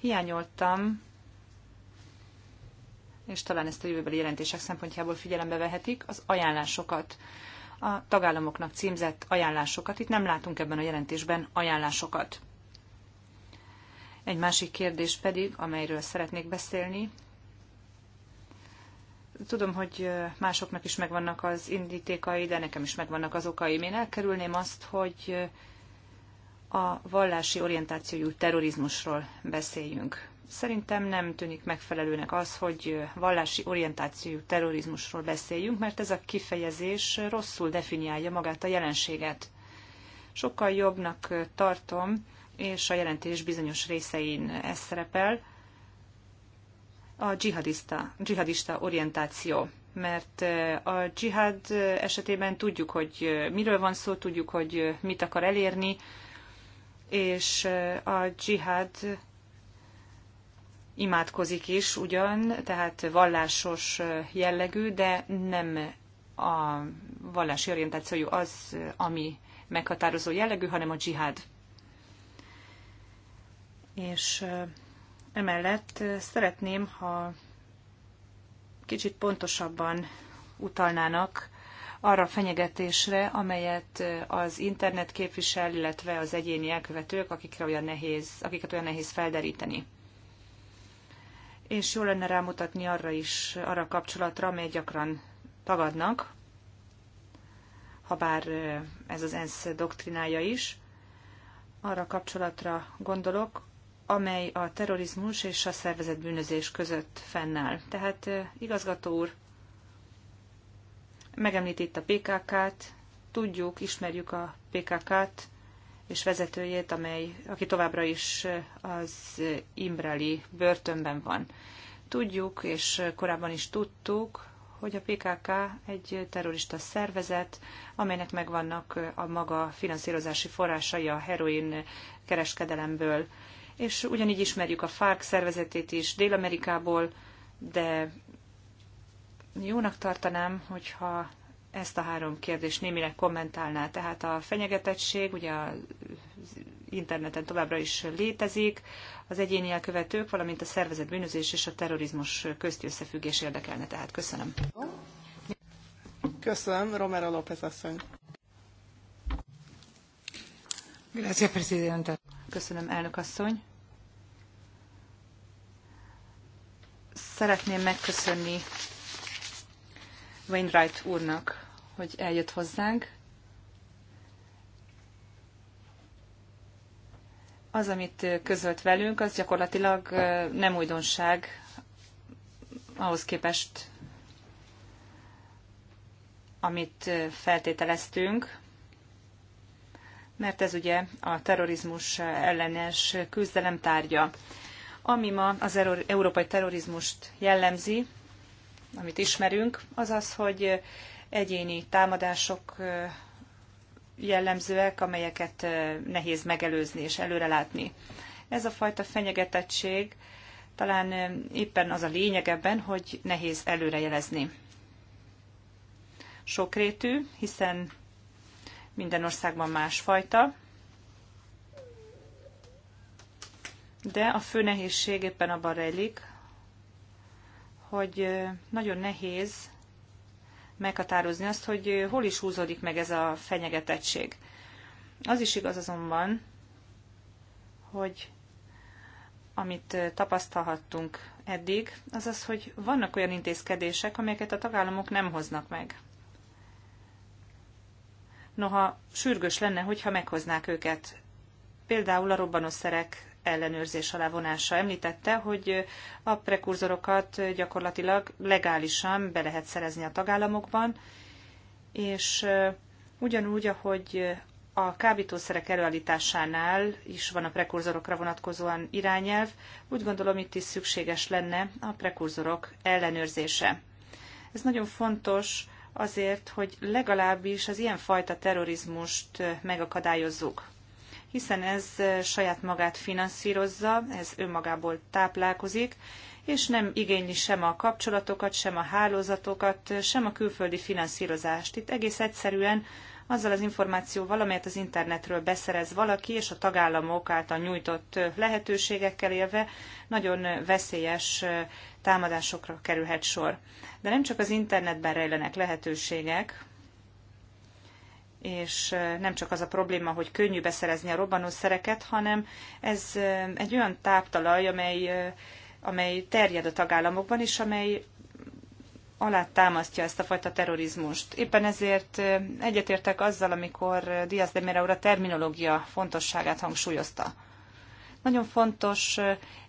hiányoltam, és talán ezt a jövőbeli jelentések szempontjából figyelembe vehetik, az ajánlásokat, a tagállamoknak címzett ajánlásokat. Itt nem látunk ebben a jelentésben ajánlásokat. Egy másik kérdés pedig, amelyről szeretnék beszélni. Tudom, hogy másoknak is megvannak az indítékai, de nekem is megvannak az okai Én elkerülném azt, hogy a vallási orientációjú terrorizmusról beszéljünk. Szerintem nem tűnik megfelelőnek az, hogy vallási orientációjú terrorizmusról beszéljünk, mert ez a kifejezés rosszul definiálja magát a jelenséget. Sokkal jobbnak tartom, és a jelentés bizonyos részein ez szerepel, a dzsihadista, orientáció mert eh, a dzsihád esetében tudjuk, hogy miről van szó, tudjuk, hogy mit akar elérni, és a dzsihád imádkozik is ugyan, tehát vallásos jellegű, de nem a vallási orientációjú az, ami meghatározó jellegű, hanem a dzsihád. És emellett szeretném, ha kicsit pontosabban utalnának arra a fenyegetésre, amelyet az internet képvisel, illetve az egyéni elkövetők, akikre olyan nehéz, akiket olyan nehéz felderíteni. És jó lenne rámutatni arra is, arra a kapcsolatra, amely gyakran tagadnak, ha bár ez az ENSZ doktrinája is, arra a kapcsolatra gondolok, amely a terrorizmus és a szervezett bűnözés között fennáll. Tehát igazgató úr, Megemlít itt a PKK-t, tudjuk, ismerjük a PKK-t és vezetőjét, amely, aki továbbra is az Imbrali börtönben van. Tudjuk, és korábban is tudtuk, hogy a PKK egy terrorista szervezet, amelynek megvannak a maga finanszírozási forrásai a heroin kereskedelemből. És ugyanígy ismerjük a FARC szervezetét is Dél-Amerikából, de jónak tartanám, hogyha ezt a három kérdést némileg kommentálná. Tehát a fenyegetettség, ugye az interneten továbbra is létezik, az egyéni elkövetők, valamint a szervezet bűnözés és a terrorizmus közti összefüggés érdekelne. Tehát köszönöm. Köszönöm, Romero López asszony. Presidente. Köszönöm, elnök asszony. Szeretném megköszönni Wainwright úrnak, hogy eljött hozzánk. Az, amit közölt velünk, az gyakorlatilag nem újdonság ahhoz képest, amit feltételeztünk, mert ez ugye a terrorizmus ellenes küzdelem tárgya. Ami ma az európai terrorizmust jellemzi, amit ismerünk, az az, hogy egyéni támadások jellemzőek, amelyeket nehéz megelőzni és előrelátni. Ez a fajta fenyegetettség talán éppen az a lényeg ebben, hogy nehéz előrejelezni. Sokrétű, hiszen minden országban másfajta, de a fő nehézség éppen abban rejlik, hogy nagyon nehéz meghatározni azt, hogy hol is húzódik meg ez a fenyegetettség. Az is igaz azonban, hogy amit tapasztalhattunk eddig, az az, hogy vannak olyan intézkedések, amelyeket a tagállamok nem hoznak meg. Noha sürgős lenne, hogyha meghoznák őket. Például a robbanószerek ellenőrzés alá vonása. Említette, hogy a prekurzorokat gyakorlatilag legálisan be lehet szerezni a tagállamokban, és ugyanúgy, ahogy a kábítószerek előállításánál is van a prekurzorokra vonatkozóan irányelv, úgy gondolom itt is szükséges lenne a prekurzorok ellenőrzése. Ez nagyon fontos azért, hogy legalábbis az ilyenfajta terrorizmust megakadályozzuk hiszen ez saját magát finanszírozza, ez önmagából táplálkozik, és nem igényli sem a kapcsolatokat, sem a hálózatokat, sem a külföldi finanszírozást. Itt egész egyszerűen azzal az információval, amelyet az internetről beszerez valaki, és a tagállamok által nyújtott lehetőségekkel élve nagyon veszélyes támadásokra kerülhet sor. De nem csak az internetben rejlenek lehetőségek, és nem csak az a probléma, hogy könnyű beszerezni a robbanószereket, hanem ez egy olyan táptalaj, amely, amely terjed a tagállamokban, és amely alá támasztja ezt a fajta terrorizmust. Éppen ezért egyetértek azzal, amikor Diaz de Mera úr a terminológia fontosságát hangsúlyozta. Nagyon fontos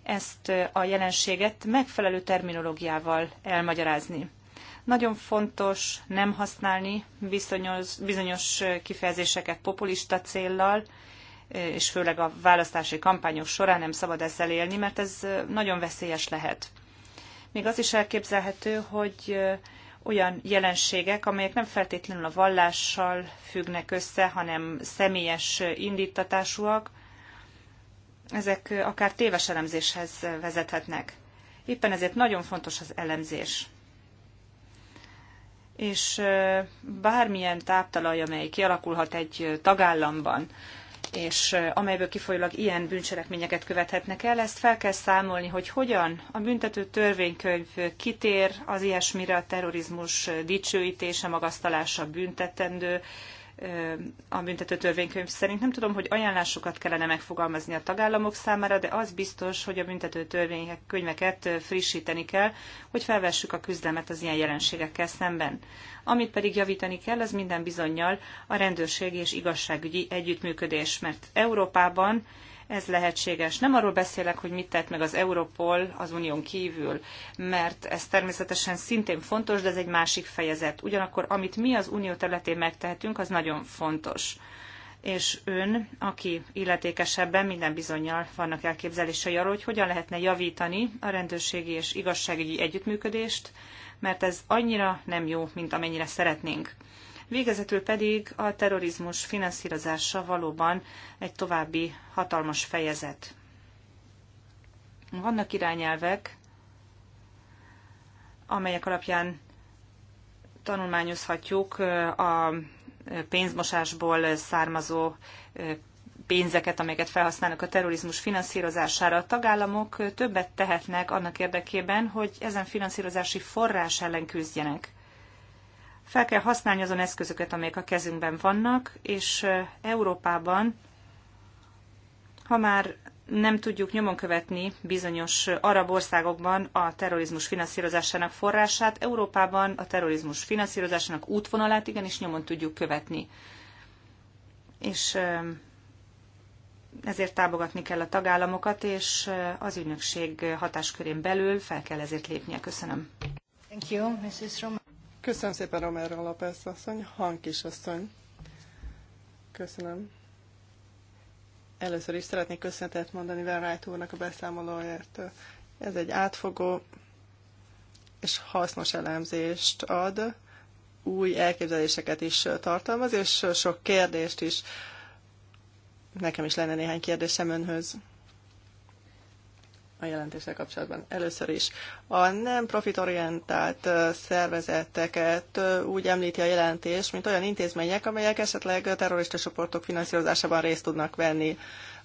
ezt a jelenséget megfelelő terminológiával elmagyarázni. Nagyon fontos nem használni bizonyos, bizonyos kifejezéseket populista céllal, és főleg a választási kampányok során nem szabad ezzel élni, mert ez nagyon veszélyes lehet. Még az is elképzelhető, hogy olyan jelenségek, amelyek nem feltétlenül a vallással függnek össze, hanem személyes indítatásúak, ezek akár téves elemzéshez vezethetnek. Éppen ezért nagyon fontos az elemzés és bármilyen táptalaj, amely kialakulhat egy tagállamban, és amelyből kifolyólag ilyen bűncselekményeket követhetnek el, ezt fel kell számolni, hogy hogyan a büntető törvénykönyv kitér az ilyesmire a terrorizmus dicsőítése, magasztalása büntetendő, a büntetőtörvénykönyv szerint. Nem tudom, hogy ajánlásokat kellene megfogalmazni a tagállamok számára, de az biztos, hogy a büntetőtörvények könyveket frissíteni kell, hogy felvessük a küzdelmet az ilyen jelenségekkel szemben. Amit pedig javítani kell, az minden bizonyal a rendőrség és igazságügyi együttműködés, mert Európában ez lehetséges. Nem arról beszélek, hogy mit tett meg az Europol az unión kívül, mert ez természetesen szintén fontos, de ez egy másik fejezet. Ugyanakkor amit mi az unió területén megtehetünk, az nagyon fontos. És ön, aki illetékesebben minden bizonyal vannak elképzelései arról, hogy hogyan lehetne javítani a rendőrségi és igazságügyi együttműködést, mert ez annyira nem jó, mint amennyire szeretnénk. Végezetül pedig a terrorizmus finanszírozása valóban egy további hatalmas fejezet. Vannak irányelvek, amelyek alapján tanulmányozhatjuk a pénzmosásból származó pénzeket, amelyeket felhasználnak a terrorizmus finanszírozására. A tagállamok többet tehetnek annak érdekében, hogy ezen finanszírozási forrás ellen küzdjenek. Fel kell használni azon eszközöket, amelyek a kezünkben vannak, és Európában, ha már nem tudjuk nyomon követni bizonyos arab országokban a terrorizmus finanszírozásának forrását, Európában a terrorizmus finanszírozásának útvonalát igenis nyomon tudjuk követni. És ezért támogatni kell a tagállamokat, és az ügynökség hatáskörén belül fel kell ezért lépnie. Köszönöm. Thank you, Mrs. Köszönöm szépen, Romero López asszony, Hankis asszony. Köszönöm. Először is szeretnék köszönetet mondani Van úrnak a beszámolóért. Ez egy átfogó és hasznos elemzést ad, új elképzeléseket is tartalmaz, és sok kérdést is. Nekem is lenne néhány kérdésem önhöz a jelentéssel kapcsolatban. Először is a nem profitorientált szervezeteket úgy említi a jelentés, mint olyan intézmények, amelyek esetleg terrorista csoportok finanszírozásában részt tudnak venni.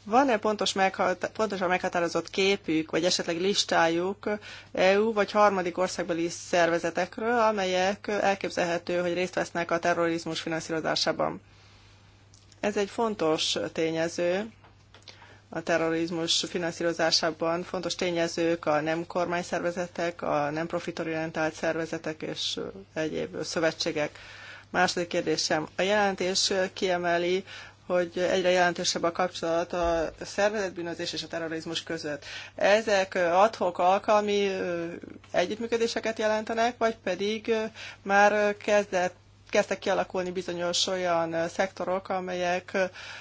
Van-e pontos meghat- pontosan meghatározott képük, vagy esetleg listájuk EU vagy harmadik országbeli szervezetekről, amelyek elképzelhető, hogy részt vesznek a terrorizmus finanszírozásában? Ez egy fontos tényező, a terrorizmus finanszírozásában fontos tényezők a nem kormányszervezetek, a nem profitorientált szervezetek és egyéb szövetségek. Második kérdésem. A jelentés kiemeli, hogy egyre jelentősebb a kapcsolat a szervezetbűnözés és a terrorizmus között. Ezek adhok alkalmi együttműködéseket jelentenek, vagy pedig már kezdett kezdtek kialakulni bizonyos olyan szektorok, amelyek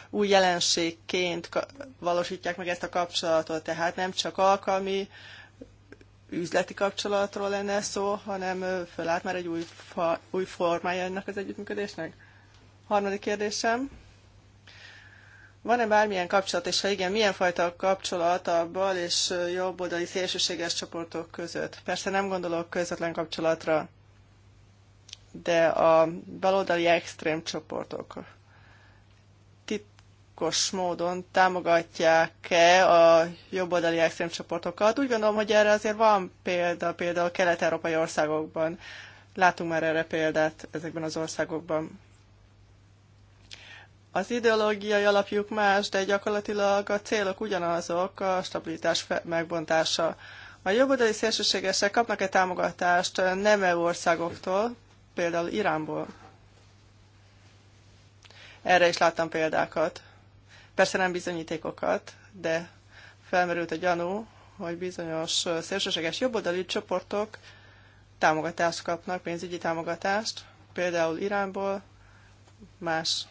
új jelenségként valósítják meg ezt a kapcsolatot. Tehát nem csak alkalmi üzleti kapcsolatról lenne szó, hanem fölállt már egy új, fa, új formája ennek az együttműködésnek. Harmadik kérdésem. Van-e bármilyen kapcsolat, és ha igen, milyen fajta kapcsolat a bal és jobboldali szélsőséges csoportok között? Persze nem gondolok közvetlen kapcsolatra de a baloldali extrém csoportok titkos módon támogatják-e a jobboldali extrém csoportokat. Úgy gondolom, hogy erre azért van példa, például kelet-európai országokban. Látunk már erre példát ezekben az országokban. Az ideológiai alapjuk más, de gyakorlatilag a célok ugyanazok, a stabilitás megbontása. A jobboldali szélsőségesek kapnak-e támogatást nem EU országoktól, például Iránból. Erre is láttam példákat. Persze nem bizonyítékokat, de felmerült a gyanú, hogy bizonyos szélsőséges jobboldali csoportok támogatást kapnak, pénzügyi támogatást, például Iránból, más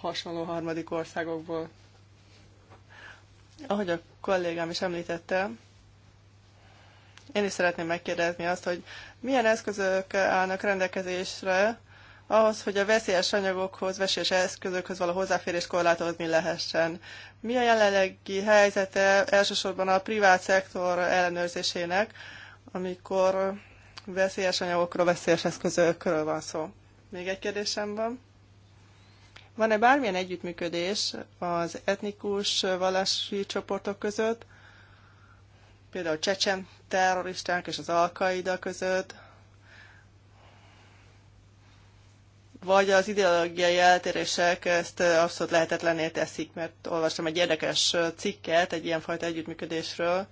hasonló harmadik országokból. Ahogy a kollégám is említette, én is szeretném megkérdezni azt, hogy milyen eszközök állnak rendelkezésre ahhoz, hogy a veszélyes anyagokhoz, veszélyes eszközökhöz való hozzáférés korlátozni lehessen. Mi a jelenlegi helyzete elsősorban a privát szektor ellenőrzésének, amikor veszélyes anyagokról, veszélyes eszközökről van szó? Még egy kérdésem van. Van-e bármilyen együttműködés az etnikus vallási csoportok között, például csecsen terroristák és az alkaida között, vagy az ideológiai eltérések ezt abszolút lehetetlené teszik, mert olvastam egy érdekes cikket egy ilyenfajta együttműködésről,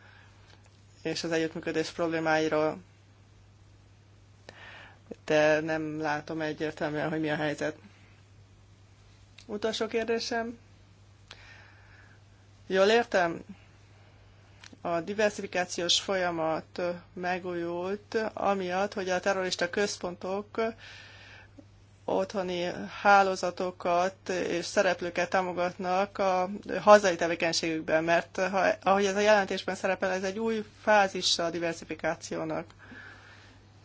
és az együttműködés problémáiról, de nem látom egyértelműen, hogy mi a helyzet. Utolsó kérdésem. Jól értem? a diversifikációs folyamat megújult, amiatt, hogy a terrorista központok otthoni hálózatokat és szereplőket támogatnak a hazai tevékenységükben, mert ha, ahogy ez a jelentésben szerepel, ez egy új fázis a diversifikációnak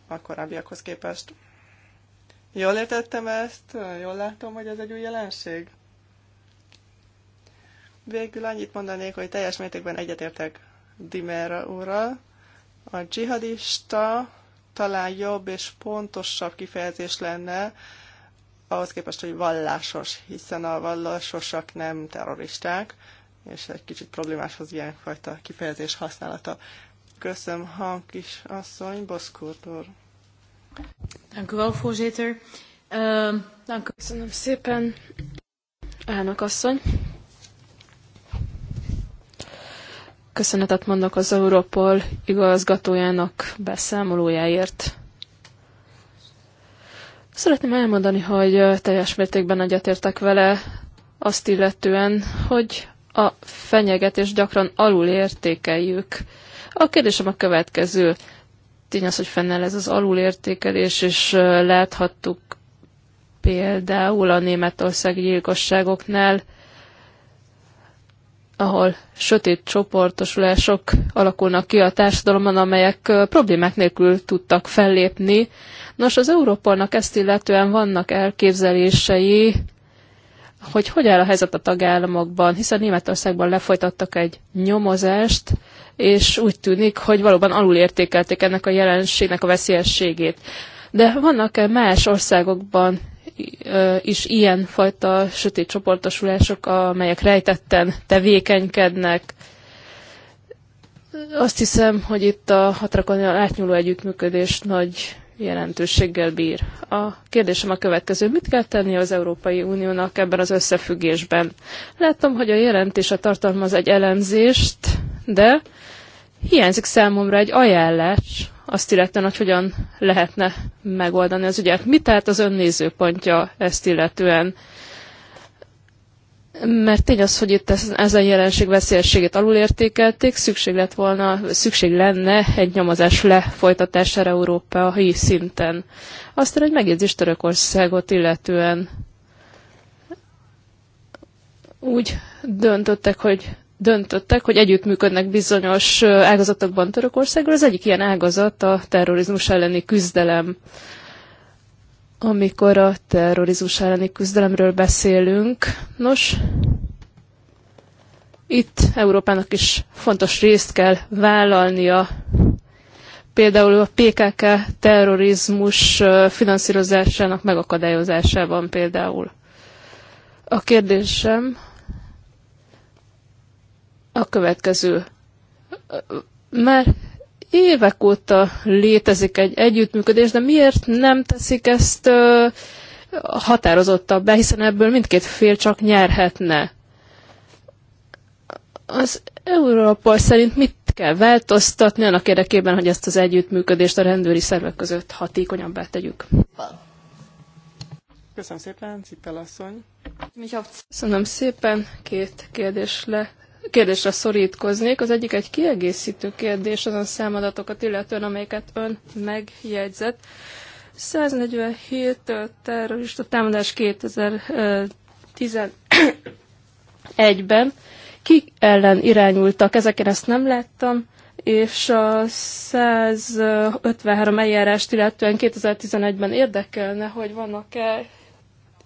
a korábbiakhoz képest. Jól értettem ezt? Jól látom, hogy ez egy új jelenség? Végül annyit mondanék, hogy teljes mértékben egyetértek Dimera úrral. A dzsihadista talán jobb és pontosabb kifejezés lenne ahhoz képest, hogy vallásos, hiszen a vallásosak nem terroristák, és egy kicsit problémás az ilyenfajta kifejezés használata. Köszönöm, is asszony, Boszkótor. Ehm, Köszönöm szépen, elnök asszony. Köszönetet mondok az Európol igazgatójának beszámolójáért. Szeretném elmondani, hogy teljes mértékben egyetértek vele azt illetően, hogy a fenyegetés gyakran alul értékeljük. A kérdésem a következő. Tény az, hogy fennáll ez az alulértékelés, és láthattuk például a németországi gyilkosságoknál, ahol sötét csoportosulások alakulnak ki a társadalomban, amelyek problémák nélkül tudtak fellépni. Nos, az Európának ezt illetően vannak elképzelései, hogy hogy áll a helyzet a tagállamokban, hiszen Németországban lefolytattak egy nyomozást, és úgy tűnik, hogy valóban alulértékelték ennek a jelenségnek a veszélyességét. De vannak -e más országokban is ilyen fajta sötét csoportosulások, amelyek rejtetten tevékenykednek. Azt hiszem, hogy itt a hatrakon átnyúló együttműködés nagy jelentőséggel bír. A kérdésem a következő. Mit kell tenni az Európai Uniónak ebben az összefüggésben? Láttam, hogy a jelentés a tartalmaz egy elemzést, de hiányzik számomra egy ajánlás azt illetően, hogy hogyan lehetne megoldani az ügyet. Mi tehát az önnézőpontja ezt illetően? Mert tény az, hogy itt ez a jelenség veszélyességét alulértékelték, szükség lett volna, szükség lenne egy nyomozás lefolytatására európai szinten. Aztán egy megjegyzés Törökországot illetően úgy döntöttek, hogy döntöttek, hogy együttműködnek bizonyos ágazatokban Törökországgal. Az egyik ilyen ágazat a terrorizmus elleni küzdelem. Amikor a terrorizmus elleni küzdelemről beszélünk, nos, itt Európának is fontos részt kell vállalnia például a PKK terrorizmus finanszírozásának megakadályozásában például. A kérdésem a következő. mert évek óta létezik egy együttműködés, de miért nem teszik ezt határozottabbá, hiszen ebből mindkét fél csak nyerhetne. Az Európa szerint mit kell változtatni annak érdekében, hogy ezt az együttműködést a rendőri szervek között hatékonyabbá tegyük? Köszönöm szépen, Cipel asszony. Köszönöm szépen, két kérdés le kérdésre szorítkoznék. Az egyik egy kiegészítő kérdés azon számadatokat illetően, amelyeket ön megjegyzett. 147 terrorista támadás 2011-ben. Ki ellen irányultak? Ezeken ezt nem láttam és a 153 eljárást illetően 2011-ben érdekelne, hogy vannak-e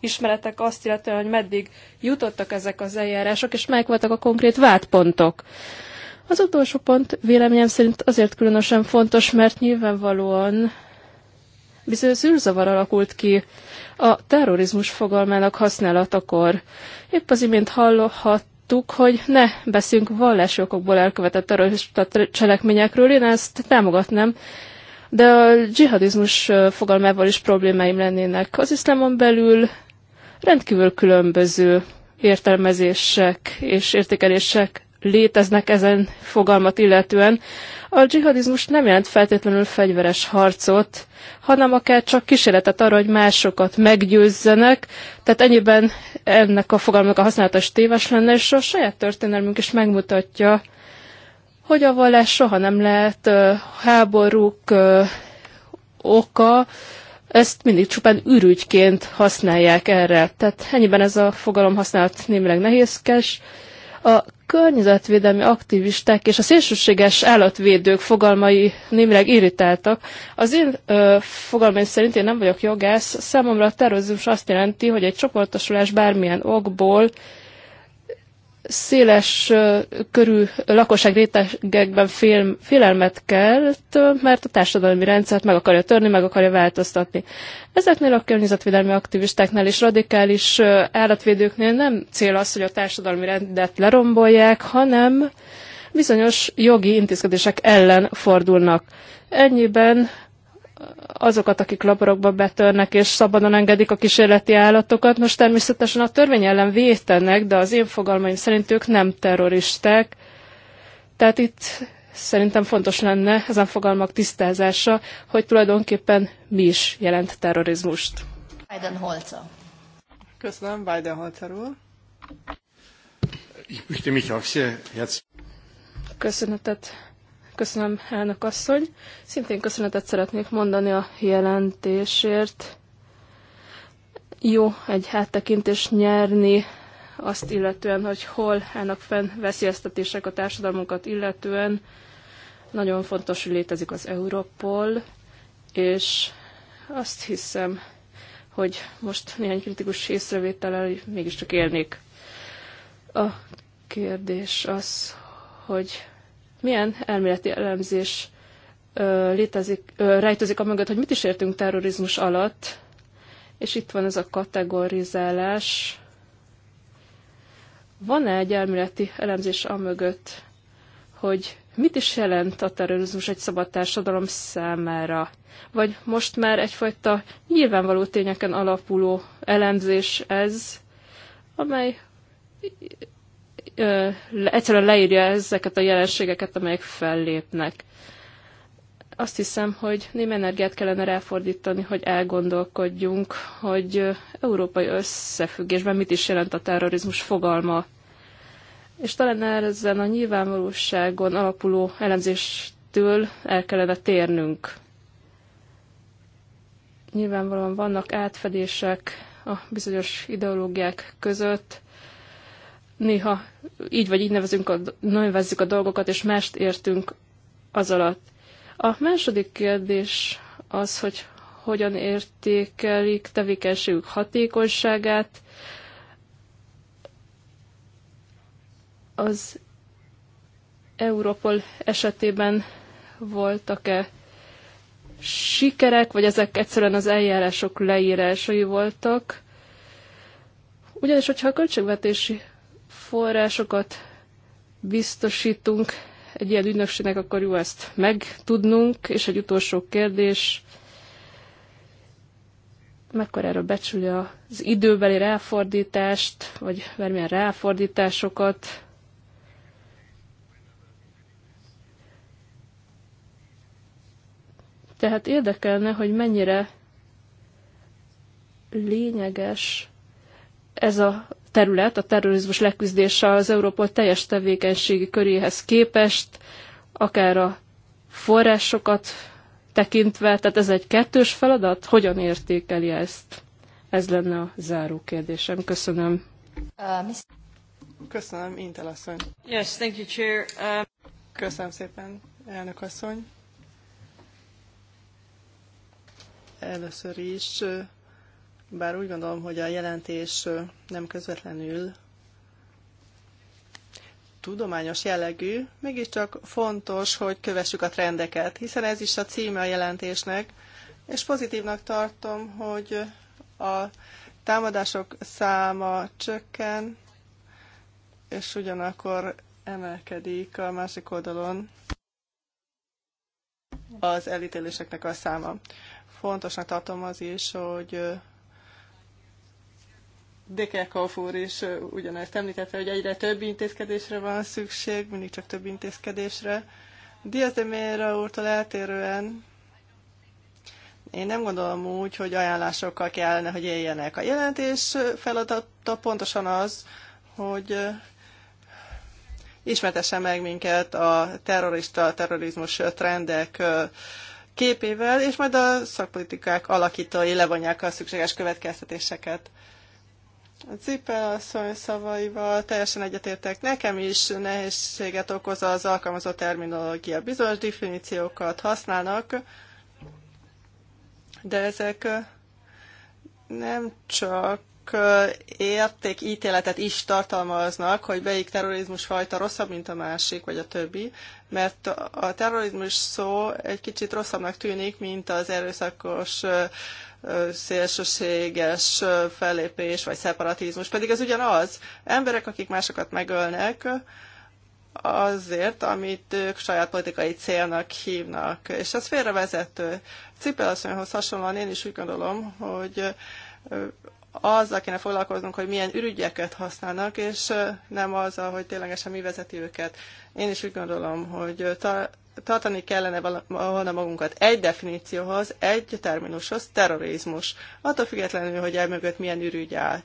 ismeretek azt illetően, hogy meddig jutottak ezek az eljárások, és melyek voltak a konkrét vádpontok. Az utolsó pont véleményem szerint azért különösen fontos, mert nyilvánvalóan bizony zűrzavar alakult ki a terrorizmus fogalmának használatakor. Épp az imént hallhat hogy ne beszünk vallási okokból elkövetett terrorista cselekményekről, én ezt támogatnám, de a dzsihadizmus fogalmával is problémáim lennének. Az iszlámon belül Rendkívül különböző értelmezések és értékelések léteznek ezen fogalmat illetően. A dzsihadizmus nem jelent feltétlenül fegyveres harcot, hanem akár csak kísérletet arra, hogy másokat meggyőzzenek, tehát ennyiben ennek a fogalmak a használata is téves lenne, és a saját történelmünk is megmutatja, hogy a vallás soha nem lehet háborúk oka, ezt mindig csupán ürügyként használják erre. Tehát ennyiben ez a fogalom használat némileg nehézkes. A környezetvédelmi aktivisták és a szélsőséges állatvédők fogalmai némileg irritáltak. Az én ö, fogalmai szerint én nem vagyok jogász, számomra a terrorizmus azt jelenti, hogy egy csoportosulás bármilyen okból széles körű lakosság rétegekben fél, félelmet kelt, mert a társadalmi rendszert meg akarja törni, meg akarja változtatni. Ezeknél a környezetvédelmi aktivistáknál és radikális állatvédőknél nem cél az, hogy a társadalmi rendet lerombolják, hanem bizonyos jogi intézkedések ellen fordulnak. Ennyiben azokat, akik laborokba betörnek és szabadon engedik a kísérleti állatokat. Most természetesen a törvény ellen vétenek, de az én fogalmaim szerint ők nem terroristák. Tehát itt szerintem fontos lenne ezen fogalmak tisztázása, hogy tulajdonképpen mi is jelent terrorizmust. Biden Köszönöm, Biden Holzer úr. Ich möchte mich Köszönetet Köszönöm, elnök asszony. Szintén köszönetet szeretnék mondani a jelentésért. Jó egy háttekintést nyerni azt illetően, hogy hol állnak fenn veszélyeztetések a társadalmunkat illetően. Nagyon fontos, hogy létezik az Europol, és azt hiszem, hogy most néhány kritikus észrevétellel mégiscsak élnék. A kérdés az, hogy milyen elméleti elemzés ö, létezik, ö, rejtőzik a mögött, hogy mit is értünk terrorizmus alatt, és itt van ez a kategorizálás. Van-e egy elméleti elemzés a mögött, hogy mit is jelent a terrorizmus egy szabad társadalom számára? Vagy most már egyfajta nyilvánvaló tényeken alapuló elemzés ez, amely ö, egyszerűen leírja ezeket a jelenségeket, amelyek fellépnek. Azt hiszem, hogy némi energiát kellene ráfordítani, hogy elgondolkodjunk, hogy európai összefüggésben mit is jelent a terrorizmus fogalma. És talán ezen a nyilvánvalóságon alapuló elemzéstől el kellene térnünk. Nyilvánvalóan vannak átfedések a bizonyos ideológiák között, néha így vagy így nevezünk a, nevezzük a dolgokat, és mást értünk az alatt. A második kérdés az, hogy hogyan értékelik tevékenységük hatékonyságát. Az Europol esetében voltak-e sikerek, vagy ezek egyszerűen az eljárások leírásai voltak? Ugyanis, hogyha a költségvetési forrásokat biztosítunk egy ilyen ügynökségnek, akkor jó ezt megtudnunk. És egy utolsó kérdés, mekkorára becsülje az időbeli ráfordítást, vagy bármilyen ráfordításokat, Tehát érdekelne, hogy mennyire lényeges ez a terület, a terrorizmus leküzdése az Európol teljes tevékenységi köréhez képest, akár a forrásokat tekintve, tehát ez egy kettős feladat, hogyan értékeli ezt? Ez lenne a záró kérdésem. Köszönöm. Köszönöm, Intel asszony. Yes, thank you, Chair. Um... Köszönöm szépen, elnök asszony. Először is bár úgy gondolom, hogy a jelentés nem közvetlenül tudományos jellegű, mégiscsak fontos, hogy kövessük a trendeket, hiszen ez is a címe a jelentésnek, és pozitívnak tartom, hogy a támadások száma csökken, és ugyanakkor emelkedik a másik oldalon az elítéléseknek a száma. Fontosnak tartom az is, hogy Dekelkauf úr is ugyanezt említette, hogy egyre több intézkedésre van szükség, mindig csak több intézkedésre. Diaz de Mera úrtól eltérően én nem gondolom úgy, hogy ajánlásokkal kellene, hogy éljenek. A jelentés feladata pontosan az, hogy ismertesse meg minket a terrorista, terrorizmus trendek képével, és majd a szakpolitikák alakítói levonják a szükséges következtetéseket. A cipe asszony szavaival teljesen egyetértek. Nekem is nehézséget okoz az alkalmazott terminológia. Bizonyos definíciókat használnak, de ezek nem csak ítéletet is tartalmaznak, hogy melyik terrorizmus fajta rosszabb, mint a másik, vagy a többi, mert a terrorizmus szó egy kicsit rosszabbnak tűnik, mint az erőszakos szélsőséges fellépés, vagy szeparatizmus, pedig ez ugyanaz. Emberek, akik másokat megölnek, azért, amit ők saját politikai célnak hívnak. És ez félrevezető. Cipelasszonyhoz hasonlóan én is úgy gondolom, hogy azzal kéne foglalkoznunk, hogy milyen ürügyeket használnak, és nem azzal, hogy ténylegesen mi vezeti őket. Én is úgy gondolom, hogy ta, tartani kellene volna magunkat egy definícióhoz, egy terminushoz, terrorizmus. Attól függetlenül, hogy elmögött milyen ürügy áll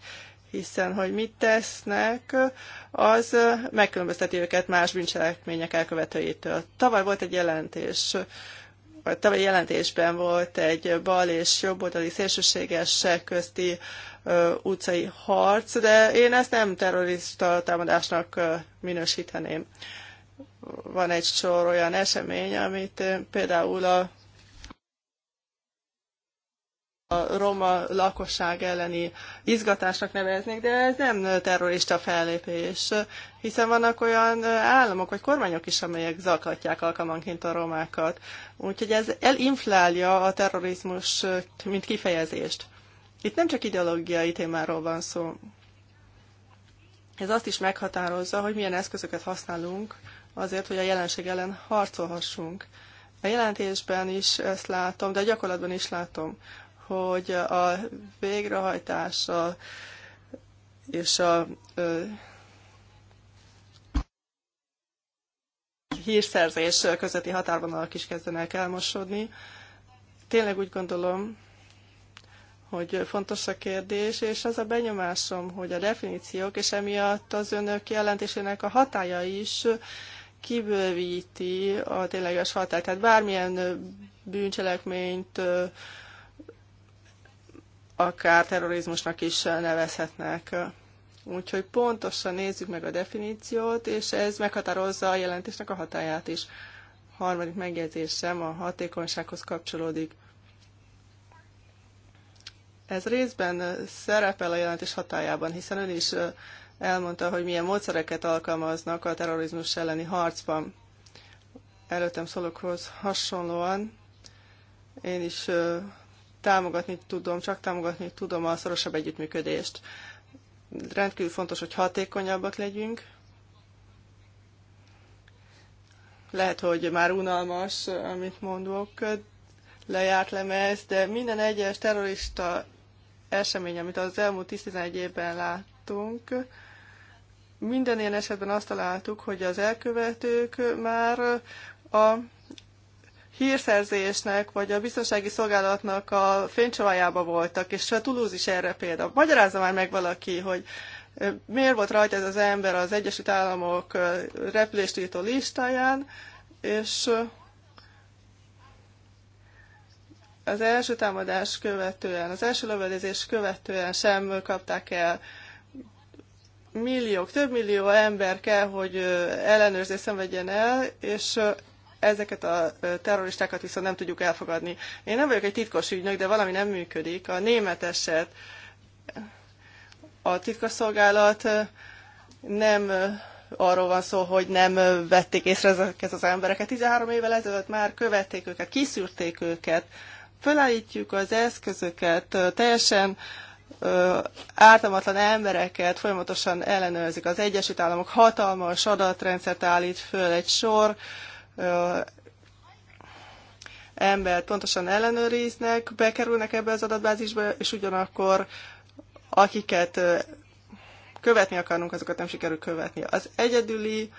hiszen hogy mit tesznek, az megkülönbözteti őket más bűncselekmények elkövetőjétől. Tavaly volt egy jelentés, vagy tavaly jelentésben volt egy bal és jobboldali szélsőségesek közti utcai harc, de én ezt nem terrorista támadásnak minősíteném. Van egy sor olyan esemény, amit például a a roma lakosság elleni izgatásnak neveznék, de ez nem terrorista fellépés, hiszen vannak olyan államok vagy kormányok is, amelyek zaklatják alkalmanként a romákat. Úgyhogy ez elinflálja a terrorizmus mint kifejezést. Itt nem csak ideológiai témáról van szó. Ez azt is meghatározza, hogy milyen eszközöket használunk azért, hogy a jelenség ellen harcolhassunk. A jelentésben is ezt látom, de a gyakorlatban is látom, hogy a végrehajtás a, és a a hírszerzés közötti határvonalak is kezdenek elmosodni. Tényleg úgy gondolom, hogy fontos a kérdés, és az a benyomásom, hogy a definíciók, és emiatt az önök jelentésének a hatája is kibővíti a tényleges hatályt. Tehát bármilyen bűncselekményt akár terrorizmusnak is nevezhetnek. Úgyhogy pontosan nézzük meg a definíciót, és ez meghatározza a jelentésnek a hatáját is. Harmadik megjegyzésem a hatékonysághoz kapcsolódik. Ez részben szerepel a jelentés hatájában, hiszen ön is elmondta, hogy milyen módszereket alkalmaznak a terrorizmus elleni harcban. Előttem szólókhoz hasonlóan én is támogatni tudom, csak támogatni tudom a szorosabb együttműködést. Rendkívül fontos, hogy hatékonyabbak legyünk. Lehet, hogy már unalmas, amit mondok, lejárt lemez, de minden egyes terrorista esemény, amit az elmúlt 11 évben láttunk, minden ilyen esetben azt találtuk, hogy az elkövetők már a hírszerzésnek, vagy a biztonsági szolgálatnak a fénycsavájába voltak, és a Toulouse is erre példa. Magyarázza már meg valaki, hogy miért volt rajta ez az ember az Egyesült Államok repülést listáján, és az első támadás követően, az első lövöldözés követően sem kapták el milliók, több millió ember kell, hogy ellenőrzés szenvedjen el, és ezeket a terroristákat viszont nem tudjuk elfogadni. Én nem vagyok egy titkos ügynök, de valami nem működik. A német eset, a titkosszolgálat nem arról van szó, hogy nem vették észre ezeket az embereket. 13 évvel ezelőtt már követték őket, kiszűrték őket, fölállítjuk az eszközöket, teljesen ártalmatlan embereket folyamatosan ellenőrzik. Az Egyesült Államok hatalmas adatrendszert állít föl, egy sor embert pontosan ellenőriznek, bekerülnek ebbe az adatbázisba, és ugyanakkor akiket követni akarunk, azokat nem sikerül követni. Az egyedüli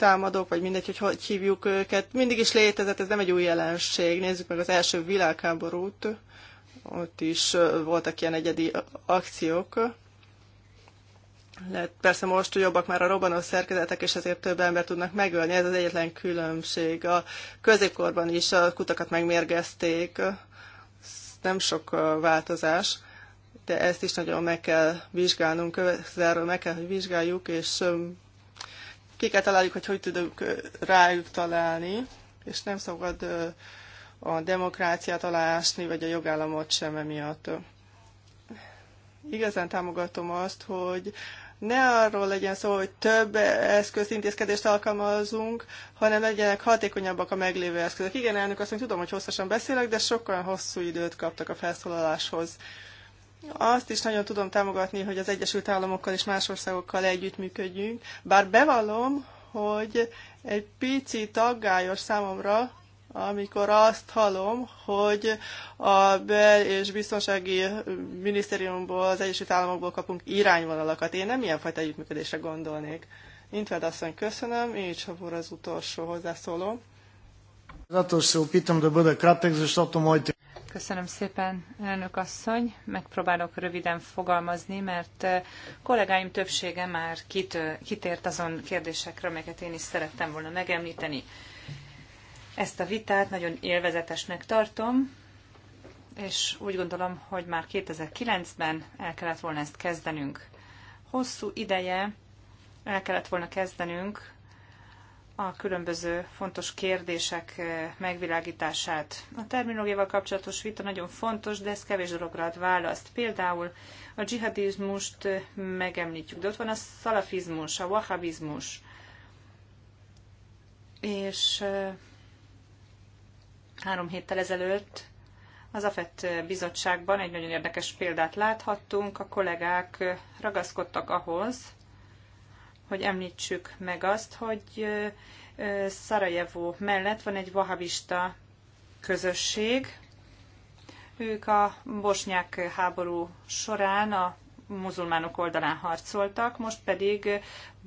támadók, vagy mindegy, hogy hogy hívjuk őket, mindig is létezett, ez nem egy új jelenség. Nézzük meg az első világháborút, ott is voltak ilyen egyedi akciók. Lehet, persze most jobbak már a robbanó szerkezetek, és ezért több ember tudnak megölni. Ez az egyetlen különbség. A középkorban is a kutakat megmérgezték, nem sok változás, de ezt is nagyon meg kell vizsgálnunk, ezzel meg kell, hogy vizsgáljuk, és ki kell találjuk, hogy hogy tudunk rájuk találni, és nem szabad a demokráciát alásni, vagy a jogállamot sem emiatt. Igazán támogatom azt, hogy ne arról legyen szó, hogy több eszközt, intézkedést alkalmazunk, hanem legyenek hatékonyabbak a meglévő eszközök. Igen, elnök azt mondjuk, tudom, hogy hosszasan beszélek, de sokkal hosszú időt kaptak a felszólaláshoz azt is nagyon tudom támogatni, hogy az Egyesült Államokkal és más országokkal együttműködjünk, bár bevallom, hogy egy picit taggályos számomra, amikor azt hallom, hogy a bel- és biztonsági minisztériumból, az Egyesült Államokból kapunk irányvonalakat. Én nem ilyenfajta együttműködésre gondolnék. Intved asszony, köszönöm, így Savor az utolsó hozzászóló. Az utolsó, pitam, de bude kratek, защото moite Köszönöm szépen, elnök asszony. Megpróbálok röviden fogalmazni, mert eh, kollégáim többsége már kit, eh, kitért azon kérdésekre, amelyeket én is szerettem volna megemlíteni. Ezt a vitát nagyon élvezetesnek tartom, és úgy gondolom, hogy már 2009-ben el kellett volna ezt kezdenünk. Hosszú ideje el kellett volna kezdenünk a különböző fontos kérdések eh, megvilágítását. A terminológiával kapcsolatos vita nagyon fontos, de ez kevés dologra ad választ. Például a dzsihadizmust eh, megemlítjük, de ott van a szalafizmus, a wahhabizmus, és eh, három héttel ezelőtt az AFET bizottságban egy nagyon érdekes példát láthattunk. A kollégák ragaszkodtak ahhoz, hogy említsük meg azt, hogy Szarajevó mellett van egy vahabista közösség. Ők a bosnyák háború során a muzulmánok oldalán harcoltak, most pedig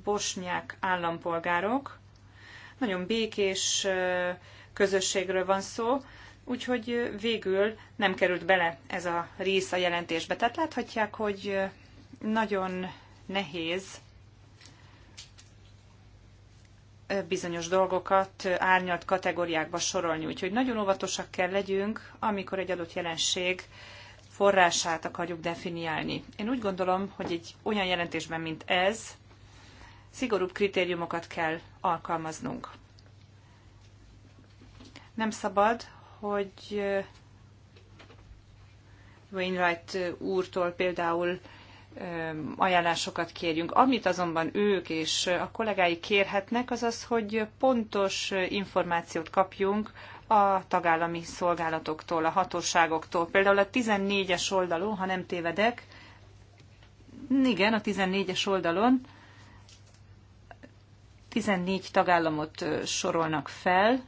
bosnyák állampolgárok. Nagyon békés közösségről van szó, úgyhogy végül nem került bele ez a rész a jelentésbe. Tehát láthatják, hogy nagyon nehéz bizonyos dolgokat árnyalt kategóriákba sorolni. Úgyhogy nagyon óvatosak kell legyünk, amikor egy adott jelenség forrását akarjuk definiálni. Én úgy gondolom, hogy egy olyan jelentésben, mint ez, szigorúbb kritériumokat kell alkalmaznunk. Nem szabad, hogy Wainwright úrtól például ajánlásokat kérjünk. Amit azonban ők és a kollégái kérhetnek, az az, hogy pontos információt kapjunk a tagállami szolgálatoktól, a hatóságoktól. Például a 14-es oldalon, ha nem tévedek, igen, a 14-es oldalon 14 tagállamot sorolnak fel,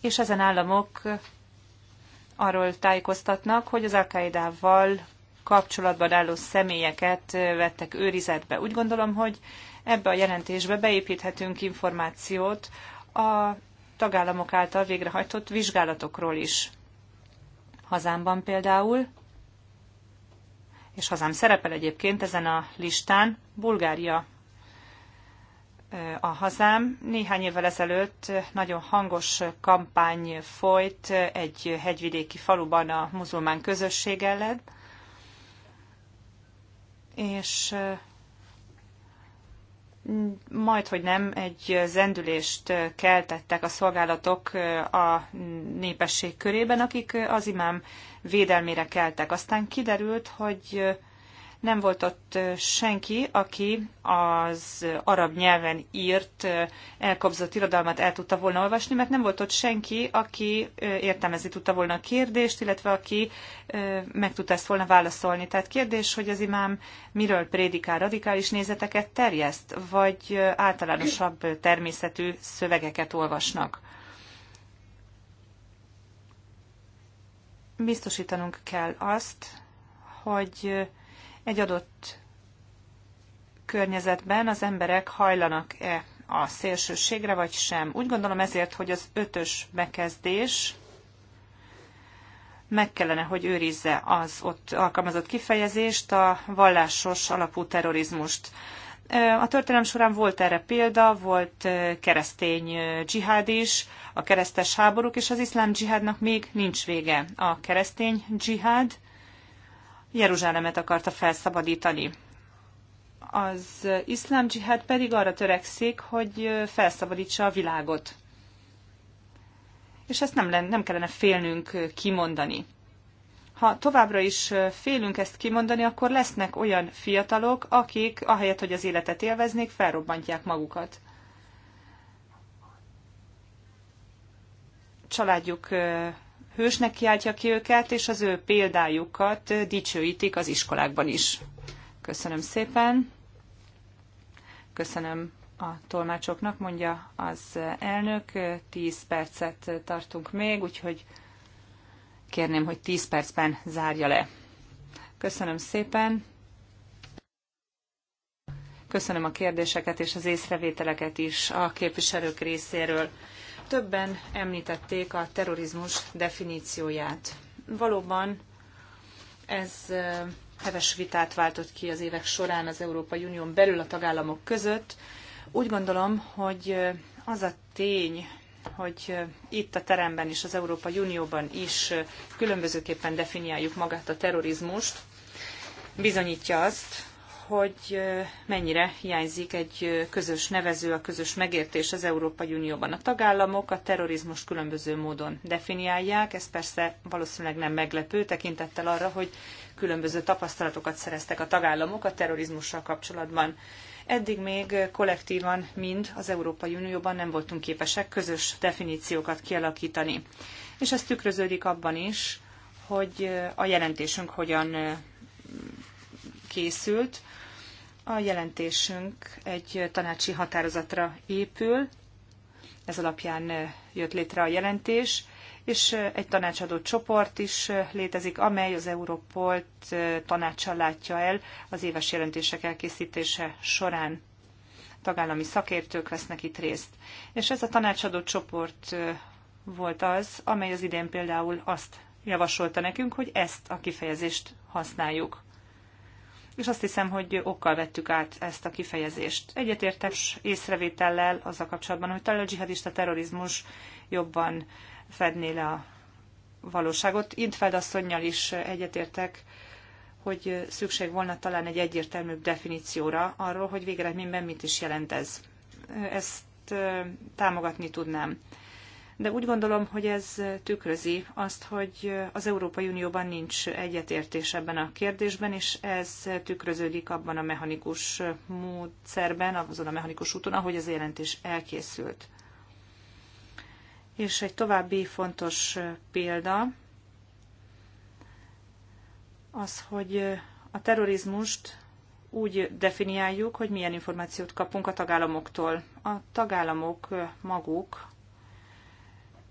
és ezen államok arról tájékoztatnak, hogy az al kapcsolatban álló személyeket vettek őrizetbe. Úgy gondolom, hogy ebbe a jelentésbe beépíthetünk információt a tagállamok által végrehajtott vizsgálatokról is. Hazámban például, és hazám szerepel egyébként ezen a listán, Bulgária a hazám. Néhány évvel ezelőtt nagyon hangos kampány folyt egy hegyvidéki faluban a muzulmán közösség ellen, és mm, majd, hogy nem, egy zendülést keltettek a szolgálatok a népesség körében, akik az imám védelmére keltek. Aztán kiderült, hogy nem volt ott senki, aki az arab nyelven írt, elkobzott irodalmat el tudta volna olvasni, mert nem volt ott senki, aki értelmezni tudta volna a kérdést, illetve aki meg tudta ezt volna válaszolni. Tehát kérdés, hogy az imám miről prédikál, radikális nézeteket terjeszt, vagy általánosabb természetű szövegeket olvasnak. biztosítanunk kell azt, hogy egy adott környezetben az emberek hajlanak-e a szélsőségre, vagy sem. Úgy gondolom ezért, hogy az ötös bekezdés meg kellene, hogy őrizze az ott alkalmazott kifejezést, a vallásos alapú terrorizmust. A történelem során volt erre példa, volt keresztény dzsihád is, a keresztes háborúk, és az iszlám dzsihádnak még nincs vége. A keresztény dzsihád Jeruzsálemet akarta felszabadítani. Az iszlám dzsihád pedig arra törekszik, hogy felszabadítsa a világot. És ezt nem, nem kellene félnünk kimondani. Ha továbbra is félünk ezt kimondani, akkor lesznek olyan fiatalok, akik ahelyett, hogy az életet élveznék, felrobbantják magukat. Családjuk hősnek kiáltja ki őket, és az ő példájukat dicsőítik az iskolákban is. Köszönöm szépen. Köszönöm a tolmácsoknak, mondja az elnök. 10 percet tartunk még, úgyhogy kérném, hogy 10 percben zárja le. Köszönöm szépen. Köszönöm a kérdéseket és az észrevételeket is a képviselők részéről. Többen említették a terrorizmus definícióját. Valóban ez heves vitát váltott ki az évek során az Európai Unión belül a tagállamok között. Úgy gondolom, hogy az a tény, hogy itt a teremben is, az Európai Unióban is különbözőképpen definiáljuk magát a terrorizmust, bizonyítja azt, hogy mennyire hiányzik egy közös nevező, a közös megértés az Európai Unióban. A tagállamok a terrorizmus különböző módon definiálják, ez persze valószínűleg nem meglepő, tekintettel arra, hogy különböző tapasztalatokat szereztek a tagállamok a terrorizmussal kapcsolatban. Eddig még kollektívan mind az Európai Unióban nem voltunk képesek közös definíciókat kialakítani. És ez tükröződik abban is, hogy a jelentésünk hogyan készült. A jelentésünk egy tanácsi határozatra épül, ez alapján jött létre a jelentés, és egy tanácsadó csoport is létezik, amely az Európolt tanácsa látja el az éves jelentések elkészítése során. Tagállami szakértők vesznek itt részt. És ez a tanácsadó csoport volt az, amely az idén például azt javasolta nekünk, hogy ezt a kifejezést használjuk és azt hiszem, hogy okkal vettük át ezt a kifejezést. Egyetértes észrevétellel a kapcsolatban, hogy talán a dzsihadista terrorizmus jobban fedné le a valóságot. Intfeld asszonynal is egyetértek, hogy szükség volna talán egy egyértelműbb definícióra arról, hogy végeredményben mit is jelent ez. Ezt támogatni tudnám de úgy gondolom, hogy ez tükrözi azt, hogy az Európai Unióban nincs egyetértés ebben a kérdésben, és ez tükröződik abban a mechanikus módszerben, azon a mechanikus úton, ahogy az jelentés elkészült. És egy további fontos példa az, hogy a terrorizmust úgy definiáljuk, hogy milyen információt kapunk a tagállamoktól. A tagállamok maguk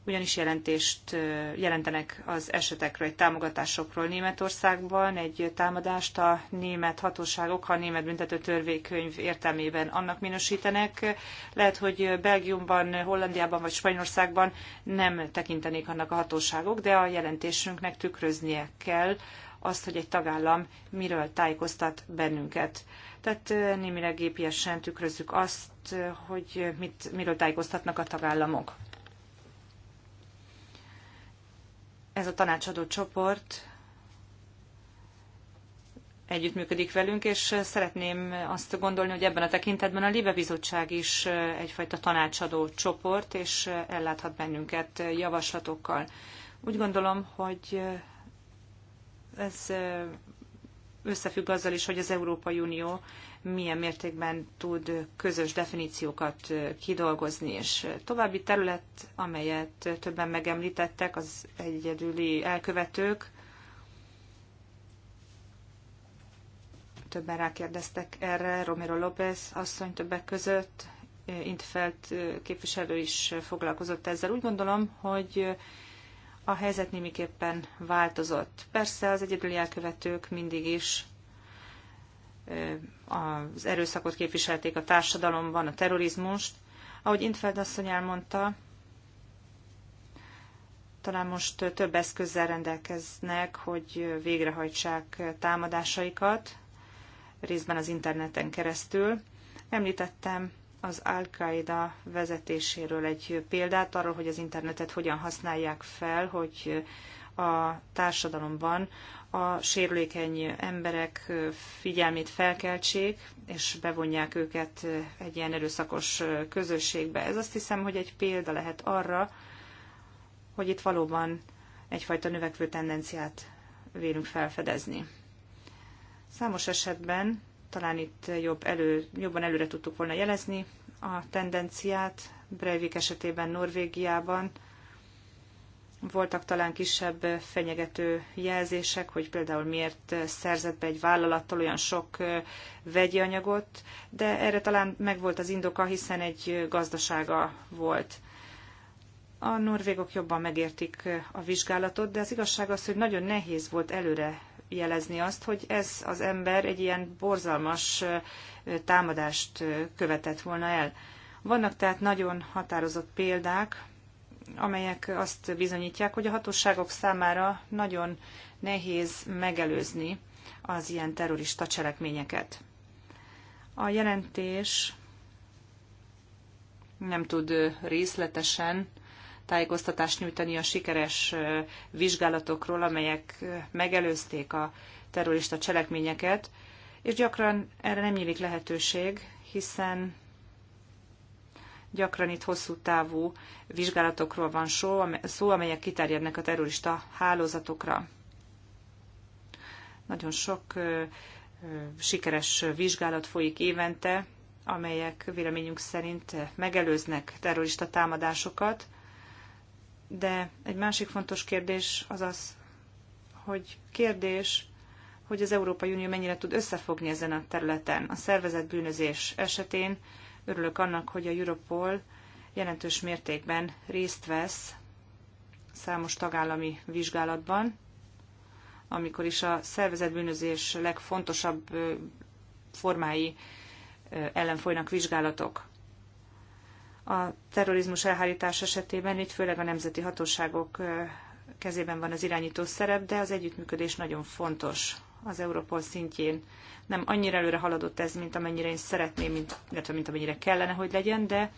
ugyanis jelentést jelentenek az esetekről, egy támogatásokról Németországban, egy támadást a német hatóságok, ha a német büntető törvénykönyv értelmében annak minősítenek. Lehet, hogy Belgiumban, Hollandiában vagy Spanyolországban nem tekintenék annak a hatóságok, de a jelentésünknek tükröznie kell azt, hogy egy tagállam miről tájékoztat bennünket. Tehát némileg gépiesen tükrözzük azt, hogy mit, miről tájékoztatnak a tagállamok. ez a tanácsadó csoport együttműködik velünk, és szeretném azt gondolni, hogy ebben a tekintetben a Libe Bizottság is egyfajta tanácsadó csoport, és elláthat bennünket javaslatokkal. Úgy gondolom, hogy ez összefügg azzal is, hogy az Európai Unió milyen mértékben tud közös definíciókat kidolgozni, és további terület, amelyet többen megemlítettek, az egyedüli elkövetők. Többen rákérdeztek erre, Romero López asszony többek között, Intfeld képviselő is foglalkozott ezzel. Úgy gondolom, hogy a helyzet némiképpen változott. Persze az egyedüli elkövetők mindig is az erőszakot képviselték a társadalomban, a terrorizmust. Ahogy Intfeld asszony elmondta, talán most több eszközzel rendelkeznek, hogy végrehajtsák támadásaikat, részben az interneten keresztül. Említettem az Al-Qaeda vezetéséről egy példát, arról, hogy az internetet hogyan használják fel, hogy a társadalomban a sérülékeny emberek figyelmét felkeltsék, és bevonják őket egy ilyen erőszakos közösségbe. Ez azt hiszem, hogy egy példa lehet arra, hogy itt valóban egyfajta növekvő tendenciát vélünk felfedezni. Számos esetben talán itt jobb elő, jobban előre tudtuk volna jelezni a tendenciát. Breivik esetében Norvégiában voltak talán kisebb fenyegető jelzések, hogy például miért szerzett be egy vállalattal olyan sok vegyi anyagot, de erre talán megvolt az indoka, hiszen egy gazdasága volt. A norvégok jobban megértik a vizsgálatot, de az igazság az, hogy nagyon nehéz volt előre jelezni azt, hogy ez az ember egy ilyen borzalmas támadást követett volna el. Vannak tehát nagyon határozott példák amelyek azt bizonyítják, hogy a hatóságok számára nagyon nehéz megelőzni az ilyen terrorista cselekményeket. A jelentés nem tud részletesen tájékoztatást nyújtani a sikeres vizsgálatokról, amelyek megelőzték a terrorista cselekményeket, és gyakran erre nem nyílik lehetőség, hiszen Gyakran itt hosszú távú vizsgálatokról van szó, szó amelyek kiterjednek a terrorista hálózatokra. Nagyon sok sikeres vizsgálat folyik évente, amelyek véleményünk szerint megelőznek terrorista támadásokat, de egy másik fontos kérdés az az, hogy kérdés, hogy az Európai Unió mennyire tud összefogni ezen a területen. A szervezett bűnözés esetén Örülök annak, hogy a Europol jelentős mértékben részt vesz számos tagállami vizsgálatban, amikor is a szervezetbűnözés legfontosabb formái ellen folynak vizsgálatok. A terrorizmus elhárítás esetében itt főleg a nemzeti hatóságok kezében van az irányító szerep, de az együttműködés nagyon fontos az Europol szintjén nem annyira előre haladott ez, mint amennyire én szeretném, mint, illetve mint amennyire kellene, hogy legyen, de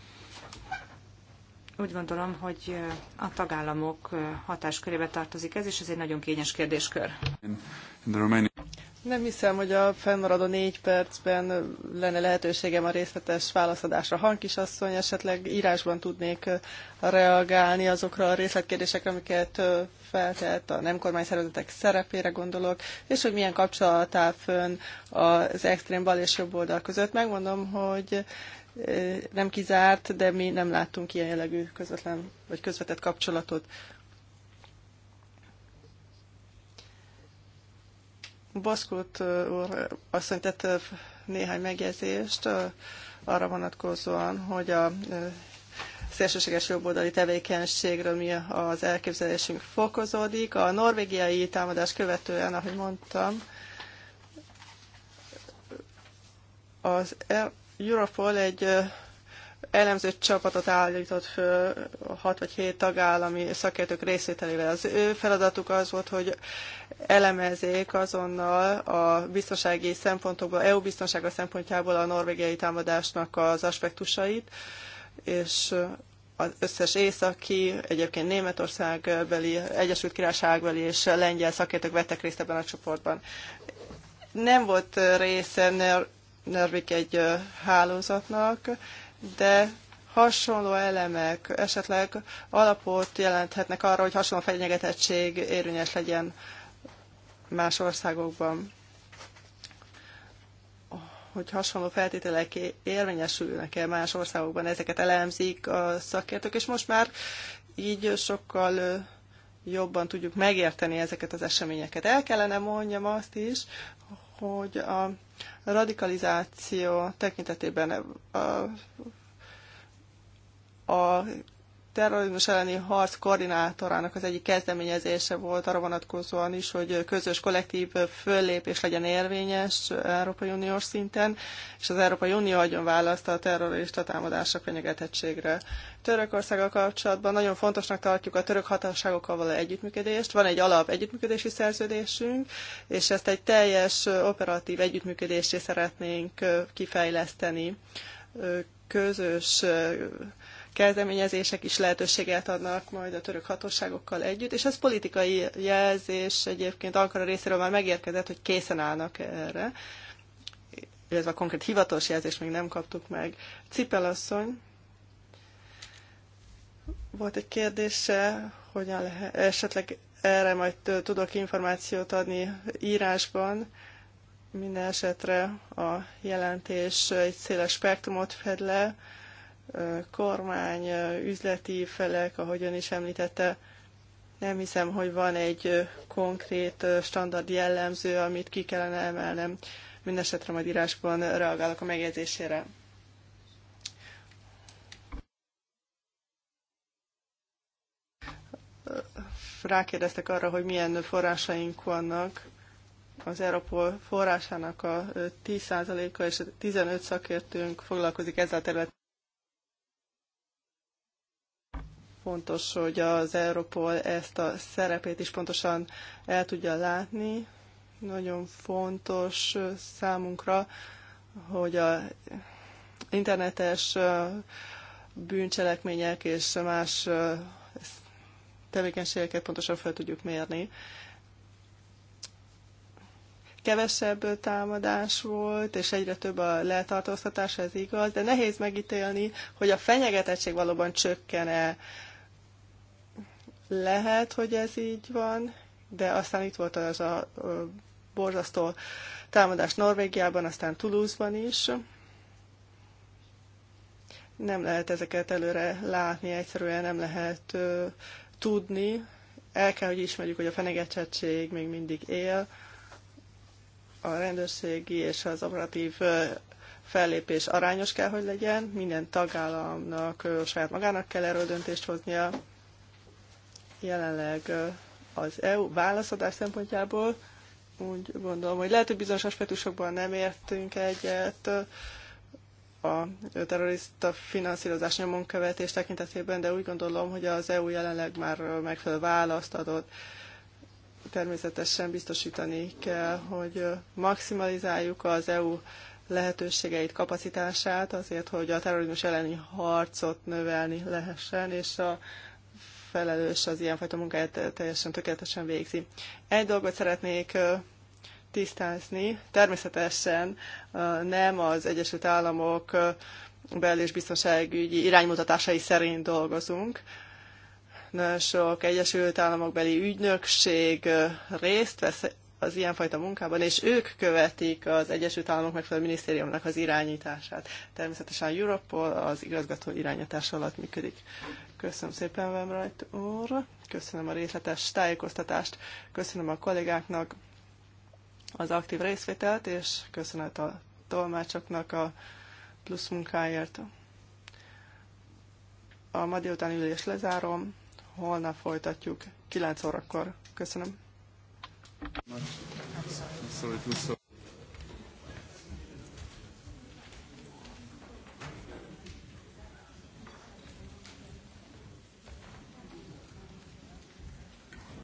úgy gondolom, hogy a tagállamok hatáskörébe tartozik ez, és ez egy nagyon kényes kérdéskör. In, in nem hiszem, hogy a fennmaradó négy percben lenne lehetőségem a részletes válaszadásra. Hankisasszony, esetleg írásban tudnék reagálni azokra a részletkérdésekre, amiket feltett a nem szervezetek szerepére gondolok, és hogy milyen kapcsolat áll fönn az extrém bal és jobb oldal között. Megmondom, hogy nem kizárt, de mi nem láttunk ilyen jellegű közvetlen vagy közvetett kapcsolatot. Baszkut úr asszony tett néhány megjegyzést arra vonatkozóan, hogy a szélsőséges jobboldali tevékenységről mi az elképzelésünk fokozódik. A norvégiai támadás követően, ahogy mondtam, az e- Europol egy elemző csapatot állított föl hat vagy hét tagállami szakértők részvételével. Az ő feladatuk az volt, hogy elemezzék azonnal a biztonsági szempontokból, EU biztonsága szempontjából a norvégiai támadásnak az aspektusait, és az összes északi, egyébként Németország beli, Egyesült Királyság beli és lengyel szakértők vettek részt ebben a csoportban. Nem volt része Nervik egy hálózatnak, de hasonló elemek esetleg alapot jelenthetnek arra, hogy hasonló fenyegetettség érvényes legyen más országokban. Hogy hasonló feltételek érvényesülnek-e más országokban, ezeket elemzik a szakértők, és most már így sokkal jobban tudjuk megérteni ezeket az eseményeket. El kellene mondjam azt is, hogy a radikalizáció tekintetében a, a terrorizmus elleni harc koordinátorának az egyik kezdeményezése volt arra vonatkozóan is, hogy közös kollektív föllépés legyen érvényes Európai Uniós szinten, és az Európai Unió adjon választ a terrorista támadásra fenyegetettségre. Törökországgal kapcsolatban nagyon fontosnak tartjuk a török hatóságokkal való együttműködést. Van egy alap együttműködési szerződésünk, és ezt egy teljes operatív együttműködésé szeretnénk kifejleszteni közös kezdeményezések is lehetőséget adnak majd a török hatóságokkal együtt, és ez politikai jelzés egyébként Ankara részéről már megérkezett, hogy készen állnak erre, illetve a konkrét hivatalos jelzést még nem kaptuk meg. Cipelasszony, volt egy kérdése, hogyan lehet, esetleg erre majd tudok információt adni írásban. Minden esetre a jelentés egy széles spektrumot fed le, kormány, üzleti felek, ahogyan is említette, nem hiszem, hogy van egy konkrét standard jellemző, amit ki kellene emelnem. Mindenesetre majd írásban reagálok a megjegyzésére. Rákérdeztek arra, hogy milyen forrásaink vannak. Az Europol forrásának a 10%-a és a 15 szakértőnk foglalkozik ezzel a területen. Fontos, hogy az Europol ezt a szerepét is pontosan el tudja látni. Nagyon fontos számunkra, hogy a internetes bűncselekmények és más tevékenységeket pontosan fel tudjuk mérni. Kevesebb támadás volt, és egyre több a letartóztatás, ez igaz, de nehéz megítélni, hogy a fenyegetettség valóban csökken-e lehet, hogy ez így van, de aztán itt volt az a borzasztó támadás Norvégiában, aztán Toulouse-ban is. Nem lehet ezeket előre látni, egyszerűen nem lehet ö, tudni. El kell, hogy ismerjük, hogy a fenyegetettség még mindig él. A rendőrségi és az operatív ö, fellépés arányos kell, hogy legyen. Minden tagállamnak ö, saját magának kell erről döntést hoznia jelenleg az EU válaszadás szempontjából úgy gondolom, hogy lehet, hogy bizonyos aspektusokban nem értünk egyet a terrorista finanszírozás nyomon követés tekintetében, de úgy gondolom, hogy az EU jelenleg már megfelelő választ adott. Természetesen biztosítani kell, hogy maximalizáljuk az EU lehetőségeit, kapacitását azért, hogy a terrorizmus elleni harcot növelni lehessen, és a felelős az ilyenfajta munkáját teljesen tökéletesen végzi. Egy dolgot szeretnék tisztázni. Természetesen nem az Egyesült Államok bel- és biztonságügyi iránymutatásai szerint dolgozunk. Nagyon sok Egyesült Államok beli ügynökség részt vesz az ilyenfajta munkában, és ők követik az Egyesült Államok megfelelő minisztériumnak az irányítását. Természetesen a Europol az igazgató irányítás alatt működik. Köszönöm szépen, Vemrajt úr, köszönöm a részletes tájékoztatást, köszönöm a kollégáknak az aktív részvételt, és köszönet a tolmácsoknak a plusz munkáért. A ma délután ülést lezárom, holnap folytatjuk 9 órakor. Köszönöm.